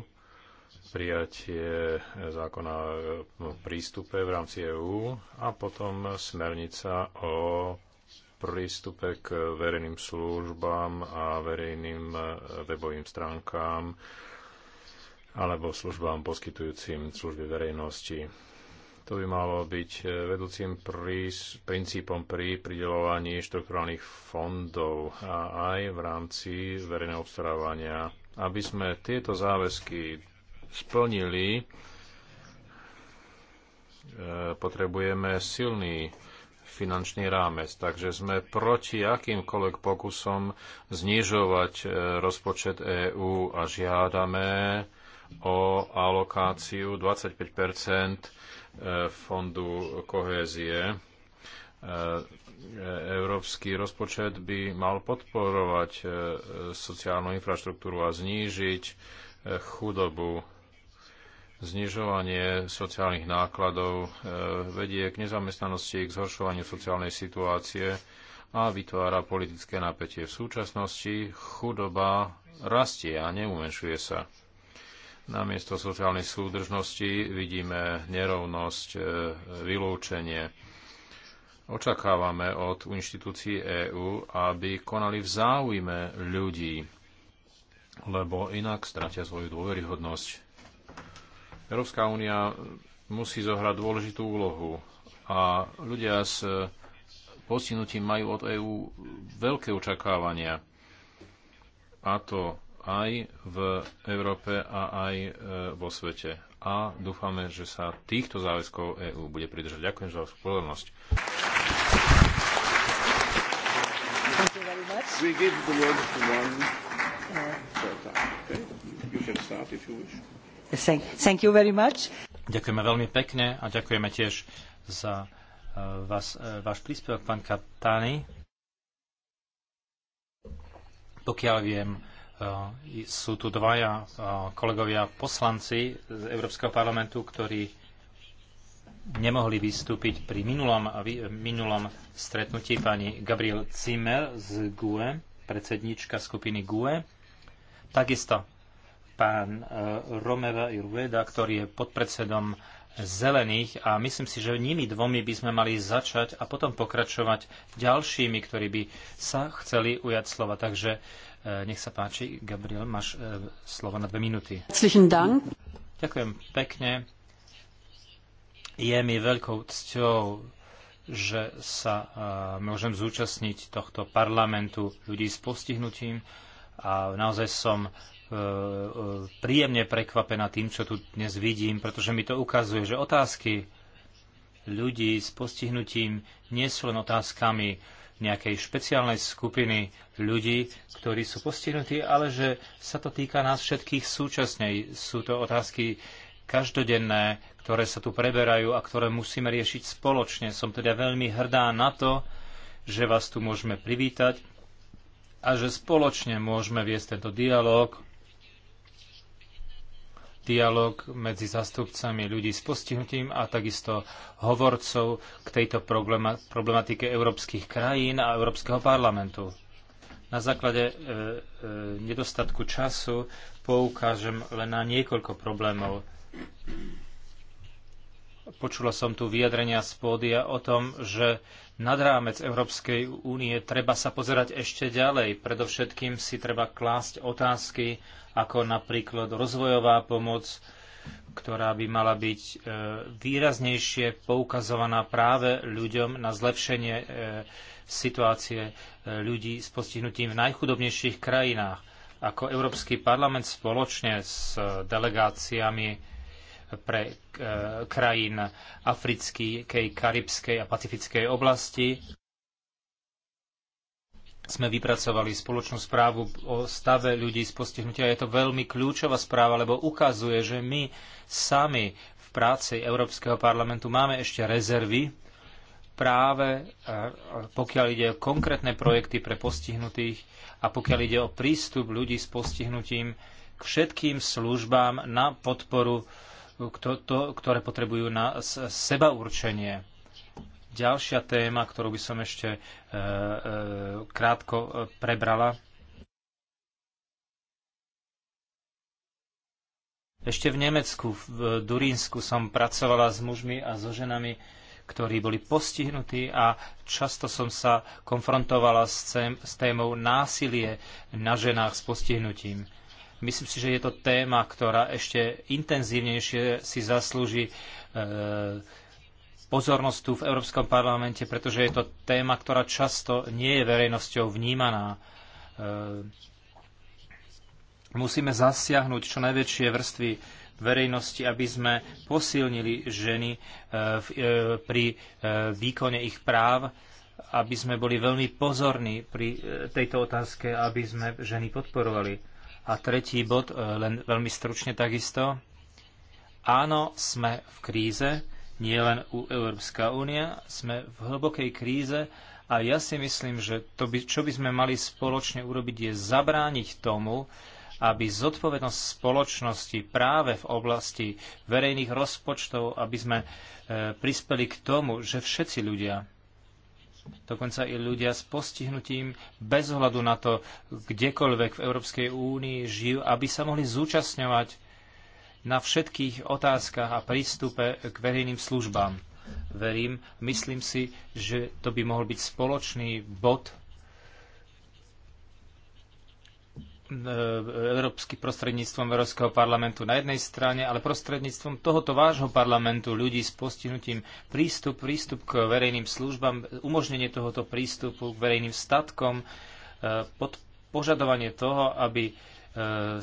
prijatie zákona o prístupe v rámci EÚ a potom smernica o prístupe k verejným službám a verejným e, webovým stránkám alebo službám poskytujúcim služby verejnosti. To by malo byť e, vedúcim prís, princípom pri pridelovaní štrukturálnych fondov a aj v rámci verejného obstarávania. Aby sme tieto záväzky splnili, e, potrebujeme silný finančný rámec. Takže sme proti akýmkoľvek pokusom znižovať e, rozpočet EÚ a žiadame o alokáciu 25 e, fondu kohézie. E, európsky rozpočet by mal podporovať sociálnu infraštruktúru a znížiť chudobu Znižovanie sociálnych nákladov e, vedie k nezamestnanosti, k zhoršovaniu sociálnej situácie a vytvára politické napätie. V súčasnosti chudoba rastie a neumenšuje sa. Namiesto sociálnej súdržnosti vidíme nerovnosť, e, vylúčenie. Očakávame od inštitúcií EÚ, aby konali v záujme ľudí, lebo inak stratia svoju dôveryhodnosť Európska únia musí zohrať dôležitú úlohu a ľudia s eh, postihnutím majú od EÚ veľké očakávania. A to aj v Európe a aj eh, vo svete. A dúfame, že sa týchto záväzkov EÚ bude pridržať. Ďakujem za pozornosť. We give the word to one. Uh, okay. You can start if you wish. Thank you very much. Ďakujeme veľmi pekne a ďakujeme tiež za e, vás, e, váš príspevok, pán Katani. Pokiaľ viem, e, sú tu dvaja kolegovia poslanci z Európskeho parlamentu, ktorí nemohli vystúpiť pri minulom, minulom stretnutí pani Gabriel Zimmer z GUE, predsednička skupiny GUE. Takisto pán e, Romeva Irveda, ktorý je podpredsedom zelených a myslím si, že nimi dvomi by sme mali začať a potom pokračovať ďalšími, ktorí by sa chceli ujať slova. Takže e, nech sa páči, Gabriel, máš e, slovo na dve minúty. Ďakujem pekne. Je mi veľkou cťou, že sa môžem zúčastniť tohto parlamentu ľudí s postihnutím a naozaj som E, e, príjemne prekvapená tým, čo tu dnes vidím, pretože mi to ukazuje, že otázky ľudí s postihnutím nie sú len otázkami nejakej špeciálnej skupiny ľudí, ktorí sú postihnutí, ale že sa to týka nás všetkých súčasnej. Sú to otázky každodenné, ktoré sa tu preberajú a ktoré musíme riešiť spoločne. Som teda veľmi hrdá na to, že vás tu môžeme privítať a že spoločne môžeme viesť tento dialog dialog medzi zastupcami ľudí s postihnutím a takisto hovorcov k tejto problematike európskych krajín a Európskeho parlamentu. Na základe e, e, nedostatku času poukážem len na niekoľko problémov. Počula som tu vyjadrenia z pódia o tom, že nad rámec Európskej únie treba sa pozerať ešte ďalej. Predovšetkým si treba klásť otázky ako napríklad rozvojová pomoc, ktorá by mala byť e, výraznejšie poukazovaná práve ľuďom na zlepšenie e, situácie e, ľudí s postihnutím v najchudobnejších krajinách. Ako Európsky parlament spoločne s delegáciami pre e, krajín africkej, karibskej a pacifickej oblasti. Sme vypracovali spoločnú správu o stave ľudí s postihnutia. Je to veľmi kľúčová správa, lebo ukazuje, že my sami v práci Európskeho parlamentu máme ešte rezervy, práve e, pokiaľ ide o konkrétne projekty pre postihnutých a pokiaľ ide o prístup ľudí s postihnutím k všetkým službám na podporu ktoré potrebujú na seba určenie. Ďalšia téma, ktorú by som ešte e, e, krátko e, prebrala, Ešte v Nemecku, v Durínsku som pracovala s mužmi a so ženami, ktorí boli postihnutí a často som sa konfrontovala s, cém, s témou násilie na ženách s postihnutím. Myslím si, že je to téma, ktorá ešte intenzívnejšie si zaslúži e, pozornosť tu v Európskom parlamente, pretože je to téma, ktorá často nie je verejnosťou vnímaná. E, musíme zasiahnuť čo najväčšie vrstvy verejnosti, aby sme posilnili ženy e, pri výkone ich práv, aby sme boli veľmi pozorní pri tejto otázke, aby sme ženy podporovali. A tretí bod, e, len veľmi stručne takisto. Áno, sme v kríze, nie len u Európska únia, sme v hlbokej kríze a ja si myslím, že to, by, čo by sme mali spoločne urobiť, je zabrániť tomu, aby zodpovednosť spoločnosti práve v oblasti verejných rozpočtov, aby sme e, prispeli k tomu, že všetci ľudia dokonca i ľudia s postihnutím bez ohľadu na to, kdekoľvek v Európskej únii žijú, aby sa mohli zúčastňovať na všetkých otázkach a prístupe k verejným službám. Verím, myslím si, že to by mohol byť spoločný bod E, európsky prostredníctvom Európskeho parlamentu na jednej strane, ale prostredníctvom tohoto vášho parlamentu ľudí s postihnutím prístup, prístup k verejným službám, umožnenie tohoto prístupu k verejným statkom, e, pod požadovanie toho, aby e,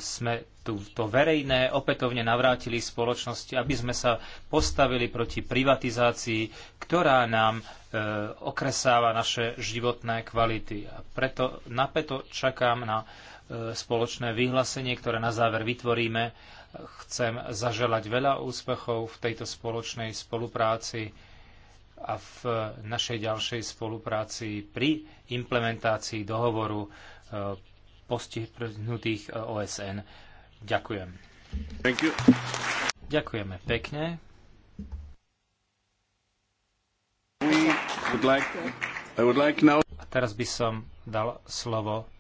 sme tu, to verejné opätovne navrátili spoločnosti, aby sme sa postavili proti privatizácii, ktorá nám e, okresáva naše životné kvality. A preto napäto čakám na spoločné vyhlásenie, ktoré na záver vytvoríme. Chcem zaželať veľa úspechov v tejto spoločnej spolupráci a v našej ďalšej spolupráci pri implementácii dohovoru eh, postihnutých eh, OSN. Ďakujem. Ďakujeme pekne. A teraz by som dal slovo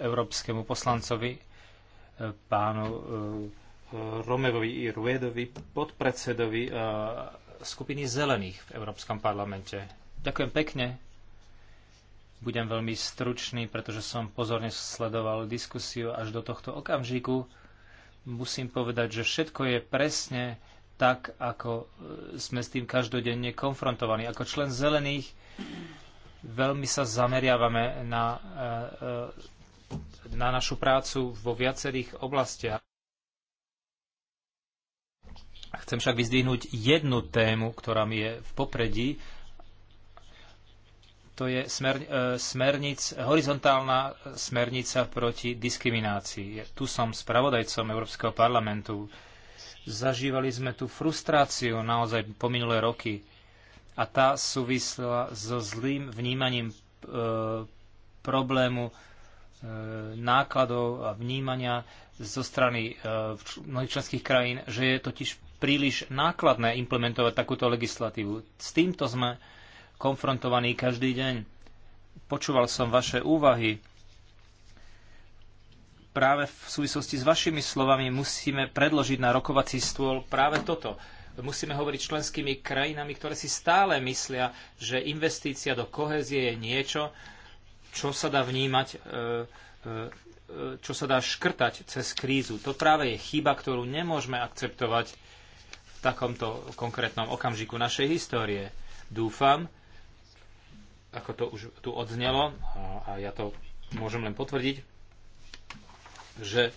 európskemu poslancovi e, pánu e, Romevovi i Ruedovi, podpredsedovi e, skupiny zelených v Európskom parlamente. Ďakujem pekne. Budem veľmi stručný, pretože som pozorne sledoval diskusiu až do tohto okamžiku. Musím povedať, že všetko je presne tak, ako sme s tým každodenne konfrontovaní. Ako člen zelených veľmi sa zameriavame na na našu prácu vo viacerých oblastiach. Chcem však vyzdvihnúť jednu tému, ktorá mi je v popredí. To je smer, e, smernic, horizontálna smernica proti diskriminácii. Tu som spravodajcom Európskeho parlamentu. Zažívali sme tu frustráciu naozaj po minulé roky a tá súvisla so zlým vnímaním e, problému E, nákladov a vnímania zo strany e, mnohých členských krajín, že je totiž príliš nákladné implementovať takúto legislatívu. S týmto sme konfrontovaní každý deň. Počúval som vaše úvahy. Práve v súvislosti s vašimi slovami musíme predložiť na rokovací stôl práve toto. Musíme hovoriť členskými krajinami, ktoré si stále myslia, že investícia do kohézie je niečo, čo sa dá vnímať, e, e, e, čo sa dá škrtať cez krízu. To práve je chyba, ktorú nemôžeme akceptovať v takomto konkrétnom okamžiku našej histórie. Dúfam, ako to už tu odznelo, a ja to môžem len potvrdiť, že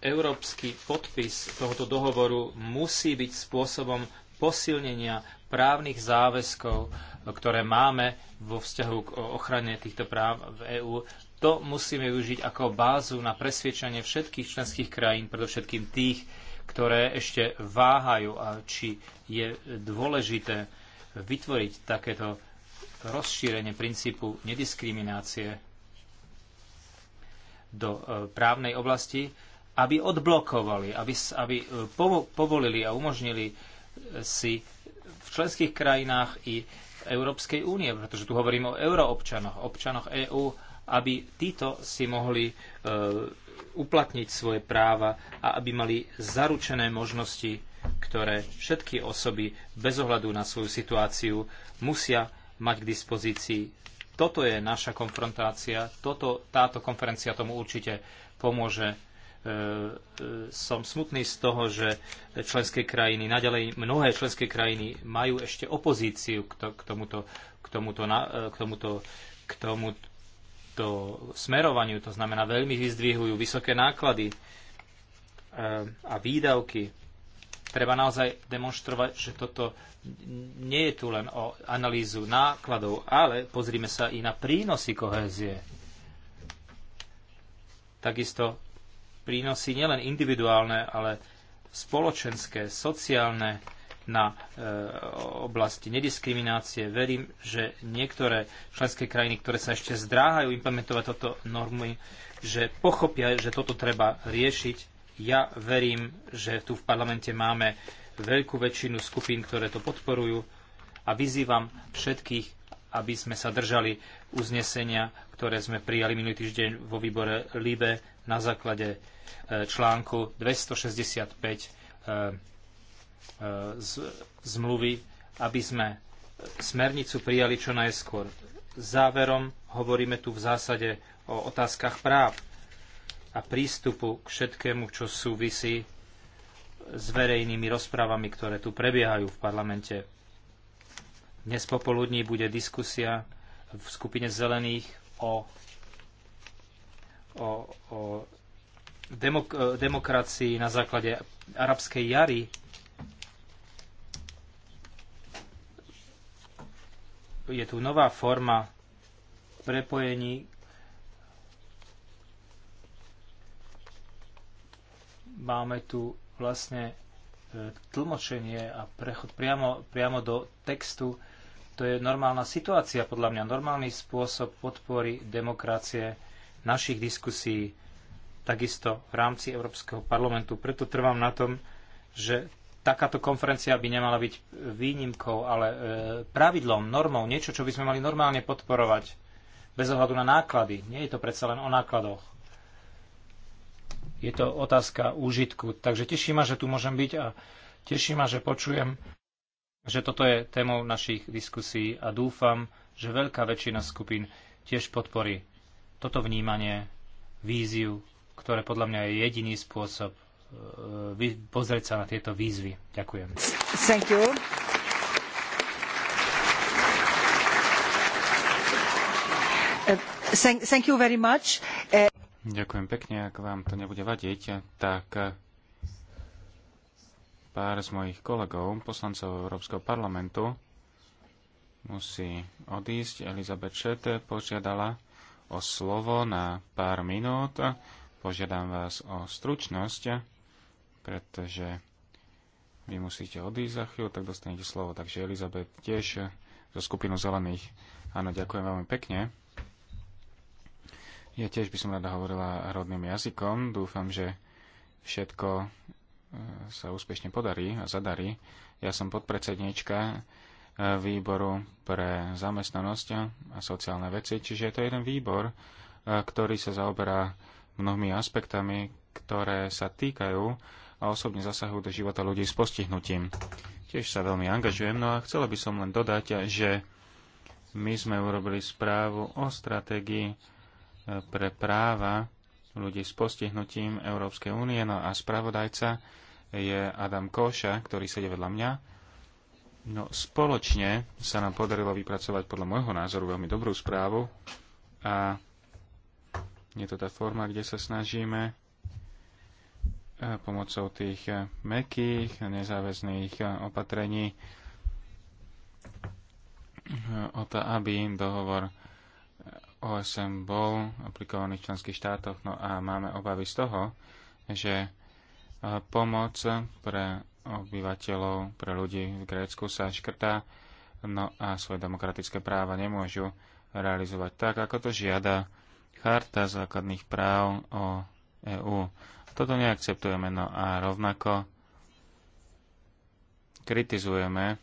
európsky podpis tohoto dohovoru musí byť spôsobom posilnenia právnych záväzkov, e, ktoré máme vo vzťahu k ochrane týchto práv v EÚ, to musíme využiť ako bázu na presviečanie všetkých členských krajín, predovšetkým tých, ktoré ešte váhajú a či je dôležité vytvoriť takéto rozšírenie princípu nediskriminácie do e, právnej oblasti, aby odblokovali, aby, aby e, povolili a umožnili si v členských krajinách i v Európskej únie, pretože tu hovorím o euroobčanoch, občanoch EÚ, aby títo si mohli e, uplatniť svoje práva a aby mali zaručené možnosti, ktoré všetky osoby bez ohľadu na svoju situáciu musia mať k dispozícii. Toto je naša konfrontácia, toto, táto konferencia tomu určite pomôže E, e, som smutný z toho, že členské krajiny, naďalej mnohé členské krajiny majú ešte opozíciu k, tomuto, k, tomuto, e, k, tomuto, k tomuto smerovaniu. To znamená, veľmi vyzdvihujú vysoké náklady a výdavky. Treba naozaj demonstrovať, že toto nie je tu len o analýzu nákladov, ale pozrime sa i na prínosy kohézie. Takisto prínosy nielen individuálne, ale spoločenské, sociálne na e, oblasti nediskriminácie. Verím, že niektoré členské krajiny, ktoré sa ešte zdráhajú implementovať toto normy, že pochopia, že toto treba riešiť. Ja verím, že tu v parlamente máme veľkú väčšinu skupín, ktoré to podporujú a vyzývam všetkých, aby sme sa držali uznesenia, ktoré sme prijali minulý týždeň vo výbore LIBE na základe Eh, článku 265 eh, eh, zmluvy, aby sme smernicu prijali čo najskôr. Záverom hovoríme tu v zásade o otázkach práv a prístupu k všetkému, čo súvisí s verejnými rozprávami, ktoré tu prebiehajú v parlamente. Dnes popoludní bude diskusia v skupine zelených o, o, o demok- eh, demokracii na základe arabskej jary je tu nová forma prepojení máme tu vlastne eh, tlmočenie a prechod priamo, priamo do textu. To je normálna situácia, podľa mňa normálny spôsob podpory demokracie našich diskusí takisto v rámci Európskeho parlamentu. Preto trvám na tom, že takáto konferencia by nemala byť výnimkou, ale e, pravidlom, normou, niečo, čo by sme mali normálne podporovať, bez ohľadu na náklady. Nie je to predsa len o nákladoch. Je to otázka úžitku. Takže teší ma, že tu môžem byť a teší ma, že počujem, že toto je témou našich diskusí a dúfam, že veľká väčšina skupín tiež podporí toto vnímanie, víziu ktoré podľa mňa je jediný spôsob e, pozrieť sa na tieto výzvy. Ďakujem. Thank you. Uh, thank, you very much. Uh, Ďakujem pekne, ak vám to nebude vadiť, tak uh, pár z mojich kolegov, poslancov Európskeho parlamentu, musí odísť. Elizabeth Šete požiadala o slovo na pár minút. Požiadam vás o stručnosť, pretože vy musíte odísť za chvíľu, tak dostanete slovo. Takže Elizabeth tiež zo skupinu zelených. Áno, ďakujem veľmi pekne. Ja tiež by som rada hovorila rodným jazykom. Dúfam, že všetko e, sa úspešne podarí a zadarí. Ja som podpredsednička e, výboru pre zamestnanosť a sociálne veci, čiže je to jeden výbor, e, ktorý sa zaoberá mnohými aspektami, ktoré sa týkajú a osobne zasahujú do života ľudí s postihnutím. Tiež sa veľmi angažujem, no a chcela by som len dodať, že my sme urobili správu o stratégii e, pre práva ľudí s postihnutím Európskej únie, no a spravodajca je Adam Koša, ktorý sedie vedľa mňa. No spoločne sa nám podarilo vypracovať podľa môjho názoru veľmi dobrú správu a je to tá forma, kde sa snažíme e, pomocou tých e, mekých, nezáväzných e, opatrení o to, aby dohovor OSM bol aplikovaný v členských štátoch. No a máme obavy z toho, že pomoc pre obyvateľov, pre ľudí v Grécku sa škrtá, no a svoje demokratické práva nemôžu realizovať tak, ako to žiada charta základných práv o EÚ. Toto neakceptujeme, no a rovnako kritizujeme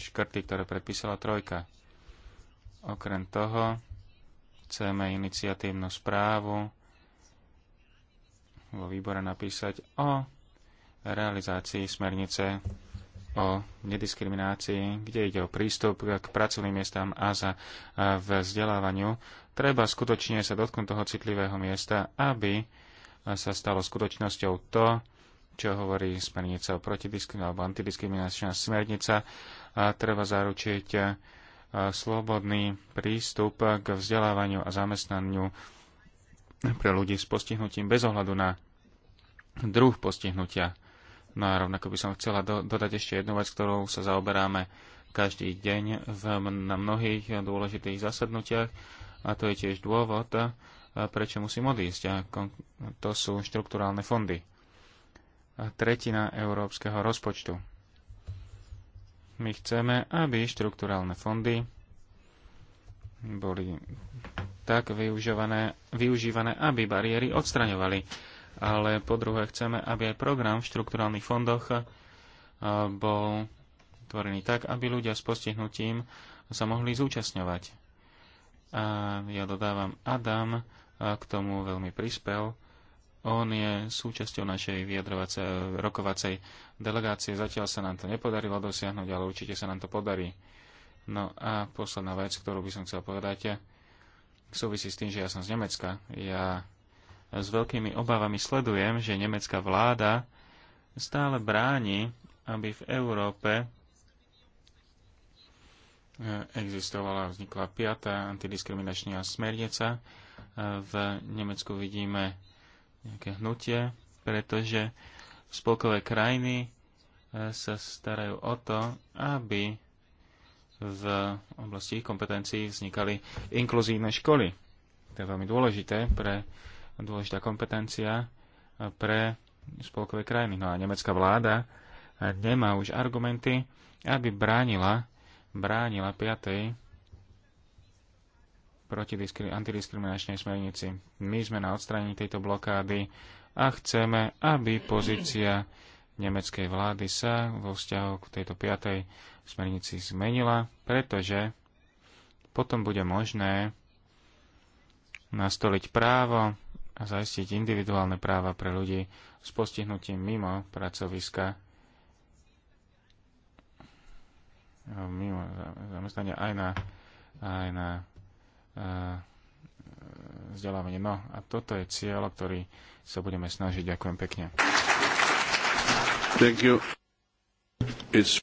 škrty, ktoré predpísala Trojka. Okrem toho chceme iniciatívnu správu vo výbore napísať o realizácii smernice o nediskriminácii, kde ide o prístup k pracovným miestam a za v vzdelávaniu Treba skutočne sa dotknúť toho citlivého miesta, aby sa stalo skutočnosťou to, čo hovorí smernica o protidiskriminácii alebo antidiskriminačná smernica. A treba zaručiť slobodný prístup k vzdelávaniu a zamestnaniu pre ľudí s postihnutím bez ohľadu na druh postihnutia. No a rovnako by som chcela do, dodať ešte jednu vec, ktorou sa zaoberáme každý deň v, na mnohých dôležitých zasadnutiach a to je tiež dôvod, eh, prečo musím odísť. A to sú štrukturálne fondy. A tretina európskeho rozpočtu. My chceme, aby štrukturálne fondy boli tak využívané, využívané, aby bariéry odstraňovali. Ale po druhé chceme, aby aj program v štrukturálnych fondoch eh, bol tvorený tak, aby ľudia s postihnutím sa mohli zúčastňovať a ja dodávam Adam a k tomu veľmi prispel. On je súčasťou našej rokovacej delegácie. Zatiaľ sa nám to nepodarilo dosiahnuť, ale určite sa nám to podarí. No a posledná vec, ktorú by som chcel povedať, súvisí s tým, že ja som z Nemecka. Ja s veľkými obavami sledujem, že nemecká vláda stále bráni, aby v Európe existovala, vznikla piatá antidiskriminačná smernica. V Nemecku vidíme nejaké hnutie, pretože spolkové krajiny eh, sa starajú o to, aby v oblasti ich kompetencií vznikali inkluzívne školy. To je veľmi dôležité pre dôležitá kompetencia eh, pre spolkové krajiny. No a nemecká vláda eh, nemá už argumenty, aby bránila bránila 5. proti antidiskriminačnej smernici. My sme na odstranení tejto blokády a chceme, aby pozícia nemeckej vlády sa vo vzťahu k tejto 5. smernici zmenila, pretože potom bude možné nastoliť právo a zaistiť individuálne práva pre ľudí s postihnutím mimo pracoviska mimo zamestnania aj na, aj na uh, vzdelávanie. No a toto je cieľ, ktorý sa budeme snažiť. Ďakujem pekne. Thank you. It's...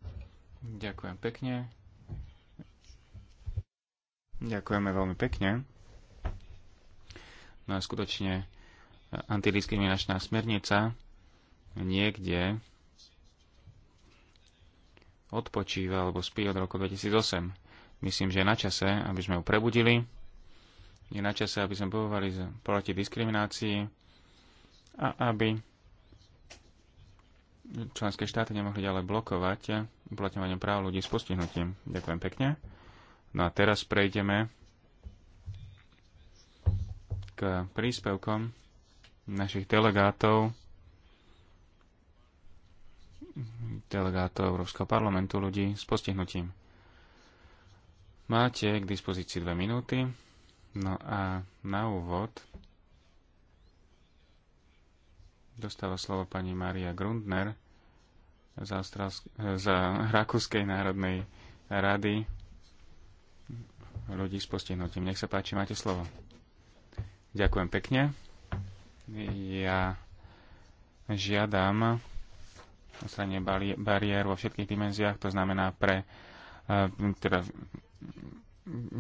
Ďakujem pekne. Ďakujeme veľmi pekne. No a skutočne e, antidiskriminačná smernica niekde odpočíva alebo spí od roku 2008. Myslím, že je na čase, aby sme ju prebudili. Je na čase, aby sme bojovali proti diskriminácii a aby členské štáty nemohli ďalej blokovať uplatňovanie práv ľudí s postihnutím. Ďakujem pekne. No a teraz prejdeme k príspevkom našich delegátov delegátov Európskeho parlamentu, ľudí s postihnutím. Máte k dispozícii dve minúty. No a na úvod dostáva slovo pani Maria Grundner z, Australs- z Rakúskej národnej rady ľudí s postihnutím. Nech sa páči, máte slovo. Ďakujem pekne. Ja žiadam odstranenie bariér vo všetkých dimenziách, to znamená pre, e, teda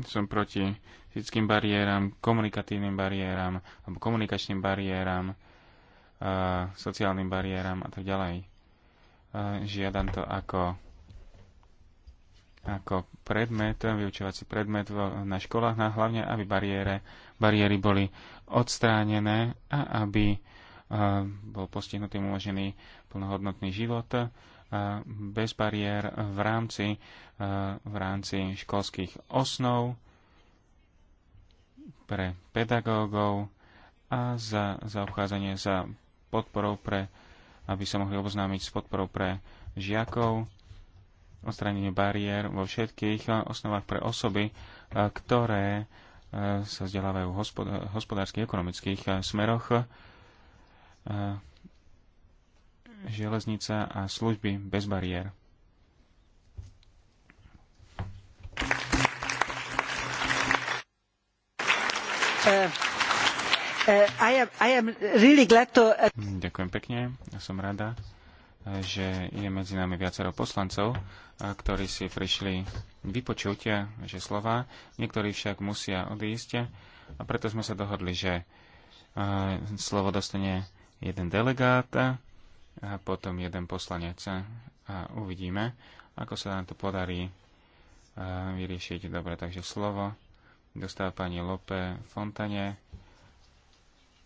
som proti fyzickým bariéram, komunikatívnym bariéram, alebo komunikačným bariéram, e, sociálnym bariéram a tak ďalej. E, žiadam to ako ako predmet, vyučovací predmet na školách, na hlavne, aby bariére, bariéry boli odstránené a aby bol postihnutým umožnený plnohodnotný život bez bariér v rámci, v rámci školských osnov pre pedagógov a za zaobchádzanie za podporou pre, aby sa mohli oboznámiť s podporou pre žiakov, odstránenie bariér vo všetkých osnovách pre osoby, ktoré sa vzdelávajú v hospodárskych, ekonomických smeroch, železnica a služby bez bariér. Uh, I am, I am really to... Eh, Ďakujem pekne, ja som rada, že je medzi nami viacero poslancov, ktorí si prišli vypočuť že slova, niektorí však musia odísť a preto sme sa dohodli, že slovo dostane jeden delegát a potom jeden poslanec. A uvidíme, ako sa nám to podarí e, vyriešiť. Dobre, takže slovo dostáva pani Lope Fontane.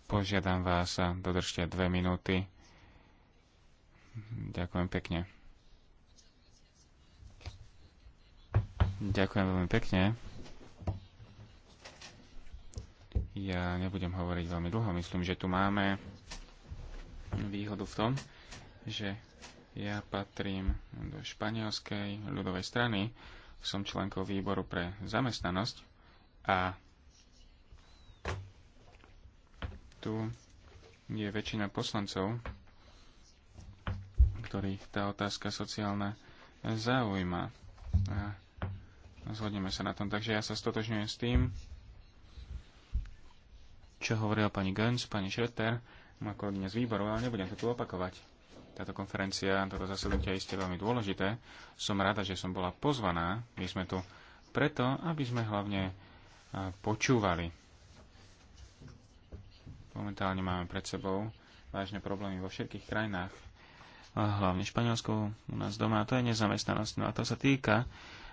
Požiadam vás, dodržte dve minúty. Ďakujem pekne. Ďakujem veľmi pekne. Ja nebudem hovoriť veľmi dlho. Myslím, že tu máme výhodu v tom, že ja patrím do španielskej ľudovej strany, som členkou výboru pre zamestnanosť a tu je väčšina poslancov, ktorých tá otázka sociálna zaujíma. A zhodneme sa na tom. Takže ja sa stotožňujem s tým, čo hovorila pani Gönz, pani Schröter, moja kolegyňa z výboru, ale nebudem to tu opakovať. Táto konferencia, toto zasadnutie je isté veľmi dôležité. Som rada, že som bola pozvaná. My sme tu preto, aby sme hlavne počúvali. Momentálne máme pred sebou vážne problémy vo všetkých krajinách, hlavne Španielsku, u nás doma, a to je nezamestnanosť. No a to sa týka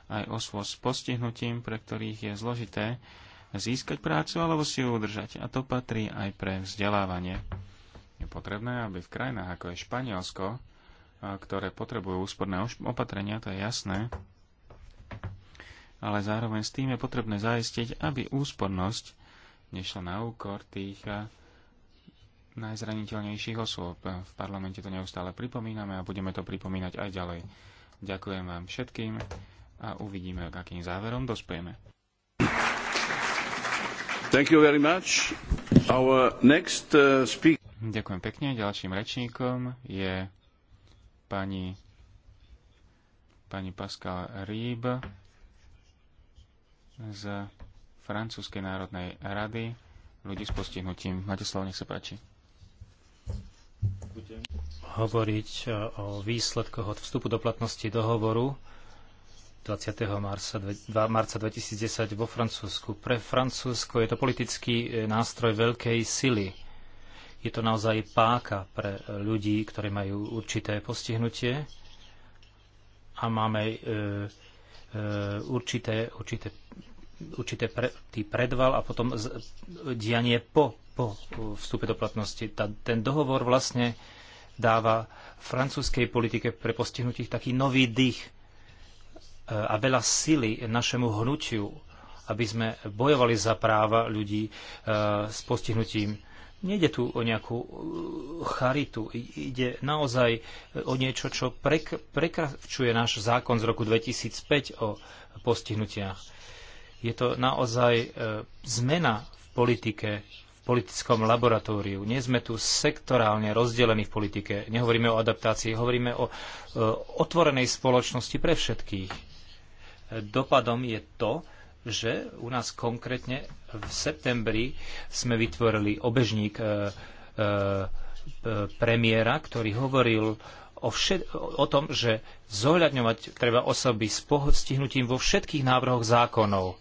aj osvo s postihnutím, pre ktorých je zložité získať prácu alebo si ju udržať. A to patrí aj pre vzdelávanie. Je potrebné, aby v krajinách ako je Španielsko, ktoré potrebujú úsporné opatrenia, to je jasné, ale zároveň s tým je potrebné zaistiť, aby úspornosť nešla na úkor tých najzraniteľnejších osôb. V parlamente to neustále pripomíname a budeme to pripomínať aj ďalej. Ďakujem vám všetkým a uvidíme, k akým záverom dospieme. Thank you very much. Our next uh, speaker Ďakujem pekne. Ďalším rečníkom je pani, pani Pascal Rieb z Francúzskej národnej rady ľudí s postihnutím. Máte slovo, nech sa páči. Hovoriť e, o výsledkoch od vstupu do platnosti dohovoru 20. Marca, 2, marca 2010 vo Francúzsku. Pre Francúzsko je to politický e, nástroj veľkej sily je to naozaj páka pre ľudí, ktorí majú určité postihnutie a máme e, e, určité, určité, určité pre, tý predval a potom z, dianie po, po vstupe do platnosti. Tá, ten dohovor vlastne dáva francúzskej politike pre postihnutých taký nový dých e, a veľa sily našemu hnutiu, aby sme bojovali za práva ľudí e, s postihnutím Nejde tu o nejakú uh, charitu, ide naozaj uh, o niečo, čo prek- prekračuje náš zákon z roku 2005 o postihnutiach. Je to naozaj uh, zmena v politike, v politickom laboratóriu. Nie sme tu sektorálne rozdelení v politike. Nehovoríme o adaptácii, hovoríme o otvorenej spoločnosti pre všetkých. Dopadom je to, že u nás konkrétne v septembri sme vytvorili obežník e, e, e, premiéra, ktorý hovoril o, všet, o tom, že zohľadňovať treba osoby s pohodstihnutím vo všetkých návrhoch zákonov.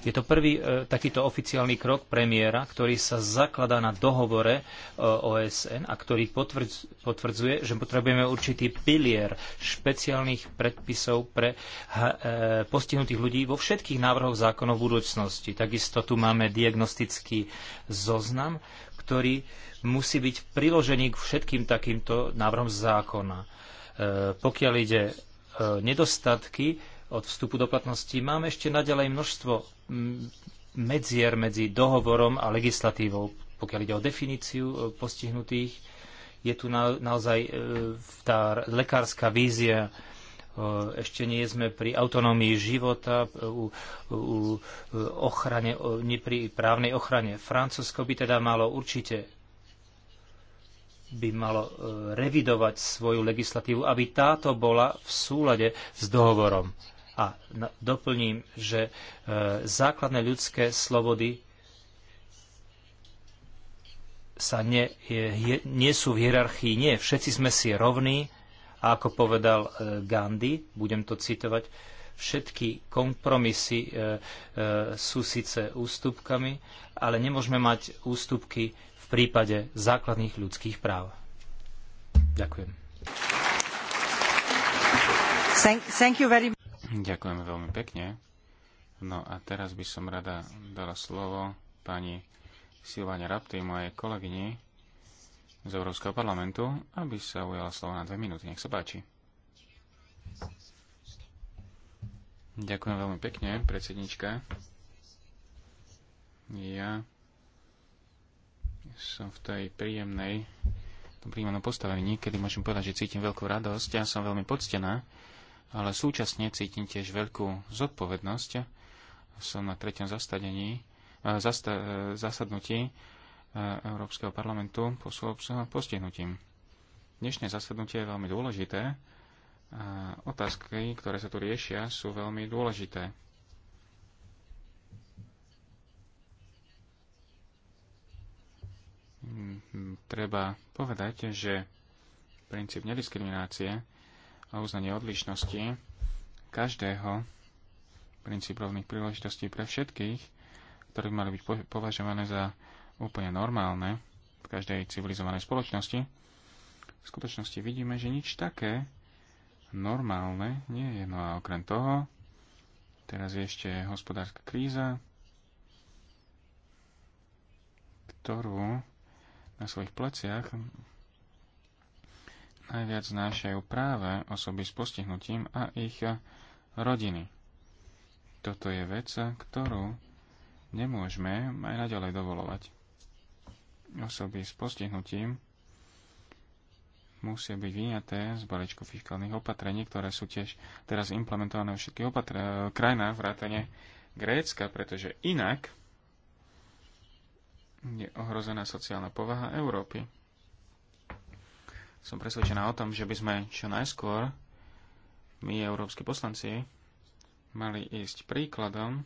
Je to prvý e, takýto oficiálny krok premiéra, ktorý sa zakladá na dohovore e, OSN a ktorý potvrdz, potvrdzuje, že potrebujeme určitý pilier špeciálnych predpisov pre ha, e, postihnutých ľudí vo všetkých návrhoch zákonov budúcnosti. Takisto tu máme diagnostický zoznam, ktorý musí byť priložený k všetkým takýmto návrhom zákona. E, pokiaľ ide e, nedostatky, od vstupu do platnosti, máme ešte naďalej množstvo medzier medzi dohovorom a legislatívou. Pokiaľ ide o definíciu e, postihnutých, je tu na, naozaj e, tá lekárska vízia. E, ešte nie sme pri autonómii života, u, u ochrane, nie pri právnej ochrane. Francúzsko by teda malo určite by malo revidovať svoju legislatívu, aby táto bola v súlade s dohovorom a no, doplním, že e, základné ľudské slobody sa nie, je, nie sú v hierarchii. Nie, všetci sme si rovní a ako povedal e, Gandhi, budem to citovať, všetky kompromisy e, sú síce ústupkami, ale nemôžeme mať ústupky v prípade základných ľudských práv. Ďakujem. Thank, thank Ďakujem veľmi pekne. No a teraz by som rada dala slovo pani Silvane Rapti mojej kolegyni z Európskeho parlamentu, aby sa ujala slovo na dve minúty. Nech sa páči. Ďakujem veľmi pekne, predsednička. Ja som v tej príjemnej, tom príjemnom postavení, kedy môžem povedať, že cítim veľkú radosť. Ja som veľmi poctená, ale súčasne cítim tiež veľkú zodpovednosť. Som na treťom zastadení, eh, zasta, eh, zasadnutí eh, Európskeho parlamentu po postihnutím. Dnešné zasadnutie je veľmi dôležité a otázky, ktoré sa tu riešia, sú veľmi dôležité. Mm, treba povedať, že princíp nediskriminácie a uznanie odlišnosti každého princíp rovných príležitostí pre všetkých, ktoré by mali byť považované za úplne normálne v každej civilizovanej spoločnosti, v skutočnosti vidíme, že nič také normálne nie je. No a okrem toho, teraz je ešte hospodárska kríza, ktorú na svojich pleciach najviac znášajú práve osoby s postihnutím a ich rodiny. Toto je vec, ktorú nemôžeme aj naďalej dovolovať. Osoby s postihnutím musia byť vyňaté z balíčku fiskálnych opatrení, ktoré sú tiež teraz implementované v všetkých opatr- krajinách vrátane Grécka, pretože inak je ohrozená sociálna povaha Európy som presvedčená o tom, že by sme čo najskôr my, európsky poslanci, mali ísť príkladom,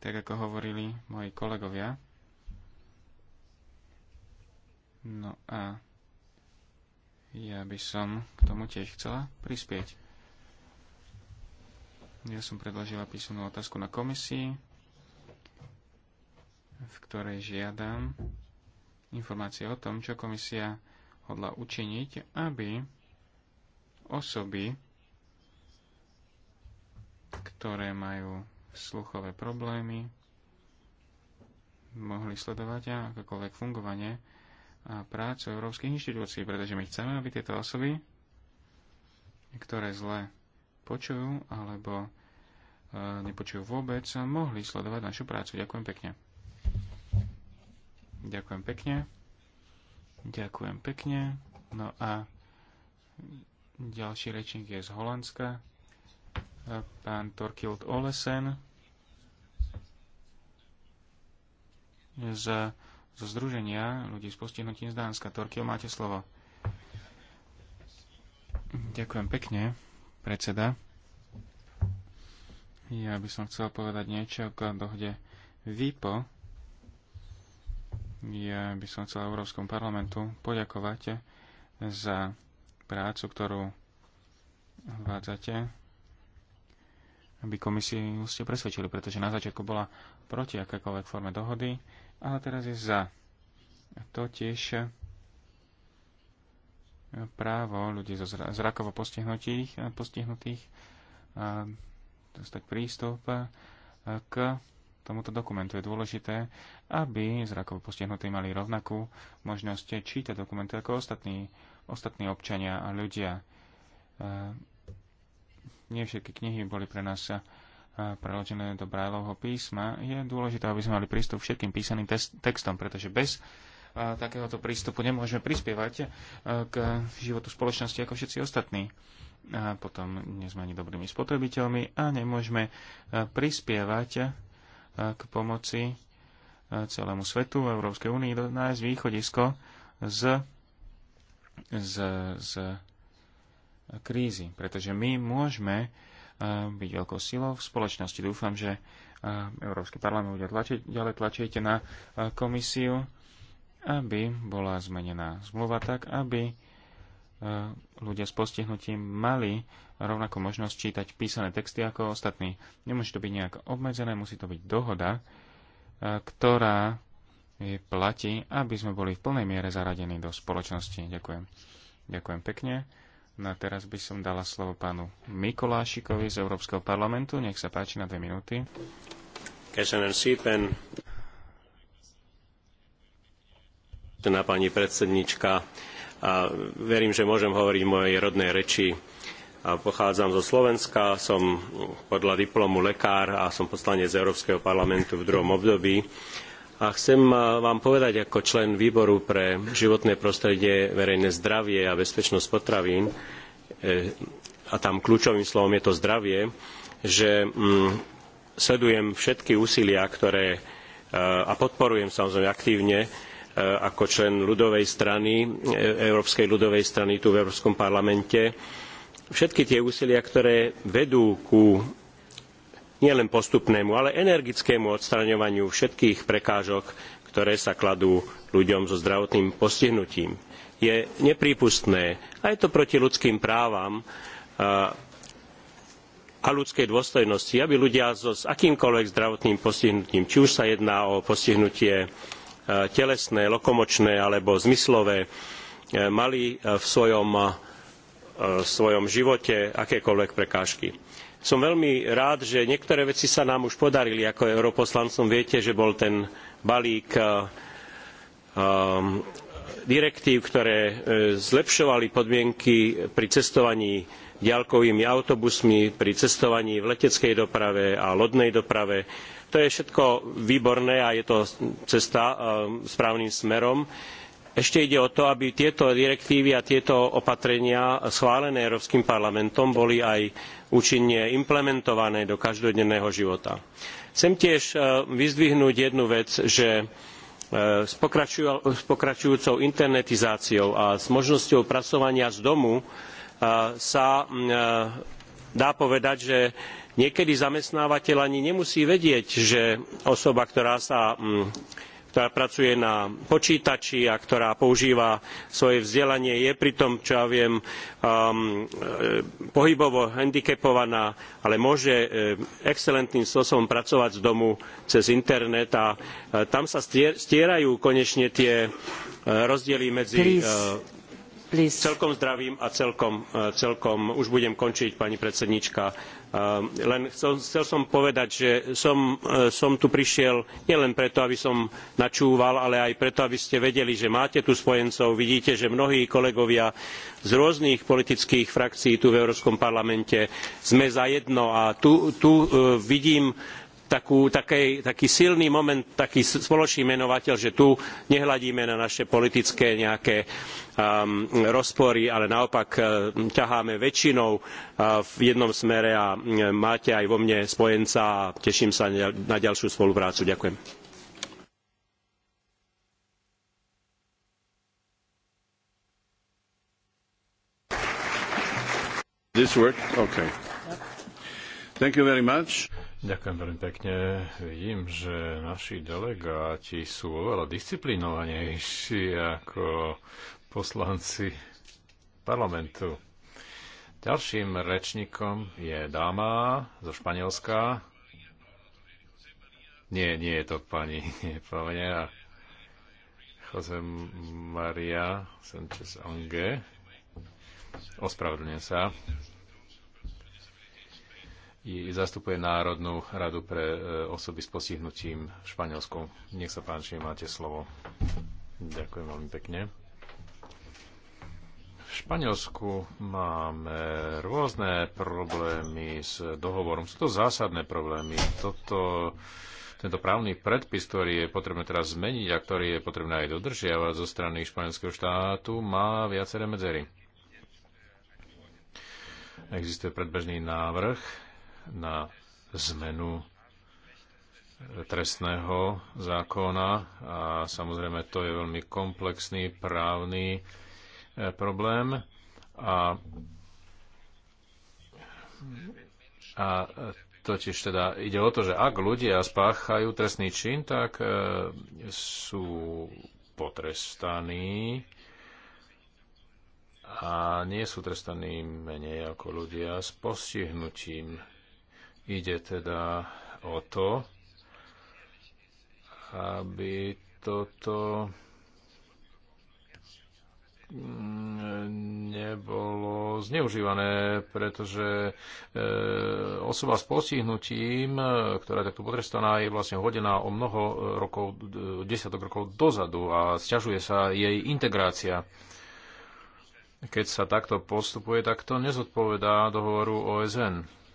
tak ako hovorili moji kolegovia. No a ja by som k tomu tiež chcela prispieť. Ja som predložila písomnú otázku na komisii, v ktorej žiadam informácie o tom, čo komisia hodla učiniť, aby osoby, ktoré majú sluchové problémy, mohli sledovať akékoľvek fungovanie a prácu európskych inštitúcií, pretože my chceme, aby tieto osoby, ktoré zle počujú alebo e, nepočujú vôbec, mohli sledovať našu prácu. Ďakujem pekne. Ďakujem pekne. Ďakujem pekne. No a ďalší rečník je z Holandska, pán Torkild Olesen z, zo Združenia ľudí s postihnutím z Dánska. Torkil, máte slovo. Ďakujem pekne, predseda. Ja by som chcel povedať niečo k dohode VIPO, ja by som chcel Európskom parlamentu poďakovať za prácu, ktorú vádzate, aby komisiu ste presvedčili, pretože na začiatku bola proti akékoľvek forme dohody, ale teraz je za. Totiž právo ľudí zo zrakovo postihnutých, postihnutých dostať prístup k tomuto dokumentu. Je dôležité, aby zrakovo postihnutí mali rovnakú možnosť čítať dokumenty ako ostatní, ostatní občania a ľudia. E, nie všetky knihy boli pre nás e, preložené do Brajlovho písma. Je dôležité, aby sme mali prístup všetkým písaným textom, pretože bez e, takéhoto prístupu nemôžeme prispievať k životu spoločnosti ako všetci ostatní. A potom nie sme ani dobrými spotrebiteľmi a nemôžeme prispievať k pomoci e, celému svetu, Európskej únii, nájsť východisko z, z, z krízy. Pretože my môžeme e, byť veľkou silou v spoločnosti. Dúfam, že e, Európsky parlament bude tlačiť, ďalej tlačiť na komisiu, aby bola zmenená zmluva tak, aby E, ľudia s postihnutím mali rovnako možnosť čítať písané texty ako ostatní. Nemôže to byť nejak obmedzené, musí to byť dohoda, e, ktorá platí, aby sme boli v plnej miere zaradení do spoločnosti. Ďakujem. Ďakujem pekne. No a teraz by som dala slovo pánu Mikolášikovi z Európskeho parlamentu. Nech sa páči na dve minúty. Vážená pani predsednička, a verím, že môžem hovoriť v mojej rodnej reči. A pochádzam zo Slovenska, som podľa diplomu lekár a som poslanec Európskeho parlamentu v druhom období. A chcem vám povedať ako člen výboru pre životné prostredie, verejné zdravie a bezpečnosť potravín, e, a tam kľúčovým slovom je to zdravie, že mm, sledujem všetky úsilia, ktoré e, a podporujem samozrejme aktívne Eh, ako člen ľudovej strany, eh, Európskej ľudovej strany tu v Európskom parlamente. Všetky tie úsilia, ktoré vedú ku nielen postupnému, ale energickému odstraňovaniu všetkých prekážok, ktoré sa kladú ľuďom so zdravotným postihnutím. Je neprípustné a je to proti ľudským právam eh, a ľudskej dôstojnosti, aby ľudia so, s akýmkoľvek zdravotným postihnutím, či už sa jedná o postihnutie Eh, telesné lokomočné alebo zmyslové eh, mali eh, v svojom, v svojom živote akékoľvek prekážky. som veľmi rád že niektoré veci sa nám už podarili ako europoslancom viete že bol ten balík um, direktív ktoré zlepšovali podmienky pri cestovaní diaľkovými autobusmi pri cestovaní v leteckej doprave a lodnej doprave to je všetko výborné a je to cesta um, správnym smerom ešte ide o to aby tieto direktívy a tieto opatrenia schválené európskym parlamentom boli aj účinne implementované do každodenného života. chcem tiež um, vyzdvihnúť jednu vec že um, s pokračujúcou internetizáciou a s možnosťou pracovania z domu uh, sa dá povedať že niekedy zamestnávateľ ani nemusí vedieť že osoba ktorá mm, pracuje na počítači a ktorá používa svoje vzdelanie je pritom čo ja viem um, e, pohybovo handicapovaná ale môže e, excelentným spôsobom pracovať z domu cez internet a e, tam sa stierajú konečne tie rozdiely medzi Celkom zdravím a e, celkom, už budem končiť, pani predsedníčka e, Len chcel, chcel som povedať, že som, e, som tu prišiel nielen preto, aby som načúval, ale aj preto, aby ste vedeli, že máte tu spojencov. Vidíte, že mnohí kolegovia z rôznych politických frakcií tu v Európskom parlamente sme zajedno a tu vidím takú, taký, taký silný moment, taký spoločný menovateľ, že tu nehľadíme na naše politické nejaké um, rozpory, ale naopak um, ťaháme väčšinou uh, v jednom smere a um, máte aj vo mne spojenca a teším sa na ďalšiu spoluprácu. Ďakujem. This Okay. Thank you very much. Ďakujem veľmi pekne. Vidím, že naši delegáti sú oveľa disciplinovanejší ako poslanci parlamentu. Ďalším rečníkom je dáma zo Španielska. Nie, nie je to pani, <laughs> nie je pani. Jose Maria Sanchez Ange. Ospravedlňujem sa zastupuje Národnú radu pre e, osoby s postihnutím v Španielsku. Nech sa páči, máte slovo. Ďakujem veľmi pekne. V Španielsku máme rôzne problémy s dohovorom. Sú to zásadné problémy. Toto, tento právny predpis, ktorý je potrebné teraz zmeniť a ktorý je potrebné aj dodržiavať zo strany španielského štátu, má viaceré medzery. Existuje predbežný návrh na zmenu trestného zákona a samozrejme to je veľmi komplexný právny e, problém a, a totiž teda ide o to, že ak ľudia spáchajú trestný čin, tak e, sú potrestaní a nie sú trestaní menej ako ľudia s postihnutím Ide teda o to, aby toto mm, nebolo zneužívané, pretože e, osoba s postihnutím, e, ktorá je takto potrestaná, je vlastne hodená o mnoho e, rokov, desiatok rokov dozadu a sťažuje sa jej integrácia. Keď sa takto postupuje, tak to nezodpovedá dohovoru OSN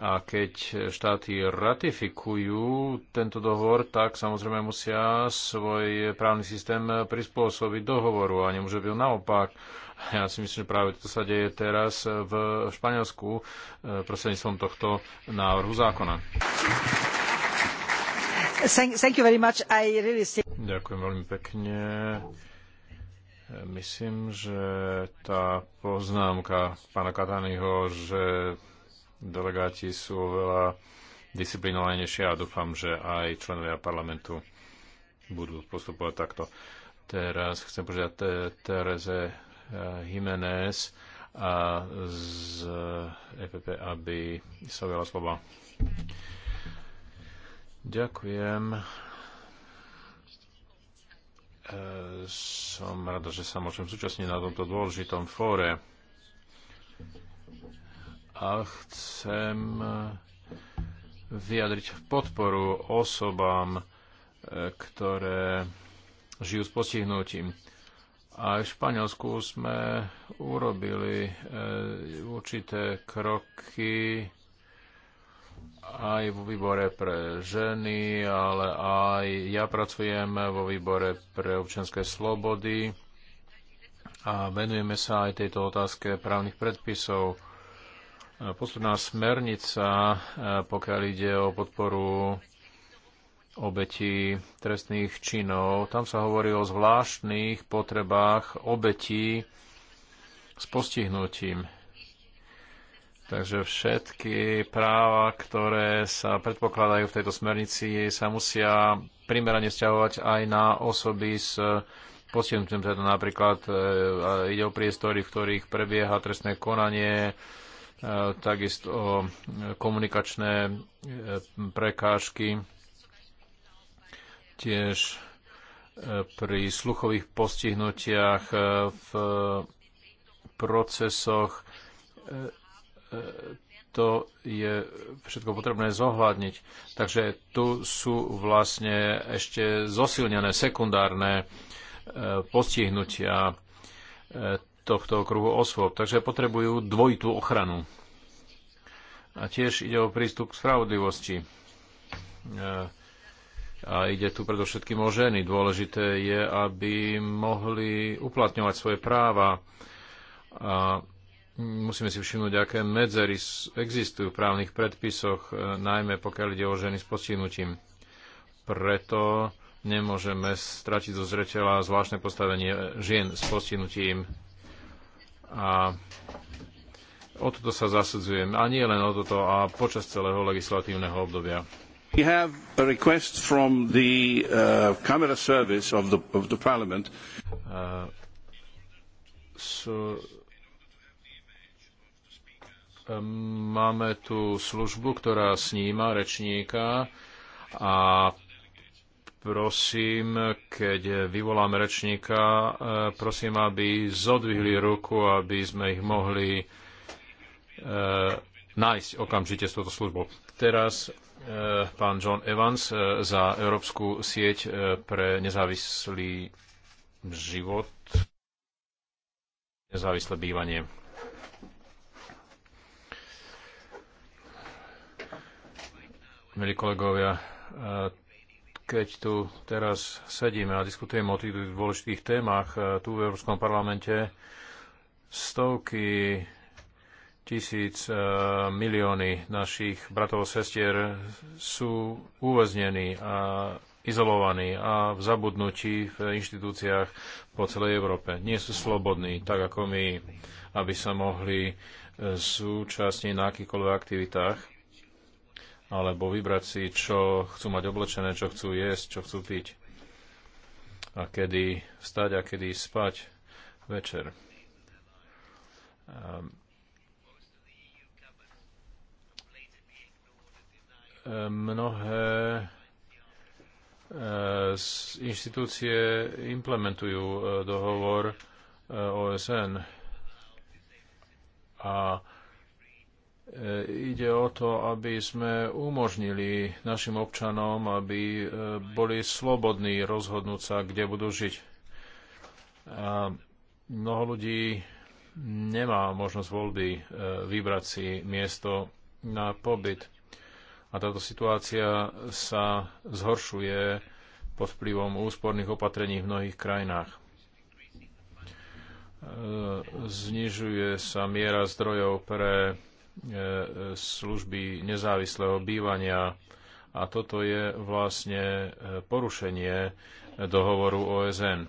a keď štáty ratifikujú tento dohovor, tak samozrejme musia svoj právny systém prispôsobiť dohovoru a nemôže byť naopak. Ja si myslím, že práve to sa deje teraz v Španielsku e, prostredníctvom tohto návrhu zákona. Thank, I really... Ďakujem veľmi pekne. Myslím, že tá poznámka pána Kataniho, že delegáti sú oveľa disciplinovanejšie a dúfam, že aj členovia parlamentu budú postupovať takto. Teraz chcem požiadať Tereze eh, Jiménez a z EPP, aby sa veľa slova. Ďakujem. Eh, som rada, že sa môžem zúčastniť na tomto dôležitom fóre a chcem eh, vyjadriť podporu osobám, eh, ktoré žijú s postihnutím. A v Španielsku sme urobili eh, určité kroky aj vo výbore pre ženy, ale aj ja pracujem vo výbore pre občianske slobody a venujeme sa aj tejto otázke právnych predpisov Posledná smernica, e, pokiaľ ide o podporu obetí trestných činov, tam sa hovorí o zvláštnych potrebách obetí s postihnutím. Takže všetky práva, ktoré sa predpokladajú v tejto smernici, sa musia primerane vzťahovať aj na osoby s postihnutím. Teda napríklad e, ide o priestory, v ktorých prebieha trestné konanie, E, takisto e, komunikačné e, prekážky, tiež pri sluchových postihnutiach v procesoch. To je všetko potrebné zohľadniť. Takže tu sú vlastne ešte zosilnené sekundárne postihnutia tohto okruhu osôb, takže potrebujú dvojitú ochranu. A tiež ide o prístup k spravodlivosti. E, a ide tu predovšetkým o ženy. Dôležité je, aby mohli uplatňovať svoje práva. A musíme si všimnúť, aké medzery existujú v právnych predpisoch, e, najmä pokiaľ ide o ženy s postihnutím. Preto nemôžeme stratiť zo zreteľa zvláštne postavenie žien s postihnutím a o toto sa zasudzujem. A nie len o toto, a počas celého legislatívneho obdobia. We have a request from the uh, camera service of the, of the parliament. Uh, so, um, máme tu službu, ktorá sníma rečníka a prosím, keď vyvolám rečníka, eh, prosím, aby zodvihli ruku, aby sme ich mohli eh, nájsť okamžite s touto službou. Teraz eh, pán John Evans za Európsku sieť pre nezávislý život, nezávislé bývanie. Milí kolegovia, keď tu teraz sedíme a diskutujeme o tých dôležitých témach e, tu v Európskom parlamente, stovky tisíc e, milióny našich bratov a sestier sú uväznení a izolovaní a v zabudnutí v inštitúciách po celej Európe. Nie sú slobodní, tak ako my, aby sa mohli e, zúčastniť na akýchkoľvek aktivitách alebo vybrať si, čo chcú mať oblečené, čo chcú jesť, čo chcú piť a kedy vstať a kedy spať večer. Ehm, ehm, mnohé ehm, inštitúcie implementujú e, dohovor e, OSN a E, ide o to, aby sme umožnili našim občanom, aby e, boli slobodní rozhodnúť sa, kde budú žiť. A mnoho ľudí nemá možnosť voľby e, vybrať si miesto na pobyt. A táto situácia sa zhoršuje pod vplyvom úsporných opatrení v mnohých krajinách znižuje sa miera zdrojov pre E, služby nezávislého bývania. A toto je vlastne e, porušenie dohovoru OSN.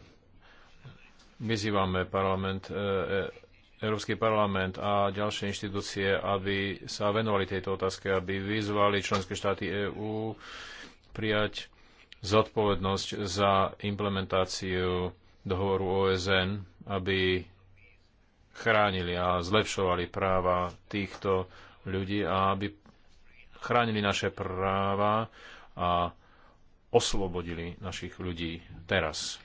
Vyzývame parlament, e, Európsky parlament a ďalšie inštitúcie, aby sa venovali tejto otázke, aby vyzvali členské štáty EÚ prijať zodpovednosť za implementáciu dohovoru OSN, aby chránili a zlepšovali práva týchto ľudí a aby chránili naše práva a oslobodili našich ľudí teraz.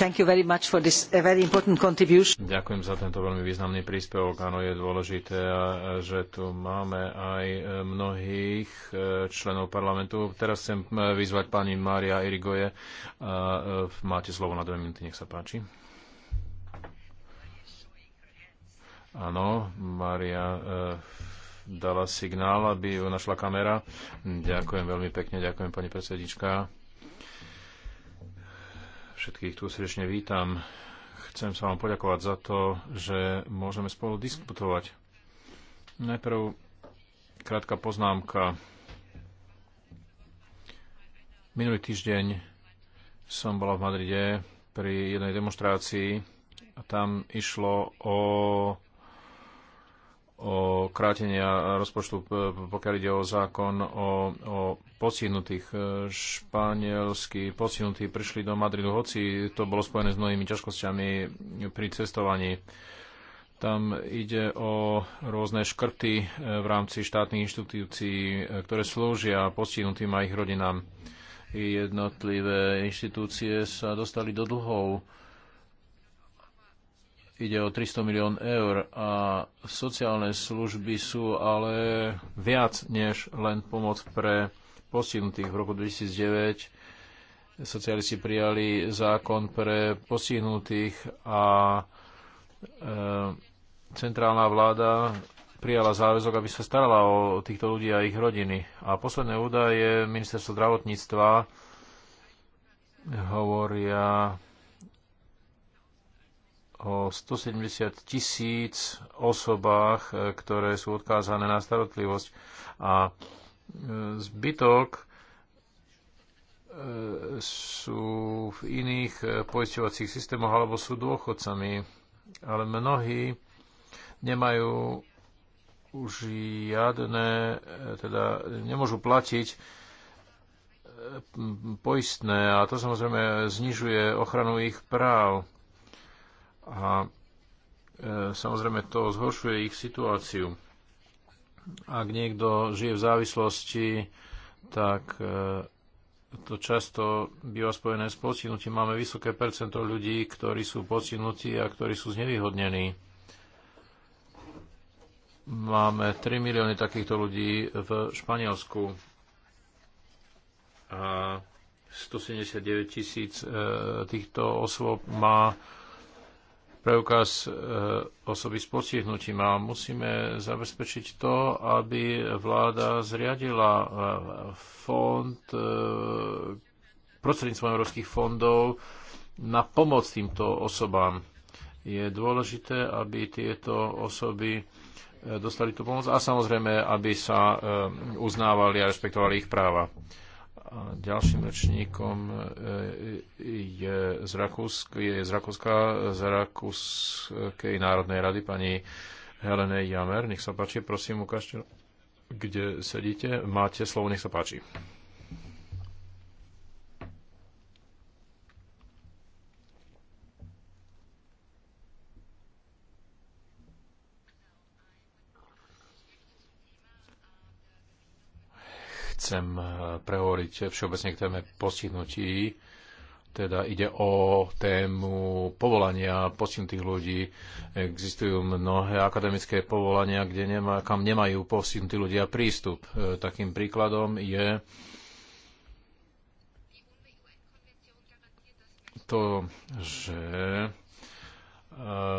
Ďakujem za tento veľmi významný príspevok. Áno, je dôležité, že tu máme aj e, mnohých e, členov parlamentu. Teraz chcem e, vyzvať pani Mária Irigoje. Máte slovo na dve minúty, nech sa páči. Áno, Mária dala signál, aby ju našla kamera. Ďakujem veľmi pekne, ďakujem pani predsednička Všetkých tu srdečne vítam. Chcem sa vám poďakovať za to, že môžeme spolu diskutovať. Najprv krátka poznámka. Minulý týždeň som bola v Madride pri jednej demonstrácii a tam išlo o o krátenia rozpočtu, pokiaľ ide o zákon o, o postihnutých. E, španielsky postihnutí prišli do Madridu, hoci to bolo spojené s mnohými ťažkosťami pri cestovaní. Tam ide o rôzne škrty e, v rámci štátnych inštitúcií, e, ktoré slúžia postihnutým a ich rodinám. Jednotlivé inštitúcie sa dostali do dlhov ide o 300 milión eur a sociálne služby sú ale viac než len pomoc pre postihnutých. V roku 2009 socialisti prijali zákon pre postihnutých a e, centrálna vláda prijala záväzok, aby sa starala o týchto ľudí a ich rodiny. A posledné údaje ministerstva zdravotníctva hovoria o 170 tisíc osobách, e, ktoré sú odkázané na starotlivosť. A e, zbytok e, sú v iných poisťovacích systémoch alebo sú dôchodcami. Ale mnohí nemajú už žiadne, teda nemôžu platiť poistné a to samozrejme znižuje ochranu ich práv. A e, samozrejme to zhoršuje ich situáciu. Ak niekto žije v závislosti, tak e, to často býva spojené s postihnutím. Máme vysoké percento ľudí, ktorí sú postihnutí a ktorí sú znevýhodnení. Máme 3 milióny takýchto ľudí v Španielsku a 179 tisíc e, týchto osôb má preukaz e, osoby s postihnutím a musíme zabezpečiť to, aby vláda zriadila e, fond e, prostredníctvom európskych fondov na pomoc týmto osobám. Je dôležité, aby tieto osoby dostali tú pomoc a samozrejme, aby sa uznávali a rešpektovali ich práva. A ďalším rečníkom e, je z, Rakúsk, je z Rakúska, z Rakúskej národnej rady pani Helene Jamer. Nech sa páči, prosím, ukážte, kde sedíte. Máte slovo, nech sa páči. chcem eh, prehovoriť všeobecne k téme postihnutí. Teda ide o tému povolania postihnutých ľudí. Existujú mnohé akademické povolania, kde nemá, kam nemajú postihnutí ľudia prístup. Eh, takým príkladom je to, že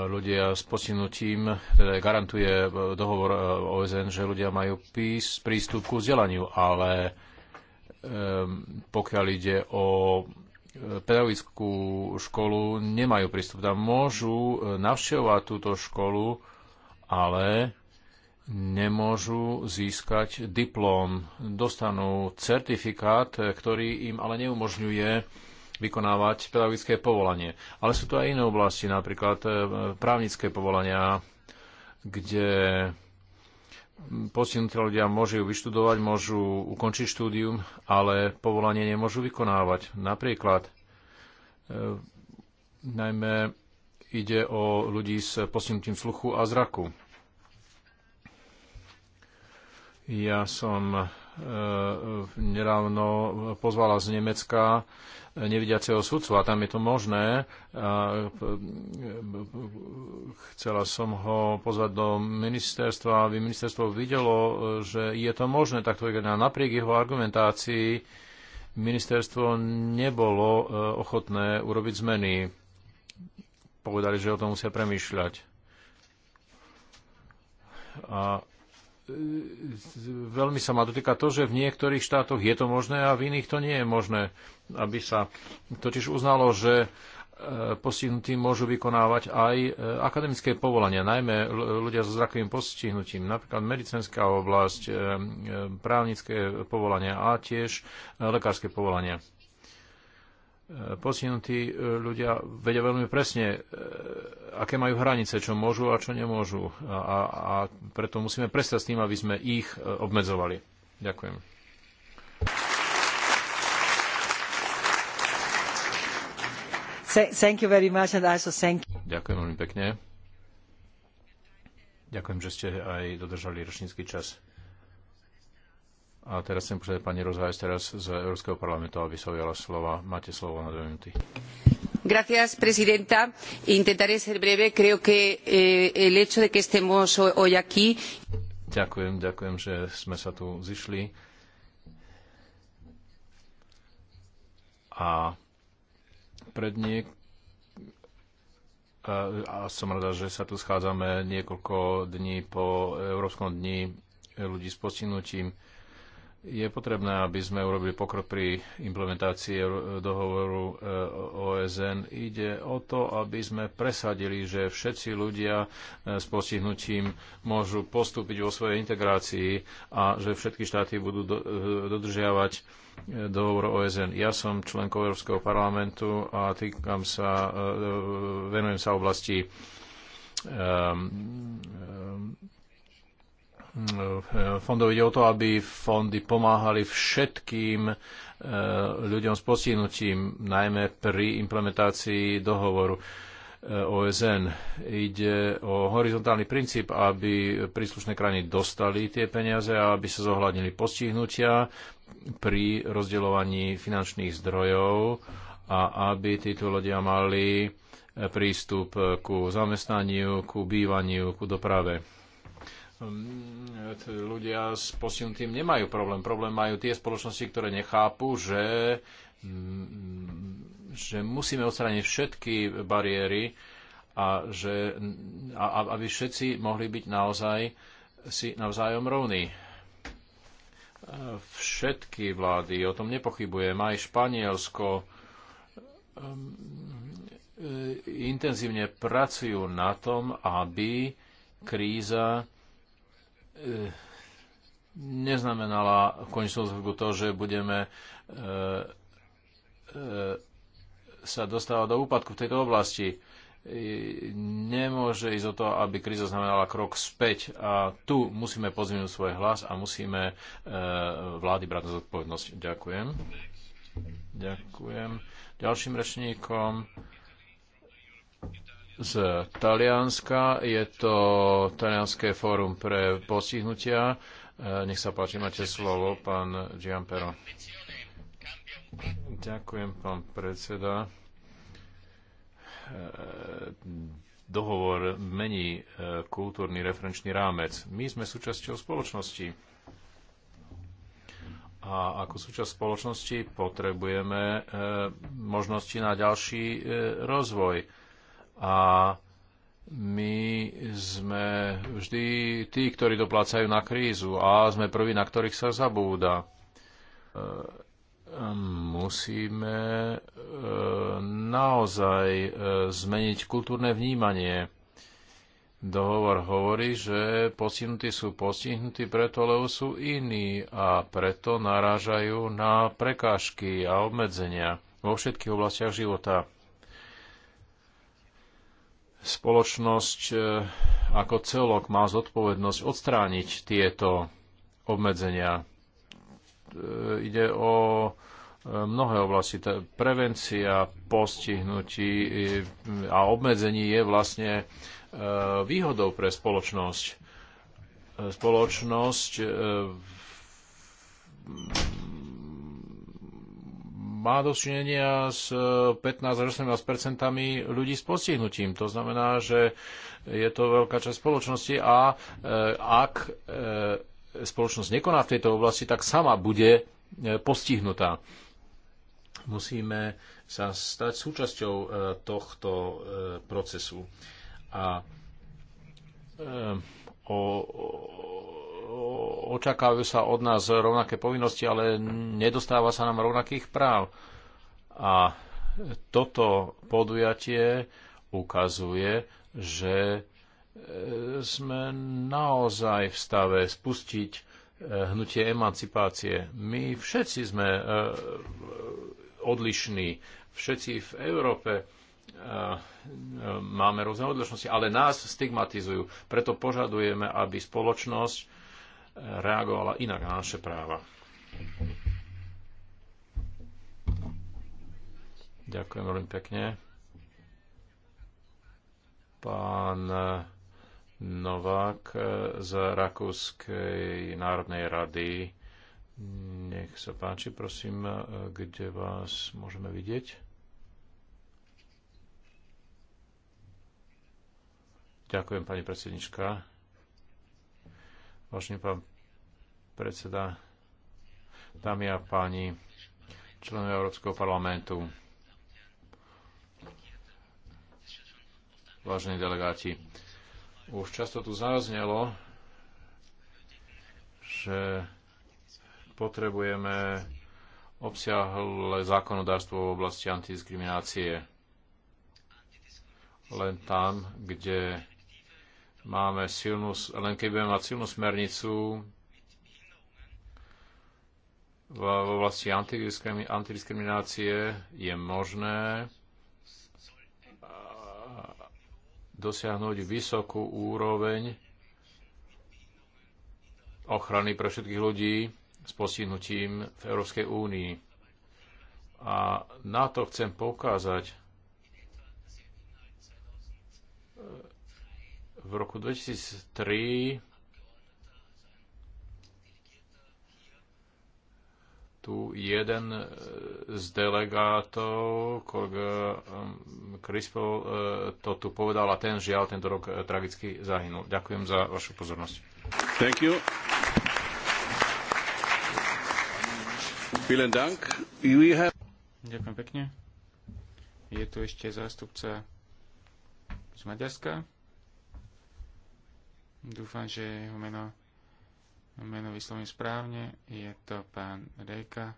ľudia s postihnutím, teda garantuje e, dohovor e, OSN, že ľudia majú pís, prístup ku vzdelaniu, ale pokiaľ ide o e, pedagogickú školu, nemajú prístup. Tam môžu navštevovať túto školu, ale nemôžu získať diplom. Dostanú certifikát, ktorý im ale neumožňuje vykonávať pedagogické povolanie. Ale sú tu aj iné oblasti, napríklad e, právnické povolania, kde postihnutí ľudia môžu vyštudovať, môžu ukončiť štúdium, ale povolanie nemôžu vykonávať. Napríklad e, najmä ide o ľudí s postihnutím sluchu a zraku. Ja som e, nedávno pozvala z Nemecka nevidiaceho sudcu a tam je to možné. A chcela som ho pozvať do ministerstva, aby ministerstvo videlo, že je to možné takto vykonať. Napriek jeho argumentácii ministerstvo nebolo e, ochotné urobiť zmeny. Povedali, že o tom musia premýšľať. A veľmi sa ma dotýka to, že v niektorých štátoch je to možné a v iných to nie je možné, aby sa totiž uznalo, že e, postihnutí môžu vykonávať aj e, akademické povolania, najmä ľudia so zrakovým postihnutím, napríklad medicínska oblasť, e, právnické povolania a tiež lekárske povolania postihnutí e, ľudia vedia veľmi presne, e, aké majú hranice, čo môžu a čo nemôžu. A, a, a preto musíme prestať s tým, aby sme ich e, obmedzovali. Ďakujem. Thank you very much and also thank you. Ďakujem veľmi pekne. Ďakujem, že ste aj dodržali ročnícky čas. A teraz chcem požiadať pani Rozvájec teraz z Európskeho parlamentu, aby sa ujala slova. Máte slovo na dve minúty. Gracias, presidenta. Intentaré ser breve. Creo que eh, el hecho de que estemos hoy aquí. Ďakujem, ďakujem, že sme sa tu zišli. A pred niek- a, a som rada, že sa tu schádzame niekoľko dní po Európskom dni ľudí s postihnutím je potrebné, aby sme urobili pokrok pri implementácii dohovoru e, OSN. Ide o to, aby sme presadili, že všetci ľudia e, s postihnutím môžu postúpiť vo svojej integrácii a že všetky štáty budú e, dodržiavať dohovor OSN. Ja som členkou Európskeho parlamentu a týkam sa, venujem sa oblasti um, um, fondov ide o to, aby fondy pomáhali všetkým e, ľuďom s postihnutím, najmä pri implementácii dohovoru e, OSN. Ide o horizontálny princíp, aby príslušné krajiny dostali tie peniaze a aby sa zohľadnili postihnutia pri rozdeľovaní finančných zdrojov a aby títo ľudia mali e, prístup ku zamestnaniu, ku bývaniu, ku doprave Hm, ľudia s posunutým nemajú problém. Problém majú tie spoločnosti, ktoré nechápu, že, hm, že musíme odstrániť všetky bariéry a že, aby všetci mohli byť naozaj si navzájom rovní. Všetky vlády, o tom nepochybujem, aj Španielsko, hm, e, intenzívne pracujú na tom, aby kríza E, neznamenala konečnú zhodku to, že budeme e, e, sa dostávať do úpadku v tejto oblasti. Nemôže ísť o to, aby kríza znamenala krok späť a tu musíme pozvinúť svoj hlas a musíme vlády brať na zodpovednosť. Ďakujem. Ďakujem. Ďalším rečníkom z Talianska. Je to Talianské fórum pre postihnutia. E, nech sa páči, máte slovo, pán Giampero. Ďakujem, pán predseda. E, dohovor mení e, kultúrny referenčný rámec. My sme súčasťou spoločnosti a ako súčasť spoločnosti potrebujeme možnosti na ďalší rozvoj a my sme vždy tí, ktorí doplácajú na krízu a sme prví, na ktorých sa zabúda. E, musíme e, naozaj e, zmeniť kultúrne vnímanie. Dohovor hovorí, že postihnutí sú postihnutí preto, lebo sú iní a preto narážajú na prekážky a obmedzenia vo všetkých oblastiach života spoločnosť eh, ako celok má zodpovednosť odstrániť tieto obmedzenia. Eh, ide o eh, mnohé oblasti. Prevencia postihnutí a obmedzení je vlastne výhodou pre spoločnosť. Spoločnosť má dočinenia s 15 e, 18 ľudí s postihnutím. To znamená, že je to veľká časť spoločnosti a e, ak e, spoločnosť nekoná v tejto oblasti, tak sama bude postihnutá. Musíme sa stať súčasťou tohto procesu. A o, očakávajú sa od nás rovnaké povinnosti, ale nedostáva sa nám rovnakých práv. A toto podujatie ukazuje, že e, sme naozaj v stave spustiť e, hnutie emancipácie. My všetci sme e, odlišní, všetci v Európe máme rôzne odlišnosti, ale nás stigmatizujú. Preto požadujeme, aby spoločnosť reagovala inak na naše práva. Ďakujem veľmi pekne. Pán Novák z Rakúskej národnej rady. Nech sa páči, prosím, kde vás môžeme vidieť. Ďakujem, pani predsednička. Vážený pán predseda, dámy a páni, členovia Európskeho parlamentu, vážení delegáti, už často tu zaznelo, že potrebujeme obsiahle zákonodárstvo v oblasti antidiskriminácie. Len tam, kde máme silnú, len keď budeme mať silnú smernicu v oblasti antidiskriminácie, je možné dosiahnuť vysokú úroveň ochrany pre všetkých ľudí s postihnutím v Európskej únii. A na to chcem poukázať, V roku 2003 tu jeden e, z delegátov, kolega e, Crispo, e, to tu povedal a ten žiaľ tento rok tragicky zahynul. Ďakujem za vašu pozornosť. Thank you. Vielen Dank. We have... Ďakujem pekne. Je tu ešte zástupca z Maďarska. Dúfam, že jeho meno, meno vyslovím správne. Je to pán Rejka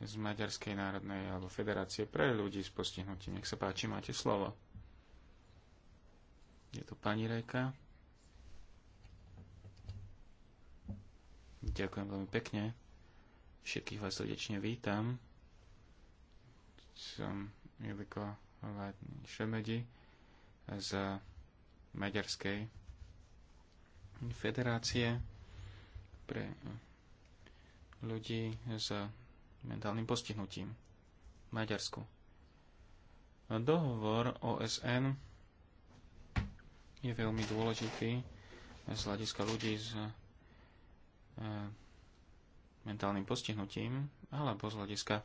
z Maďarskej národnej alebo Federácie pre ľudí s postihnutím. Nech sa páči, máte slovo. Je tu pani Rejka. Ďakujem veľmi pekne. Všetkých vás srdečne vítam. Som Iliko Šemedi z Maďarskej federácie pre ľudí s mentálnym postihnutím v Maďarsku. Dohovor OSN je veľmi dôležitý z hľadiska ľudí s e, mentálnym postihnutím alebo z hľadiska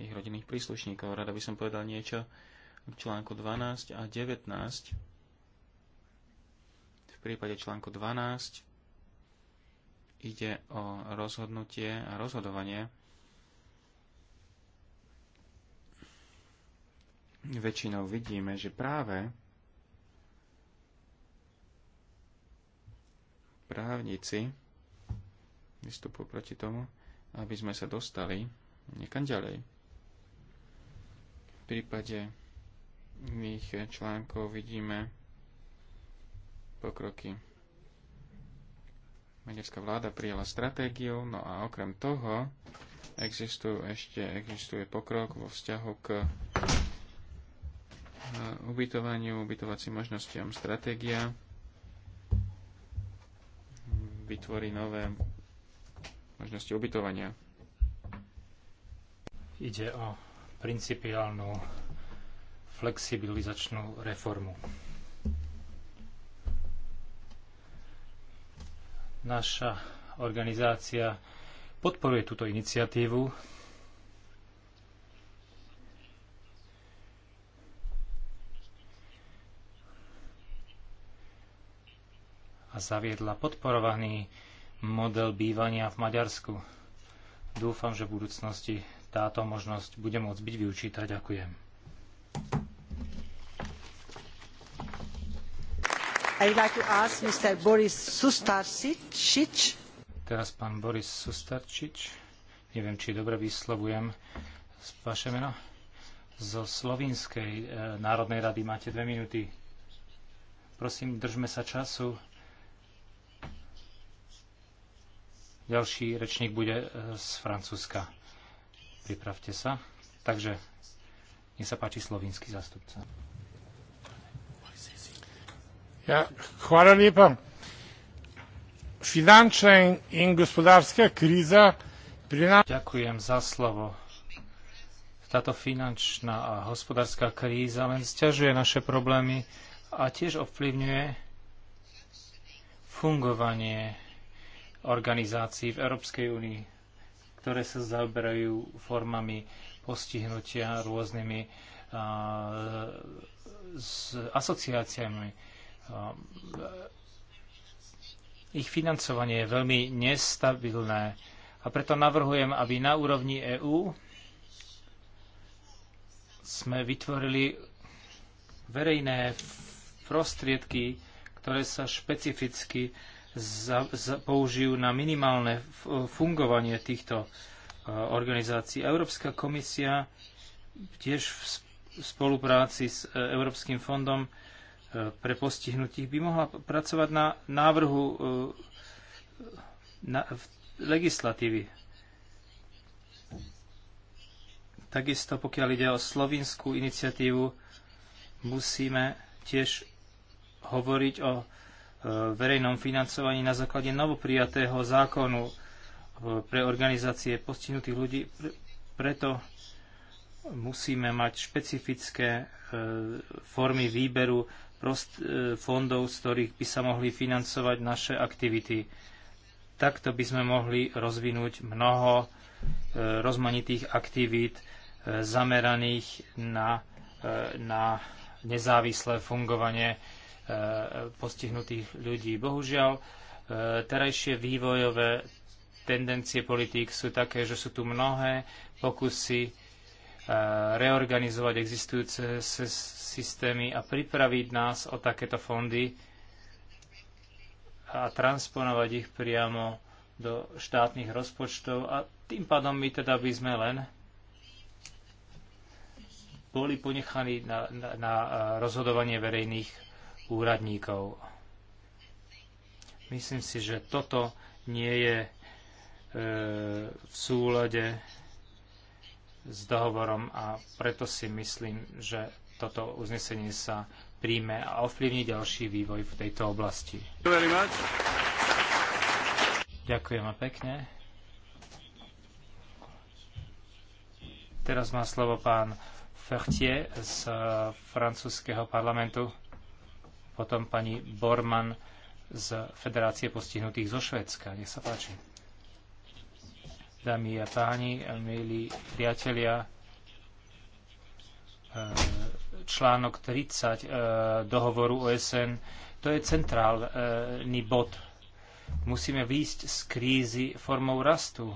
ich rodinných príslušníkov. Rada by som povedal niečo k článku 12 a 19 prípade článku 12 ide o rozhodnutie a rozhodovanie väčšinou vidíme, že práve právnici vystupujú proti tomu, aby sme sa dostali niekam ďalej. V prípade iných článkov vidíme pokroky. Maďarská vláda prijala stratégiu, no a okrem toho existujú ešte, existuje pokrok vo vzťahu k eh, ubytovaniu, ubytovacím možnostiam stratégia vytvorí nové možnosti ubytovania. Ide o principiálnu flexibilizačnú reformu. Naša organizácia podporuje túto iniciatívu. a zaviedla podporovaný model bývania v Maďarsku. Dúfam, že v budúcnosti táto možnosť bude môcť byť vyučítať. Ďakujem. Teraz pán Boris Sustarčič. Neviem, či dobre vyslovujem vaše meno. Zo Slovinskej e, národnej rady máte dve minúty. Prosím, držme sa času. Ďalší rečník bude e, z Francúzska. Pripravte sa. Takže nech sa páči slovinský zástupca. Ja, hvala lepa. Finančná in Ďakujem za slovo. Táto finančná a hospodárska kríza len stiažuje naše problémy a tiež ovplyvňuje fungovanie organizácií v Európskej únii, ktoré sa zaoberajú formami postihnutia rôznymi a, s asociáciami Um, ich financovanie je veľmi nestabilné a preto navrhujem, aby na úrovni EÚ sme vytvorili verejné prostriedky, ktoré sa špecificky za, za, použijú na minimálne fungovanie týchto uh, organizácií. Európska komisia tiež v spolupráci s e, Európskym fondom E, pre postihnutých by mohla pracovať na návrhu e, na, legislatívy. Takisto, pokiaľ ide o slovinskú iniciatívu, musíme tiež hovoriť o e, verejnom financovaní na základe novoprijatého zákonu pre organizácie postihnutých ľudí. Preto musíme mať špecifické formy výberu E, fondov, z ktorých by sa mohli financovať naše aktivity. Takto by sme mohli rozvinúť mnoho e, rozmanitých aktivít e, zameraných na, na nezávislé fungovanie postihnutých ľudí. Bohužiaľ, terajšie vývojové tendencie politík sú také, že sú tu mnohé pokusy Eh, reorganizovať existujúce systémy a pripraviť nás o takéto fondy a transponovať ich priamo do štátnych rozpočtov a tým pádom my teda by sme len boli ponechaní na, na, na eh, rozhodovanie verejných úradníkov. Myslím si, že toto nie je e, v súlade s dohovorom a preto si myslím, že toto uznesenie sa príjme a ovplyvní ďalší vývoj v tejto oblasti. Ďakujeme pekne. Teraz má slovo pán Fertie z eh, francúzského parlamentu, potom pani Borman z Federácie postihnutých zo Švédska. Nech sa páči. Dámy a páni, milí priatelia, e, článok 30 e, dohovoru OSN, to je centrálny bod. Musíme výjsť z krízy formou rastu,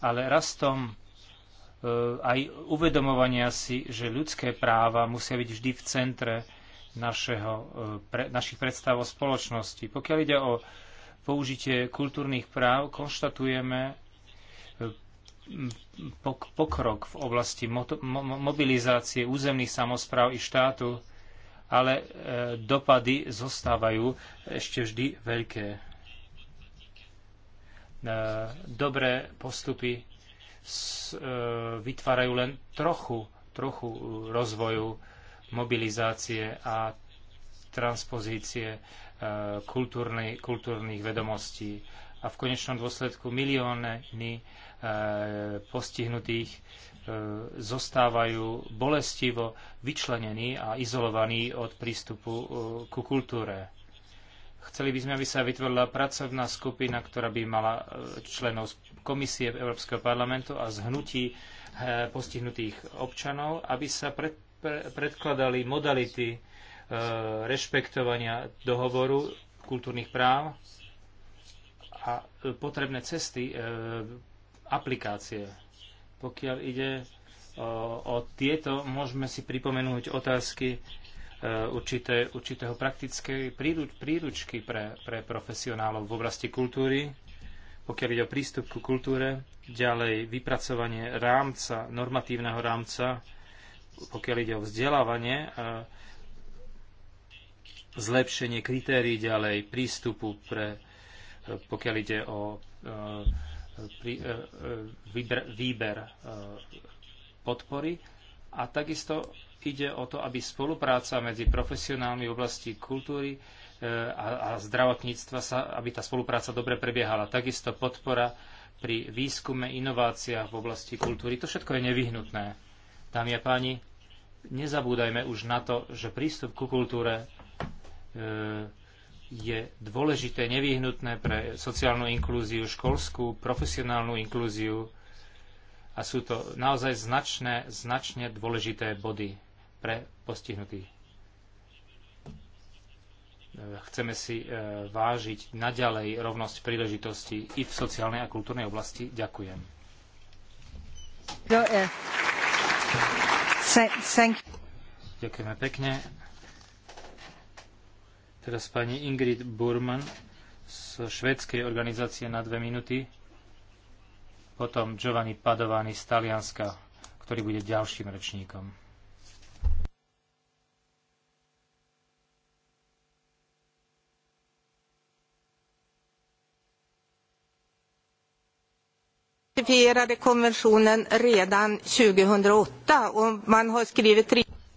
ale rastom e, aj uvedomovania si, že ľudské práva musia byť vždy v centre našeho, našich predstav o spoločnosti. Pokiaľ ide o použitie kultúrnych práv, konštatujeme, pokrok v oblasti mobilizácie územných samozpráv i štátu, ale e, dopady zostávajú ešte vždy veľké. E, dobré postupy e, vytvárajú len trochu, trochu rozvoju mobilizácie a transpozície kultúrnych vedomostí. A v konečnom dôsledku milióny Eh, postihnutých eh, zostávajú bolestivo vyčlenení a izolovaní od prístupu eh, ku kultúre. Chceli by sme, aby sa vytvorila pracovná skupina, ktorá by mala členov Komisie Európskeho parlamentu a zhnutí postihnutých občanov, aby sa pred, pre, predkladali modality e, rešpektovania dohovoru kultúrnych práv a potrebné cesty e, aplikácie. Pokiaľ ide o, o tieto, môžeme si pripomenúť otázky e, určité, určitého praktickej príručky pre, pre profesionálov v oblasti kultúry, pokiaľ ide o prístup ku kultúre, ďalej vypracovanie rámca, normatívneho rámca, pokiaľ ide o vzdelávanie, e, zlepšenie kritérií ďalej prístupu pre, e, pokiaľ ide o pri, e, e, výber, výber podpory a takisto ide o to, aby spolupráca medzi profesionálmi v oblasti kultúry e, a, a zdravotníctva, sa, aby tá spolupráca dobre prebiehala. Takisto podpora pri výskume, inováciách v oblasti kultúry. To všetko je nevyhnutné. Dámy a páni, nezabúdajme už na to, že prístup ku kultúre je dôležité, nevyhnutné pre sociálnu inklúziu, školskú, profesionálnu inklúziu a sú to naozaj značné, značne dôležité body pre postihnutých. Chceme si e, vážiť naďalej rovnosť príležitosti i v sociálnej a kultúrnej oblasti. Ďakujem. Ďakujeme pekne. Teraz pani Ingrid Burman z švedskej organizácie na dve minuty Potom Giovanni Padovani z Talianska, ktorý bude ďalším rečníkom.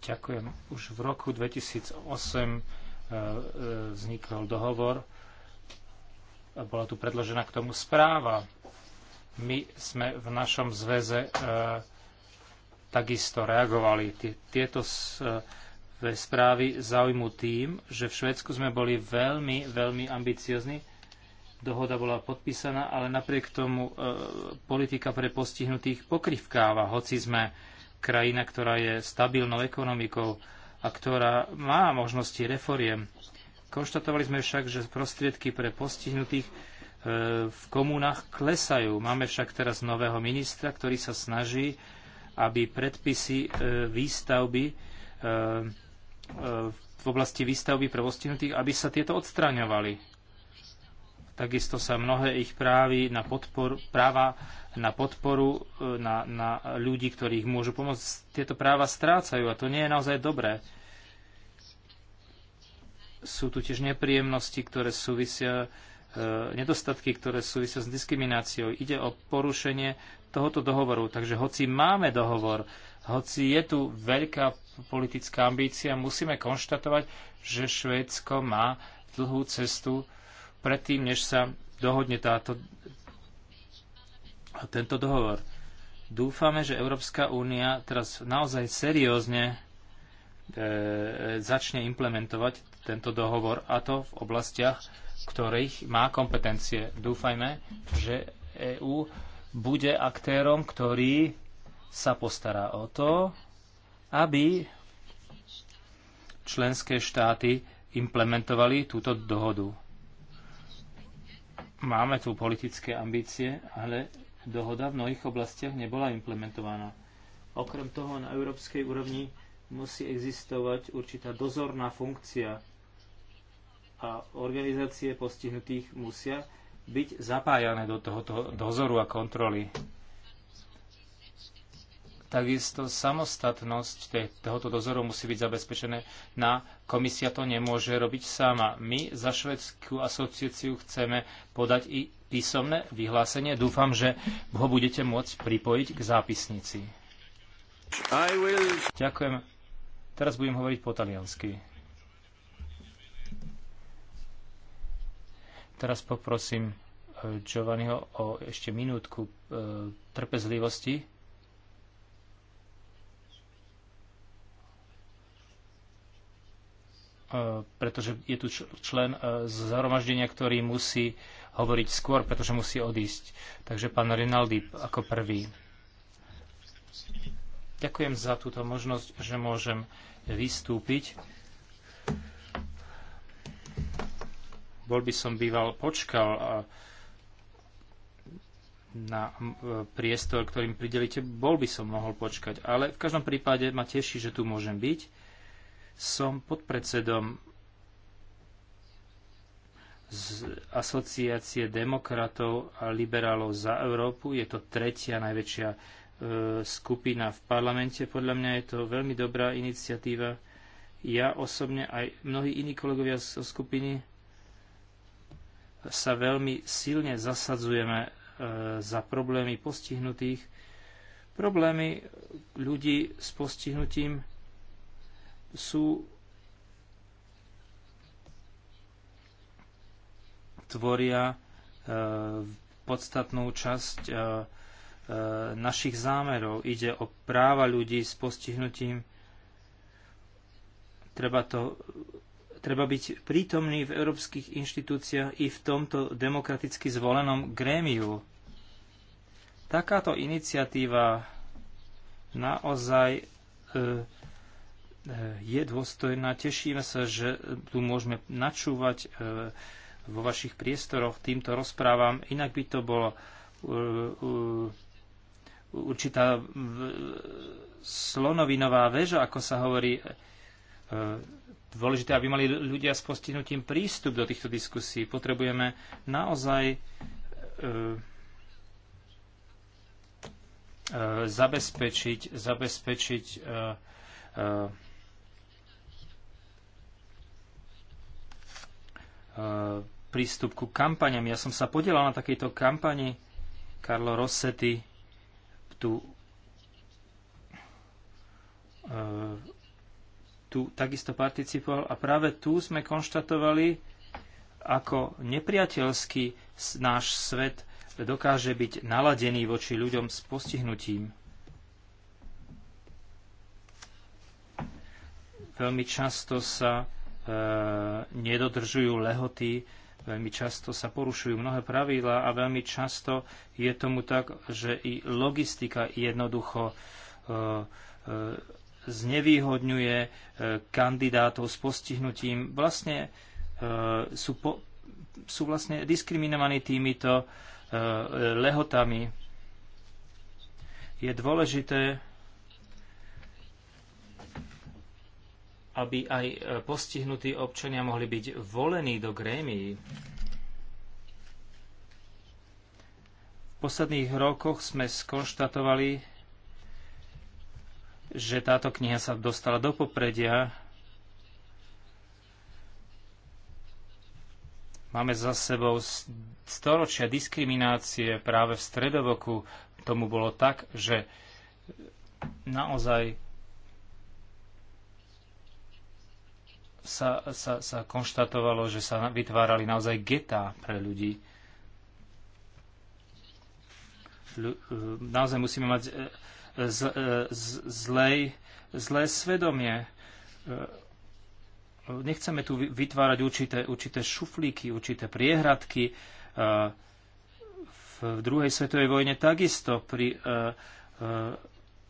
Ďakujem. Už v roku 2008 E, vznikol dohovor a bola tu predložená k tomu správa. My sme v našom zväze e, takisto reagovali. Tieto e, správy zaujímu tým, že v Švedsku sme boli veľmi, veľmi ambiciozni. Dohoda bola podpísaná, ale napriek tomu politika pre postihnutých pokrivkáva, hoci sme krajina, ktorá je stabilnou ekonomikou, a ktorá má možnosti reforiem. Konštatovali sme však, že prostriedky pre postihnutých e, v komunách klesajú. Máme však teraz nového ministra, ktorý sa snaží, aby predpisy e, výstavby e, v oblasti výstavby pre postihnutých, aby sa tieto odstraňovali. Takisto sa mnohé ich právy na podporu, práva na podporu na, na ľudí, ktorých môžu pomôcť, tieto práva strácajú a to nie je naozaj dobré sú tu tiež nepríjemnosti, ktoré súvisia, e, nedostatky, ktoré súvisia s diskrimináciou. Ide o porušenie tohoto dohovoru. Takže hoci máme dohovor, hoci je tu veľká politická ambícia, musíme konštatovať, že Švédsko má dlhú cestu predtým, než sa dohodne táto, tento dohovor. Dúfame, že Európska únia teraz naozaj seriózne E, začne implementovať tento dohovor a to v oblastiach, ktorých má kompetencie. Dúfajme, že EÚ bude aktérom, ktorý sa postará o to, aby členské štáty implementovali túto dohodu. Máme tu politické ambície, ale dohoda v mnohých oblastiach nebola implementovaná. Okrem toho na európskej úrovni musí existovať určitá dozorná funkcia a organizácie postihnutých musia byť zapájané do tohoto dozoru a kontroly. Takisto samostatnosť tohoto dozoru musí byť zabezpečené na komisia to nemôže robiť sama. My za Švedskú asociáciu chceme podať i písomné vyhlásenie. Dúfam, že ho budete môcť pripojiť k zápisnici. Will... Ďakujem Teraz budem hovoriť po taliansky. Teraz poprosím e, Giovanniho o ešte minútku e, trpezlivosti. E, pretože je tu člen z zhromaždenia, ktorý musí hovoriť skôr, pretože musí odísť. Takže pán Rinaldi ako prvý. Ďakujem za túto možnosť, že môžem vystúpiť. Bol by som býval počkal na e, priestor, ktorým pridelíte, bol by som mohol počkať. Ale v každom prípade ma teší, že tu môžem byť. Som podpredsedom z asociácie demokratov a liberálov za Európu. Je to tretia najväčšia E, skupina v parlamente. Podľa mňa je to veľmi dobrá iniciatíva. Ja osobne aj mnohí iní kolegovia zo skupiny sa veľmi silne zasadzujeme e, za problémy postihnutých, problémy ľudí s postihnutím sú tvoria e, podstatnú časť E, našich zámerov. Ide o práva ľudí s postihnutím. Treba, to, treba byť prítomný v európskych inštitúciách i v tomto demokraticky zvolenom grémiu. Takáto iniciatíva naozaj e, e je dôstojná. Tešíme sa, že tu môžeme načúvať e, vo vašich priestoroch týmto rozprávam. Inak by to bolo určitá slonovinová väža, ako sa hovorí, e, dôležité, aby mali ľudia s postihnutím prístup do týchto diskusí. Potrebujeme naozaj e, e, zabezpečiť, zabezpečiť prístup ku kampaniam. Ja som sa podielal na takejto kampani Karlo Rossetti tu, eh, tu takisto participoval a práve tu sme konštatovali, ako nepriateľský náš svet dokáže byť naladený voči ľuďom s postihnutím. Veľmi často sa e, nedodržujú lehoty Veľmi často sa porušujú mnohé pravidlá a veľmi často je tomu tak, že i logistika jednoducho e, e, znevýhodňuje e, kandidátov s postihnutím. Vlastne sú, po, sú vlastne diskriminovaní týmito lehotami. Je dôležité aby aj e, postihnutí občania mohli byť volení do grémií. V posledných rokoch sme skonštatovali, že táto kniha sa dostala do popredia. Máme za sebou storočia diskriminácie práve v stredovoku. Tomu bolo tak, že naozaj sa, sa, sa konštatovalo, že sa vytvárali naozaj getá pre ľudí. E, naozaj musíme mať e, z, e, z, zlej, zlé svedomie. Nechceme tu vytvárať určité, určité šuflíky, určité priehradky. V druhej svetovej vojne takisto pri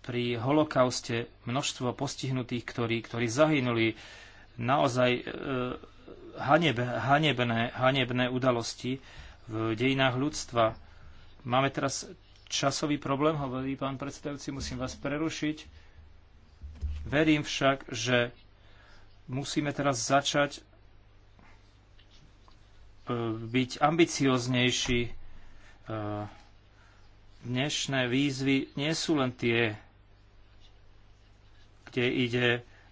pri holokauste množstvo postihnutých, ktorí, ktorí zahynuli naozaj e, haneb, hanebné, hanebné udalosti v dejinách ľudstva. Máme teraz časový problém, hovorí pán predsedajúci, musím vás prerušiť. Verím však, že musíme teraz začať e, byť ambicioznejší. E, dnešné výzvy nie sú len tie, kde ide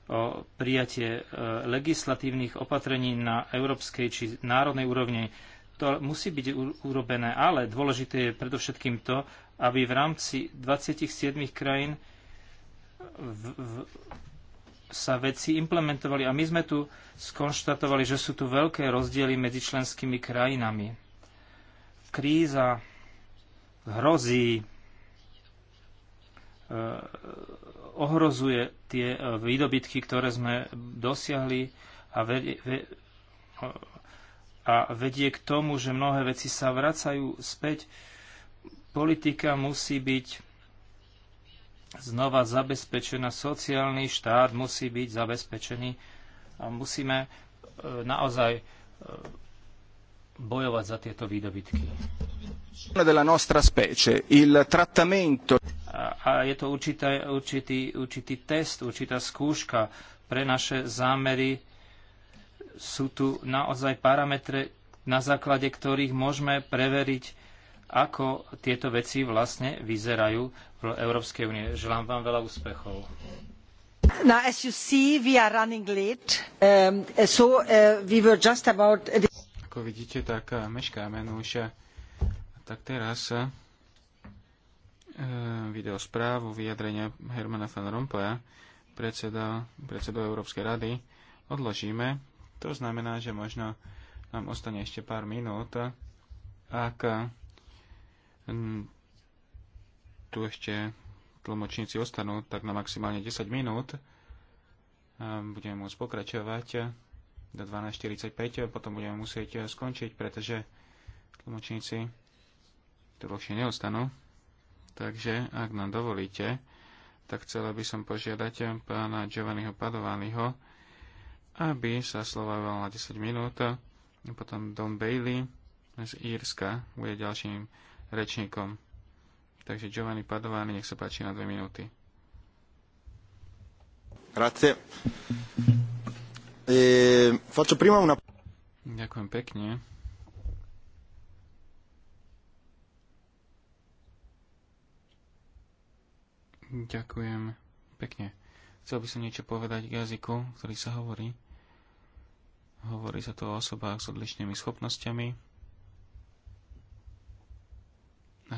o prijatie e, legislatívnych opatrení na európskej či národnej úrovni. To musí byť urobené, ale dôležité je predovšetkým to, aby v rámci 27 krajín v, v, sa veci implementovali. A my sme tu skonštatovali, že sú tu veľké rozdiely medzi členskými krajinami. Kríza hrozí, eh, ohrozuje tie e, výdobytky, ktoré sme dosiahli a, vedie, a vedie k tomu, že mnohé veci sa vracajú späť. Politika musí byť znova zabezpečená, sociálny štát musí byť zabezpečený a musíme e, naozaj e, bojovať za tieto výdobytky. A je to určitá, určitý, určitý test, určitá skúška pre naše zámery. Sú tu naozaj parametre, na základe ktorých môžeme preveriť, ako tieto veci vlastne vyzerajú v Európskej únie. Želám vám veľa úspechov. Now, as you see, we are running late, um, so uh, we were just about ako vidíte, tak eh, meškáme no už. Eh, tak teraz e, video správu vyjadrenia Hermana van Rompuya, predseda, predseda Európskej rady, odložíme. To znamená, že možno nám ostane ešte pár minút, ak mm, tu ešte tlmočníci ostanú tak na maximálne 10 minút. Budeme môcť pokračovať do 12.45, potom budeme musieť eh, skončiť, pretože tlmočníci tu dlhšie neostanú. Takže, ak nám dovolíte, tak chcela by som požiadať eh, pána Giovanniho Padovaniho, aby sa slova na 10 minút. Potom Don Bailey z Írska bude ďalším rečníkom. Takže Giovanni Padovani, nech sa páči na 2 minúty. Grazie. E, faccio prima una... Ďakujem pekne. Ďakujem pekne. Chcel by som niečo povedať k jazyku, ktorý sa hovorí. Hovorí sa to o osobách s odlišnými schopnosťami.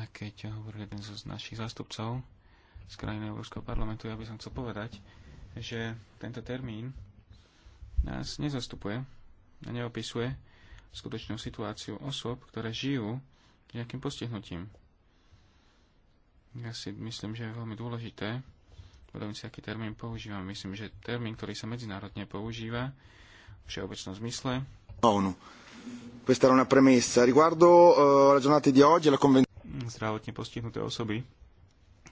A keď hovorí jeden z našich zástupcov z krajiny Európskeho parlamentu, ja by som chcel povedať, že tento termín nás nezastupuje a neopisuje skutočnú situáciu osôb, ktoré žijú nejakým postihnutím. Ja si myslím, že je veľmi dôležité, podľa si, aký termín používam. Myslím, že termín, ktorý sa medzinárodne používa v všeobecnom zmysle. Questa era una premessa. Riguardo uh, eh, la giornata di oggi, la Zdravotne postihnuté osoby.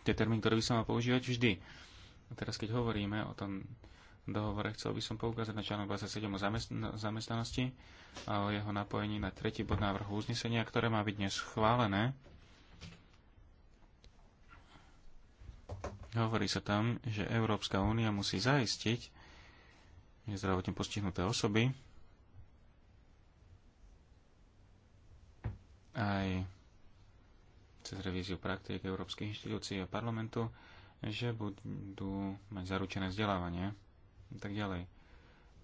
To je termín, ktorý by sa mal používať vždy. A teraz, keď hovoríme o tom dohovore. Chcel by som poukázať na článok 27 o zamestnanosti a o jeho napojení na tretí bod návrhu uznesenia, ktoré má byť dnes schválené. Hovorí sa tam, že Európska únia musí zaistiť, nezdravotne zdravotne postihnuté osoby aj cez revíziu praktiek Európskych inštitúcií a parlamentu, že budú mať zaručené vzdelávanie tak ďalej.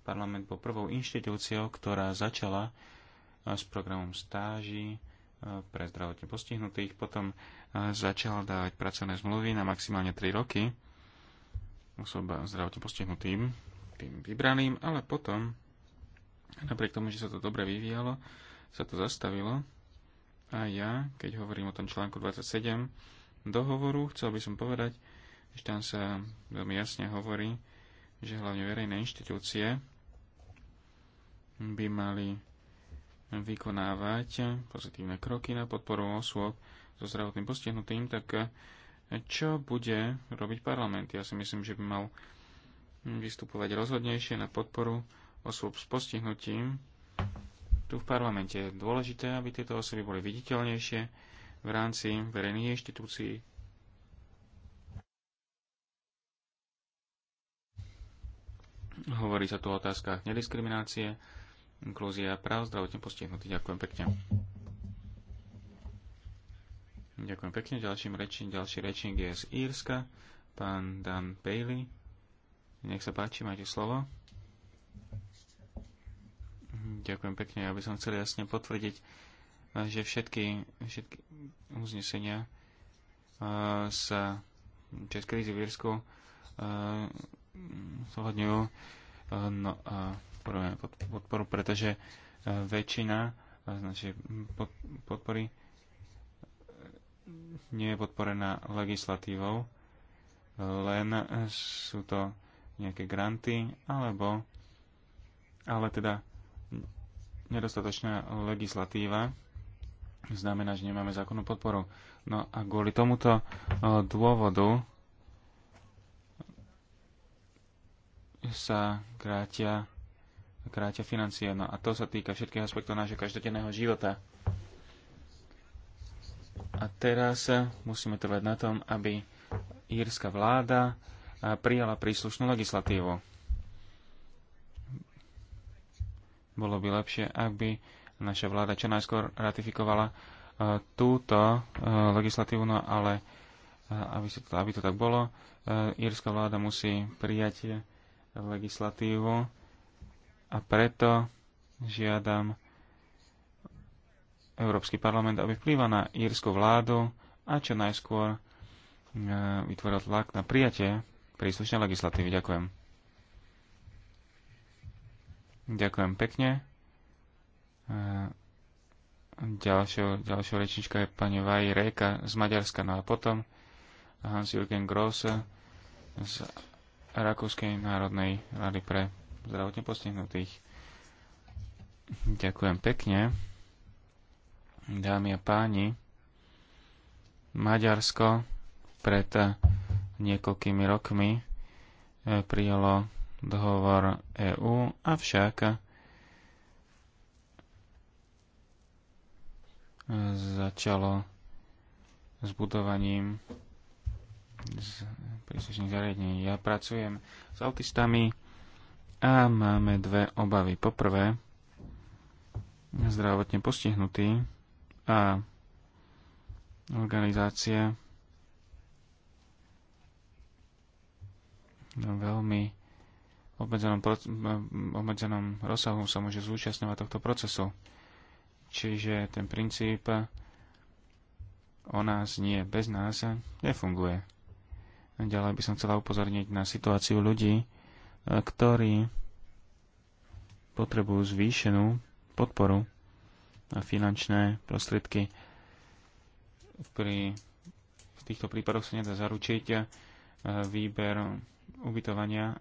Parlament bol prvou inštitúciou, ktorá začala s programom stáží pre zdravotne postihnutých, potom začal dávať pracovné zmluvy na maximálne 3 roky osoba zdravotne postihnutým, tým vybraným, ale potom, napriek tomu, že sa to dobre vyvíjalo, sa to zastavilo a ja, keď hovorím o tom článku 27 dohovoru, chcel by som povedať, že tam sa veľmi jasne hovorí, že hlavne verejné inštitúcie by mali vykonávať pozitívne kroky na podporu osôb so zdravotným postihnutým, tak čo bude robiť parlament? Ja si myslím, že by mal vystupovať rozhodnejšie na podporu osôb s postihnutím. Tu v parlamente je dôležité, aby tieto osoby boli viditeľnejšie v rámci verejných inštitúcií, Hovorí sa tu o otázkach nediskriminácie, inklúzia a práv zdravotne postihnutých. Ďakujem pekne. Ďakujem pekne. Ďalším rečím, ďalší rečník je z Írska, pán Dan Bailey. Nech sa páči, máte slovo. Ďakujem pekne. Ja by som chcel jasne potvrdiť, že všetky, všetky uznesenia sa čas krízy v Írsku zohľadňujú no, podporu, podporu, pretože e, väčšina e, znači, podpory e, nie je podporená legislatívou, len sú to nejaké granty, alebo ale teda nedostatočná legislatíva znamená, že nemáme zákonnú podporu. No a kvôli tomuto dôvodu sa krátia, krátia financie. No a to sa týka všetkých aspektov nášho každodenného života. A teraz musíme trvať na tom, aby írska vláda prijala príslušnú legislatívu. Bolo by lepšie, aby naša vláda čo najskôr ratifikovala e, túto e, legislatívu, no ale e, aby, to, aby to tak bolo, írska vláda musí prijať legislatívu a preto žiadam Európsky parlament, aby vplýval na írsku vládu a čo najskôr e, vytvoril tlak na prijatie príslušnej legislatívy. Ďakujem. Ďakujem pekne. E, ďalšou, ďalšou rečnička je pani Vaj Rejka z Maďarska, no a potom Hans-Jürgen Gross z Rakúskej národnej rady pre zdravotne postihnutých. Ďakujem pekne. Dámy a páni, Maďarsko pred niekoľkými rokmi eh, prijalo dohovor EÚ, avšak eh, začalo s budovaním z príslušných zariadení. Ja pracujem s autistami a máme dve obavy. Poprvé, zdravotne postihnutý a organizácie no veľmi obmedzenom, obmedzenom rozsahu sa môže zúčastňovať tohto procesu. Čiže ten princíp o nás nie bez nás nefunguje. Ďalej by som chcela upozorniť na situáciu ľudí, e, ktorí potrebujú zvýšenú podporu a finančné prostriedky. Pri, v týchto prípadoch sa nedá zaručiť e, výber ubytovania,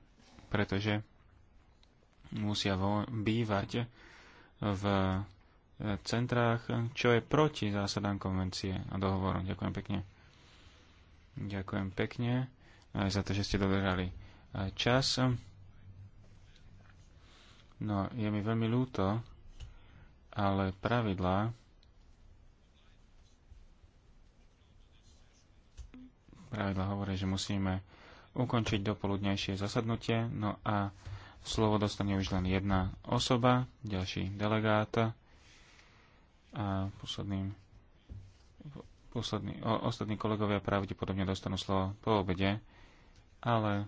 pretože musia bývať v e, centrách, čo je proti zásadám konvencie a dohovorom. Ďakujem pekne. Ďakujem pekne aj eh, za to, že ste dodržali eh, čas. No, je mi veľmi ľúto, ale pravidlá pravidla hovorí, že musíme ukončiť dopoludnejšie zasadnutie, no a slovo dostane už len jedna osoba, ďalší delegáta a posledným posledný, o, ostatní kolegovia pravdepodobne dostanú slovo po obede, ale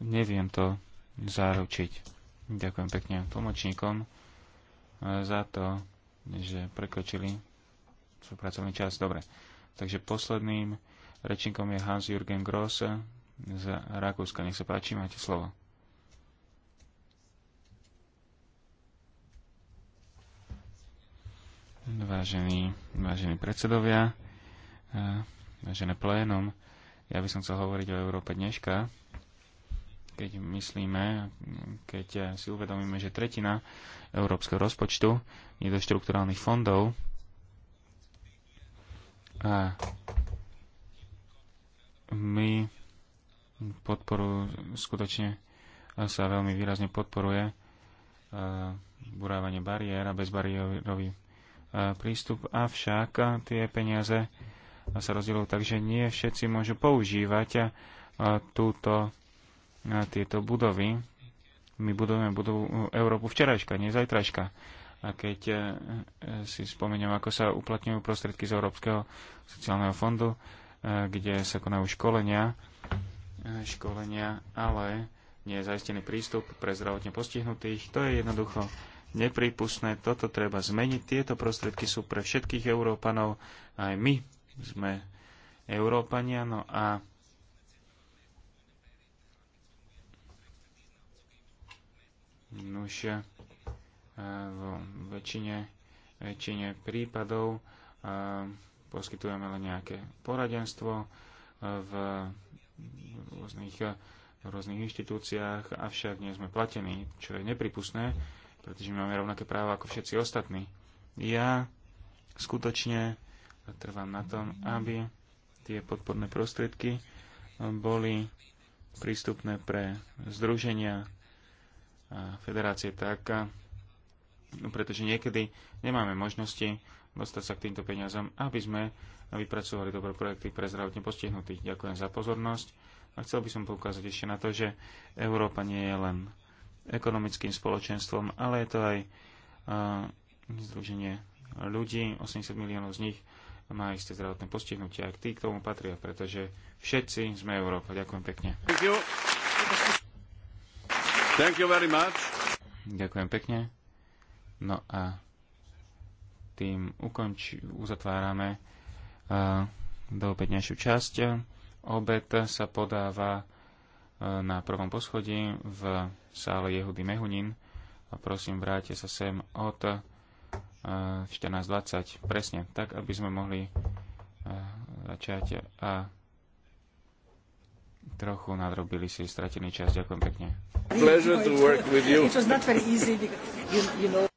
neviem to zaručiť. Ďakujem pekne tlmočníkom e, za to, že prekročili svoj pracovný čas. Dobre. Takže posledným rečníkom je Hans-Jürgen Gross z Rakúska. Nech sa páči, máte slovo. vážení, vážení predsedovia, e, vážené plénom, ja by som chcel hovoriť o Európe dneška, keď myslíme, keď si uvedomíme, že tretina európskeho rozpočtu je do štrukturálnych fondov a my podporu skutočne sa veľmi výrazne podporuje e, burávanie bariér a bezbariérový prístup, avšak tie peniaze sa rozdielujú tak, že nie všetci môžu používať túto, tieto budovy. My budujeme budovu Európu včerajška, nie zajtrajška. A keď e, si spomeniem, ako sa uplatňujú prostriedky z Európskeho sociálneho fondu, e, kde sa konajú školenia, e, školenia, ale nie je zaistený prístup pre zdravotne postihnutých. To je jednoducho nepripustné, toto treba zmeniť. Tieto prostriedky sú pre všetkých Európanov, aj my sme Európania, no a Nuž, e, v väčšine, väčšine prípadov e, poskytujeme len nejaké poradenstvo e, v rôznych, v rôznych inštitúciách, avšak nie sme platení, čo je nepripustné pretože my máme rovnaké práva ako všetci ostatní. Ja skutočne trvám na tom, aby tie podporné prostriedky boli prístupné pre združenia a federácie tak, no, pretože niekedy nemáme možnosti dostať sa k týmto peniazom, aby sme vypracovali dobré projekty pre zdravotne postihnutých. Ďakujem za pozornosť a chcel by som poukázať ešte na to, že Európa nie je len ekonomickým spoločenstvom, ale je to aj eh, združenie ľudí, 80 miliónov z nich má isté zdravotné postihnutie, aj tí k tomu patria, pretože všetci sme Európa. Ďakujem pekne. Thank you. Thank you very much. Ďakujem pekne. No a tým ukonči, uzatvárame uh, do obednejšiu časť. Obed sa podáva na prvom poschodí v sále Jehudy Mehunin. Prosím, vráte sa sem od 14.20 eh, presne, tak aby sme mohli eh, začať a trochu nadrobili si stratený čas. Ďakujem pekne. Pleasure to work with you. It was not very easy because, you, you know...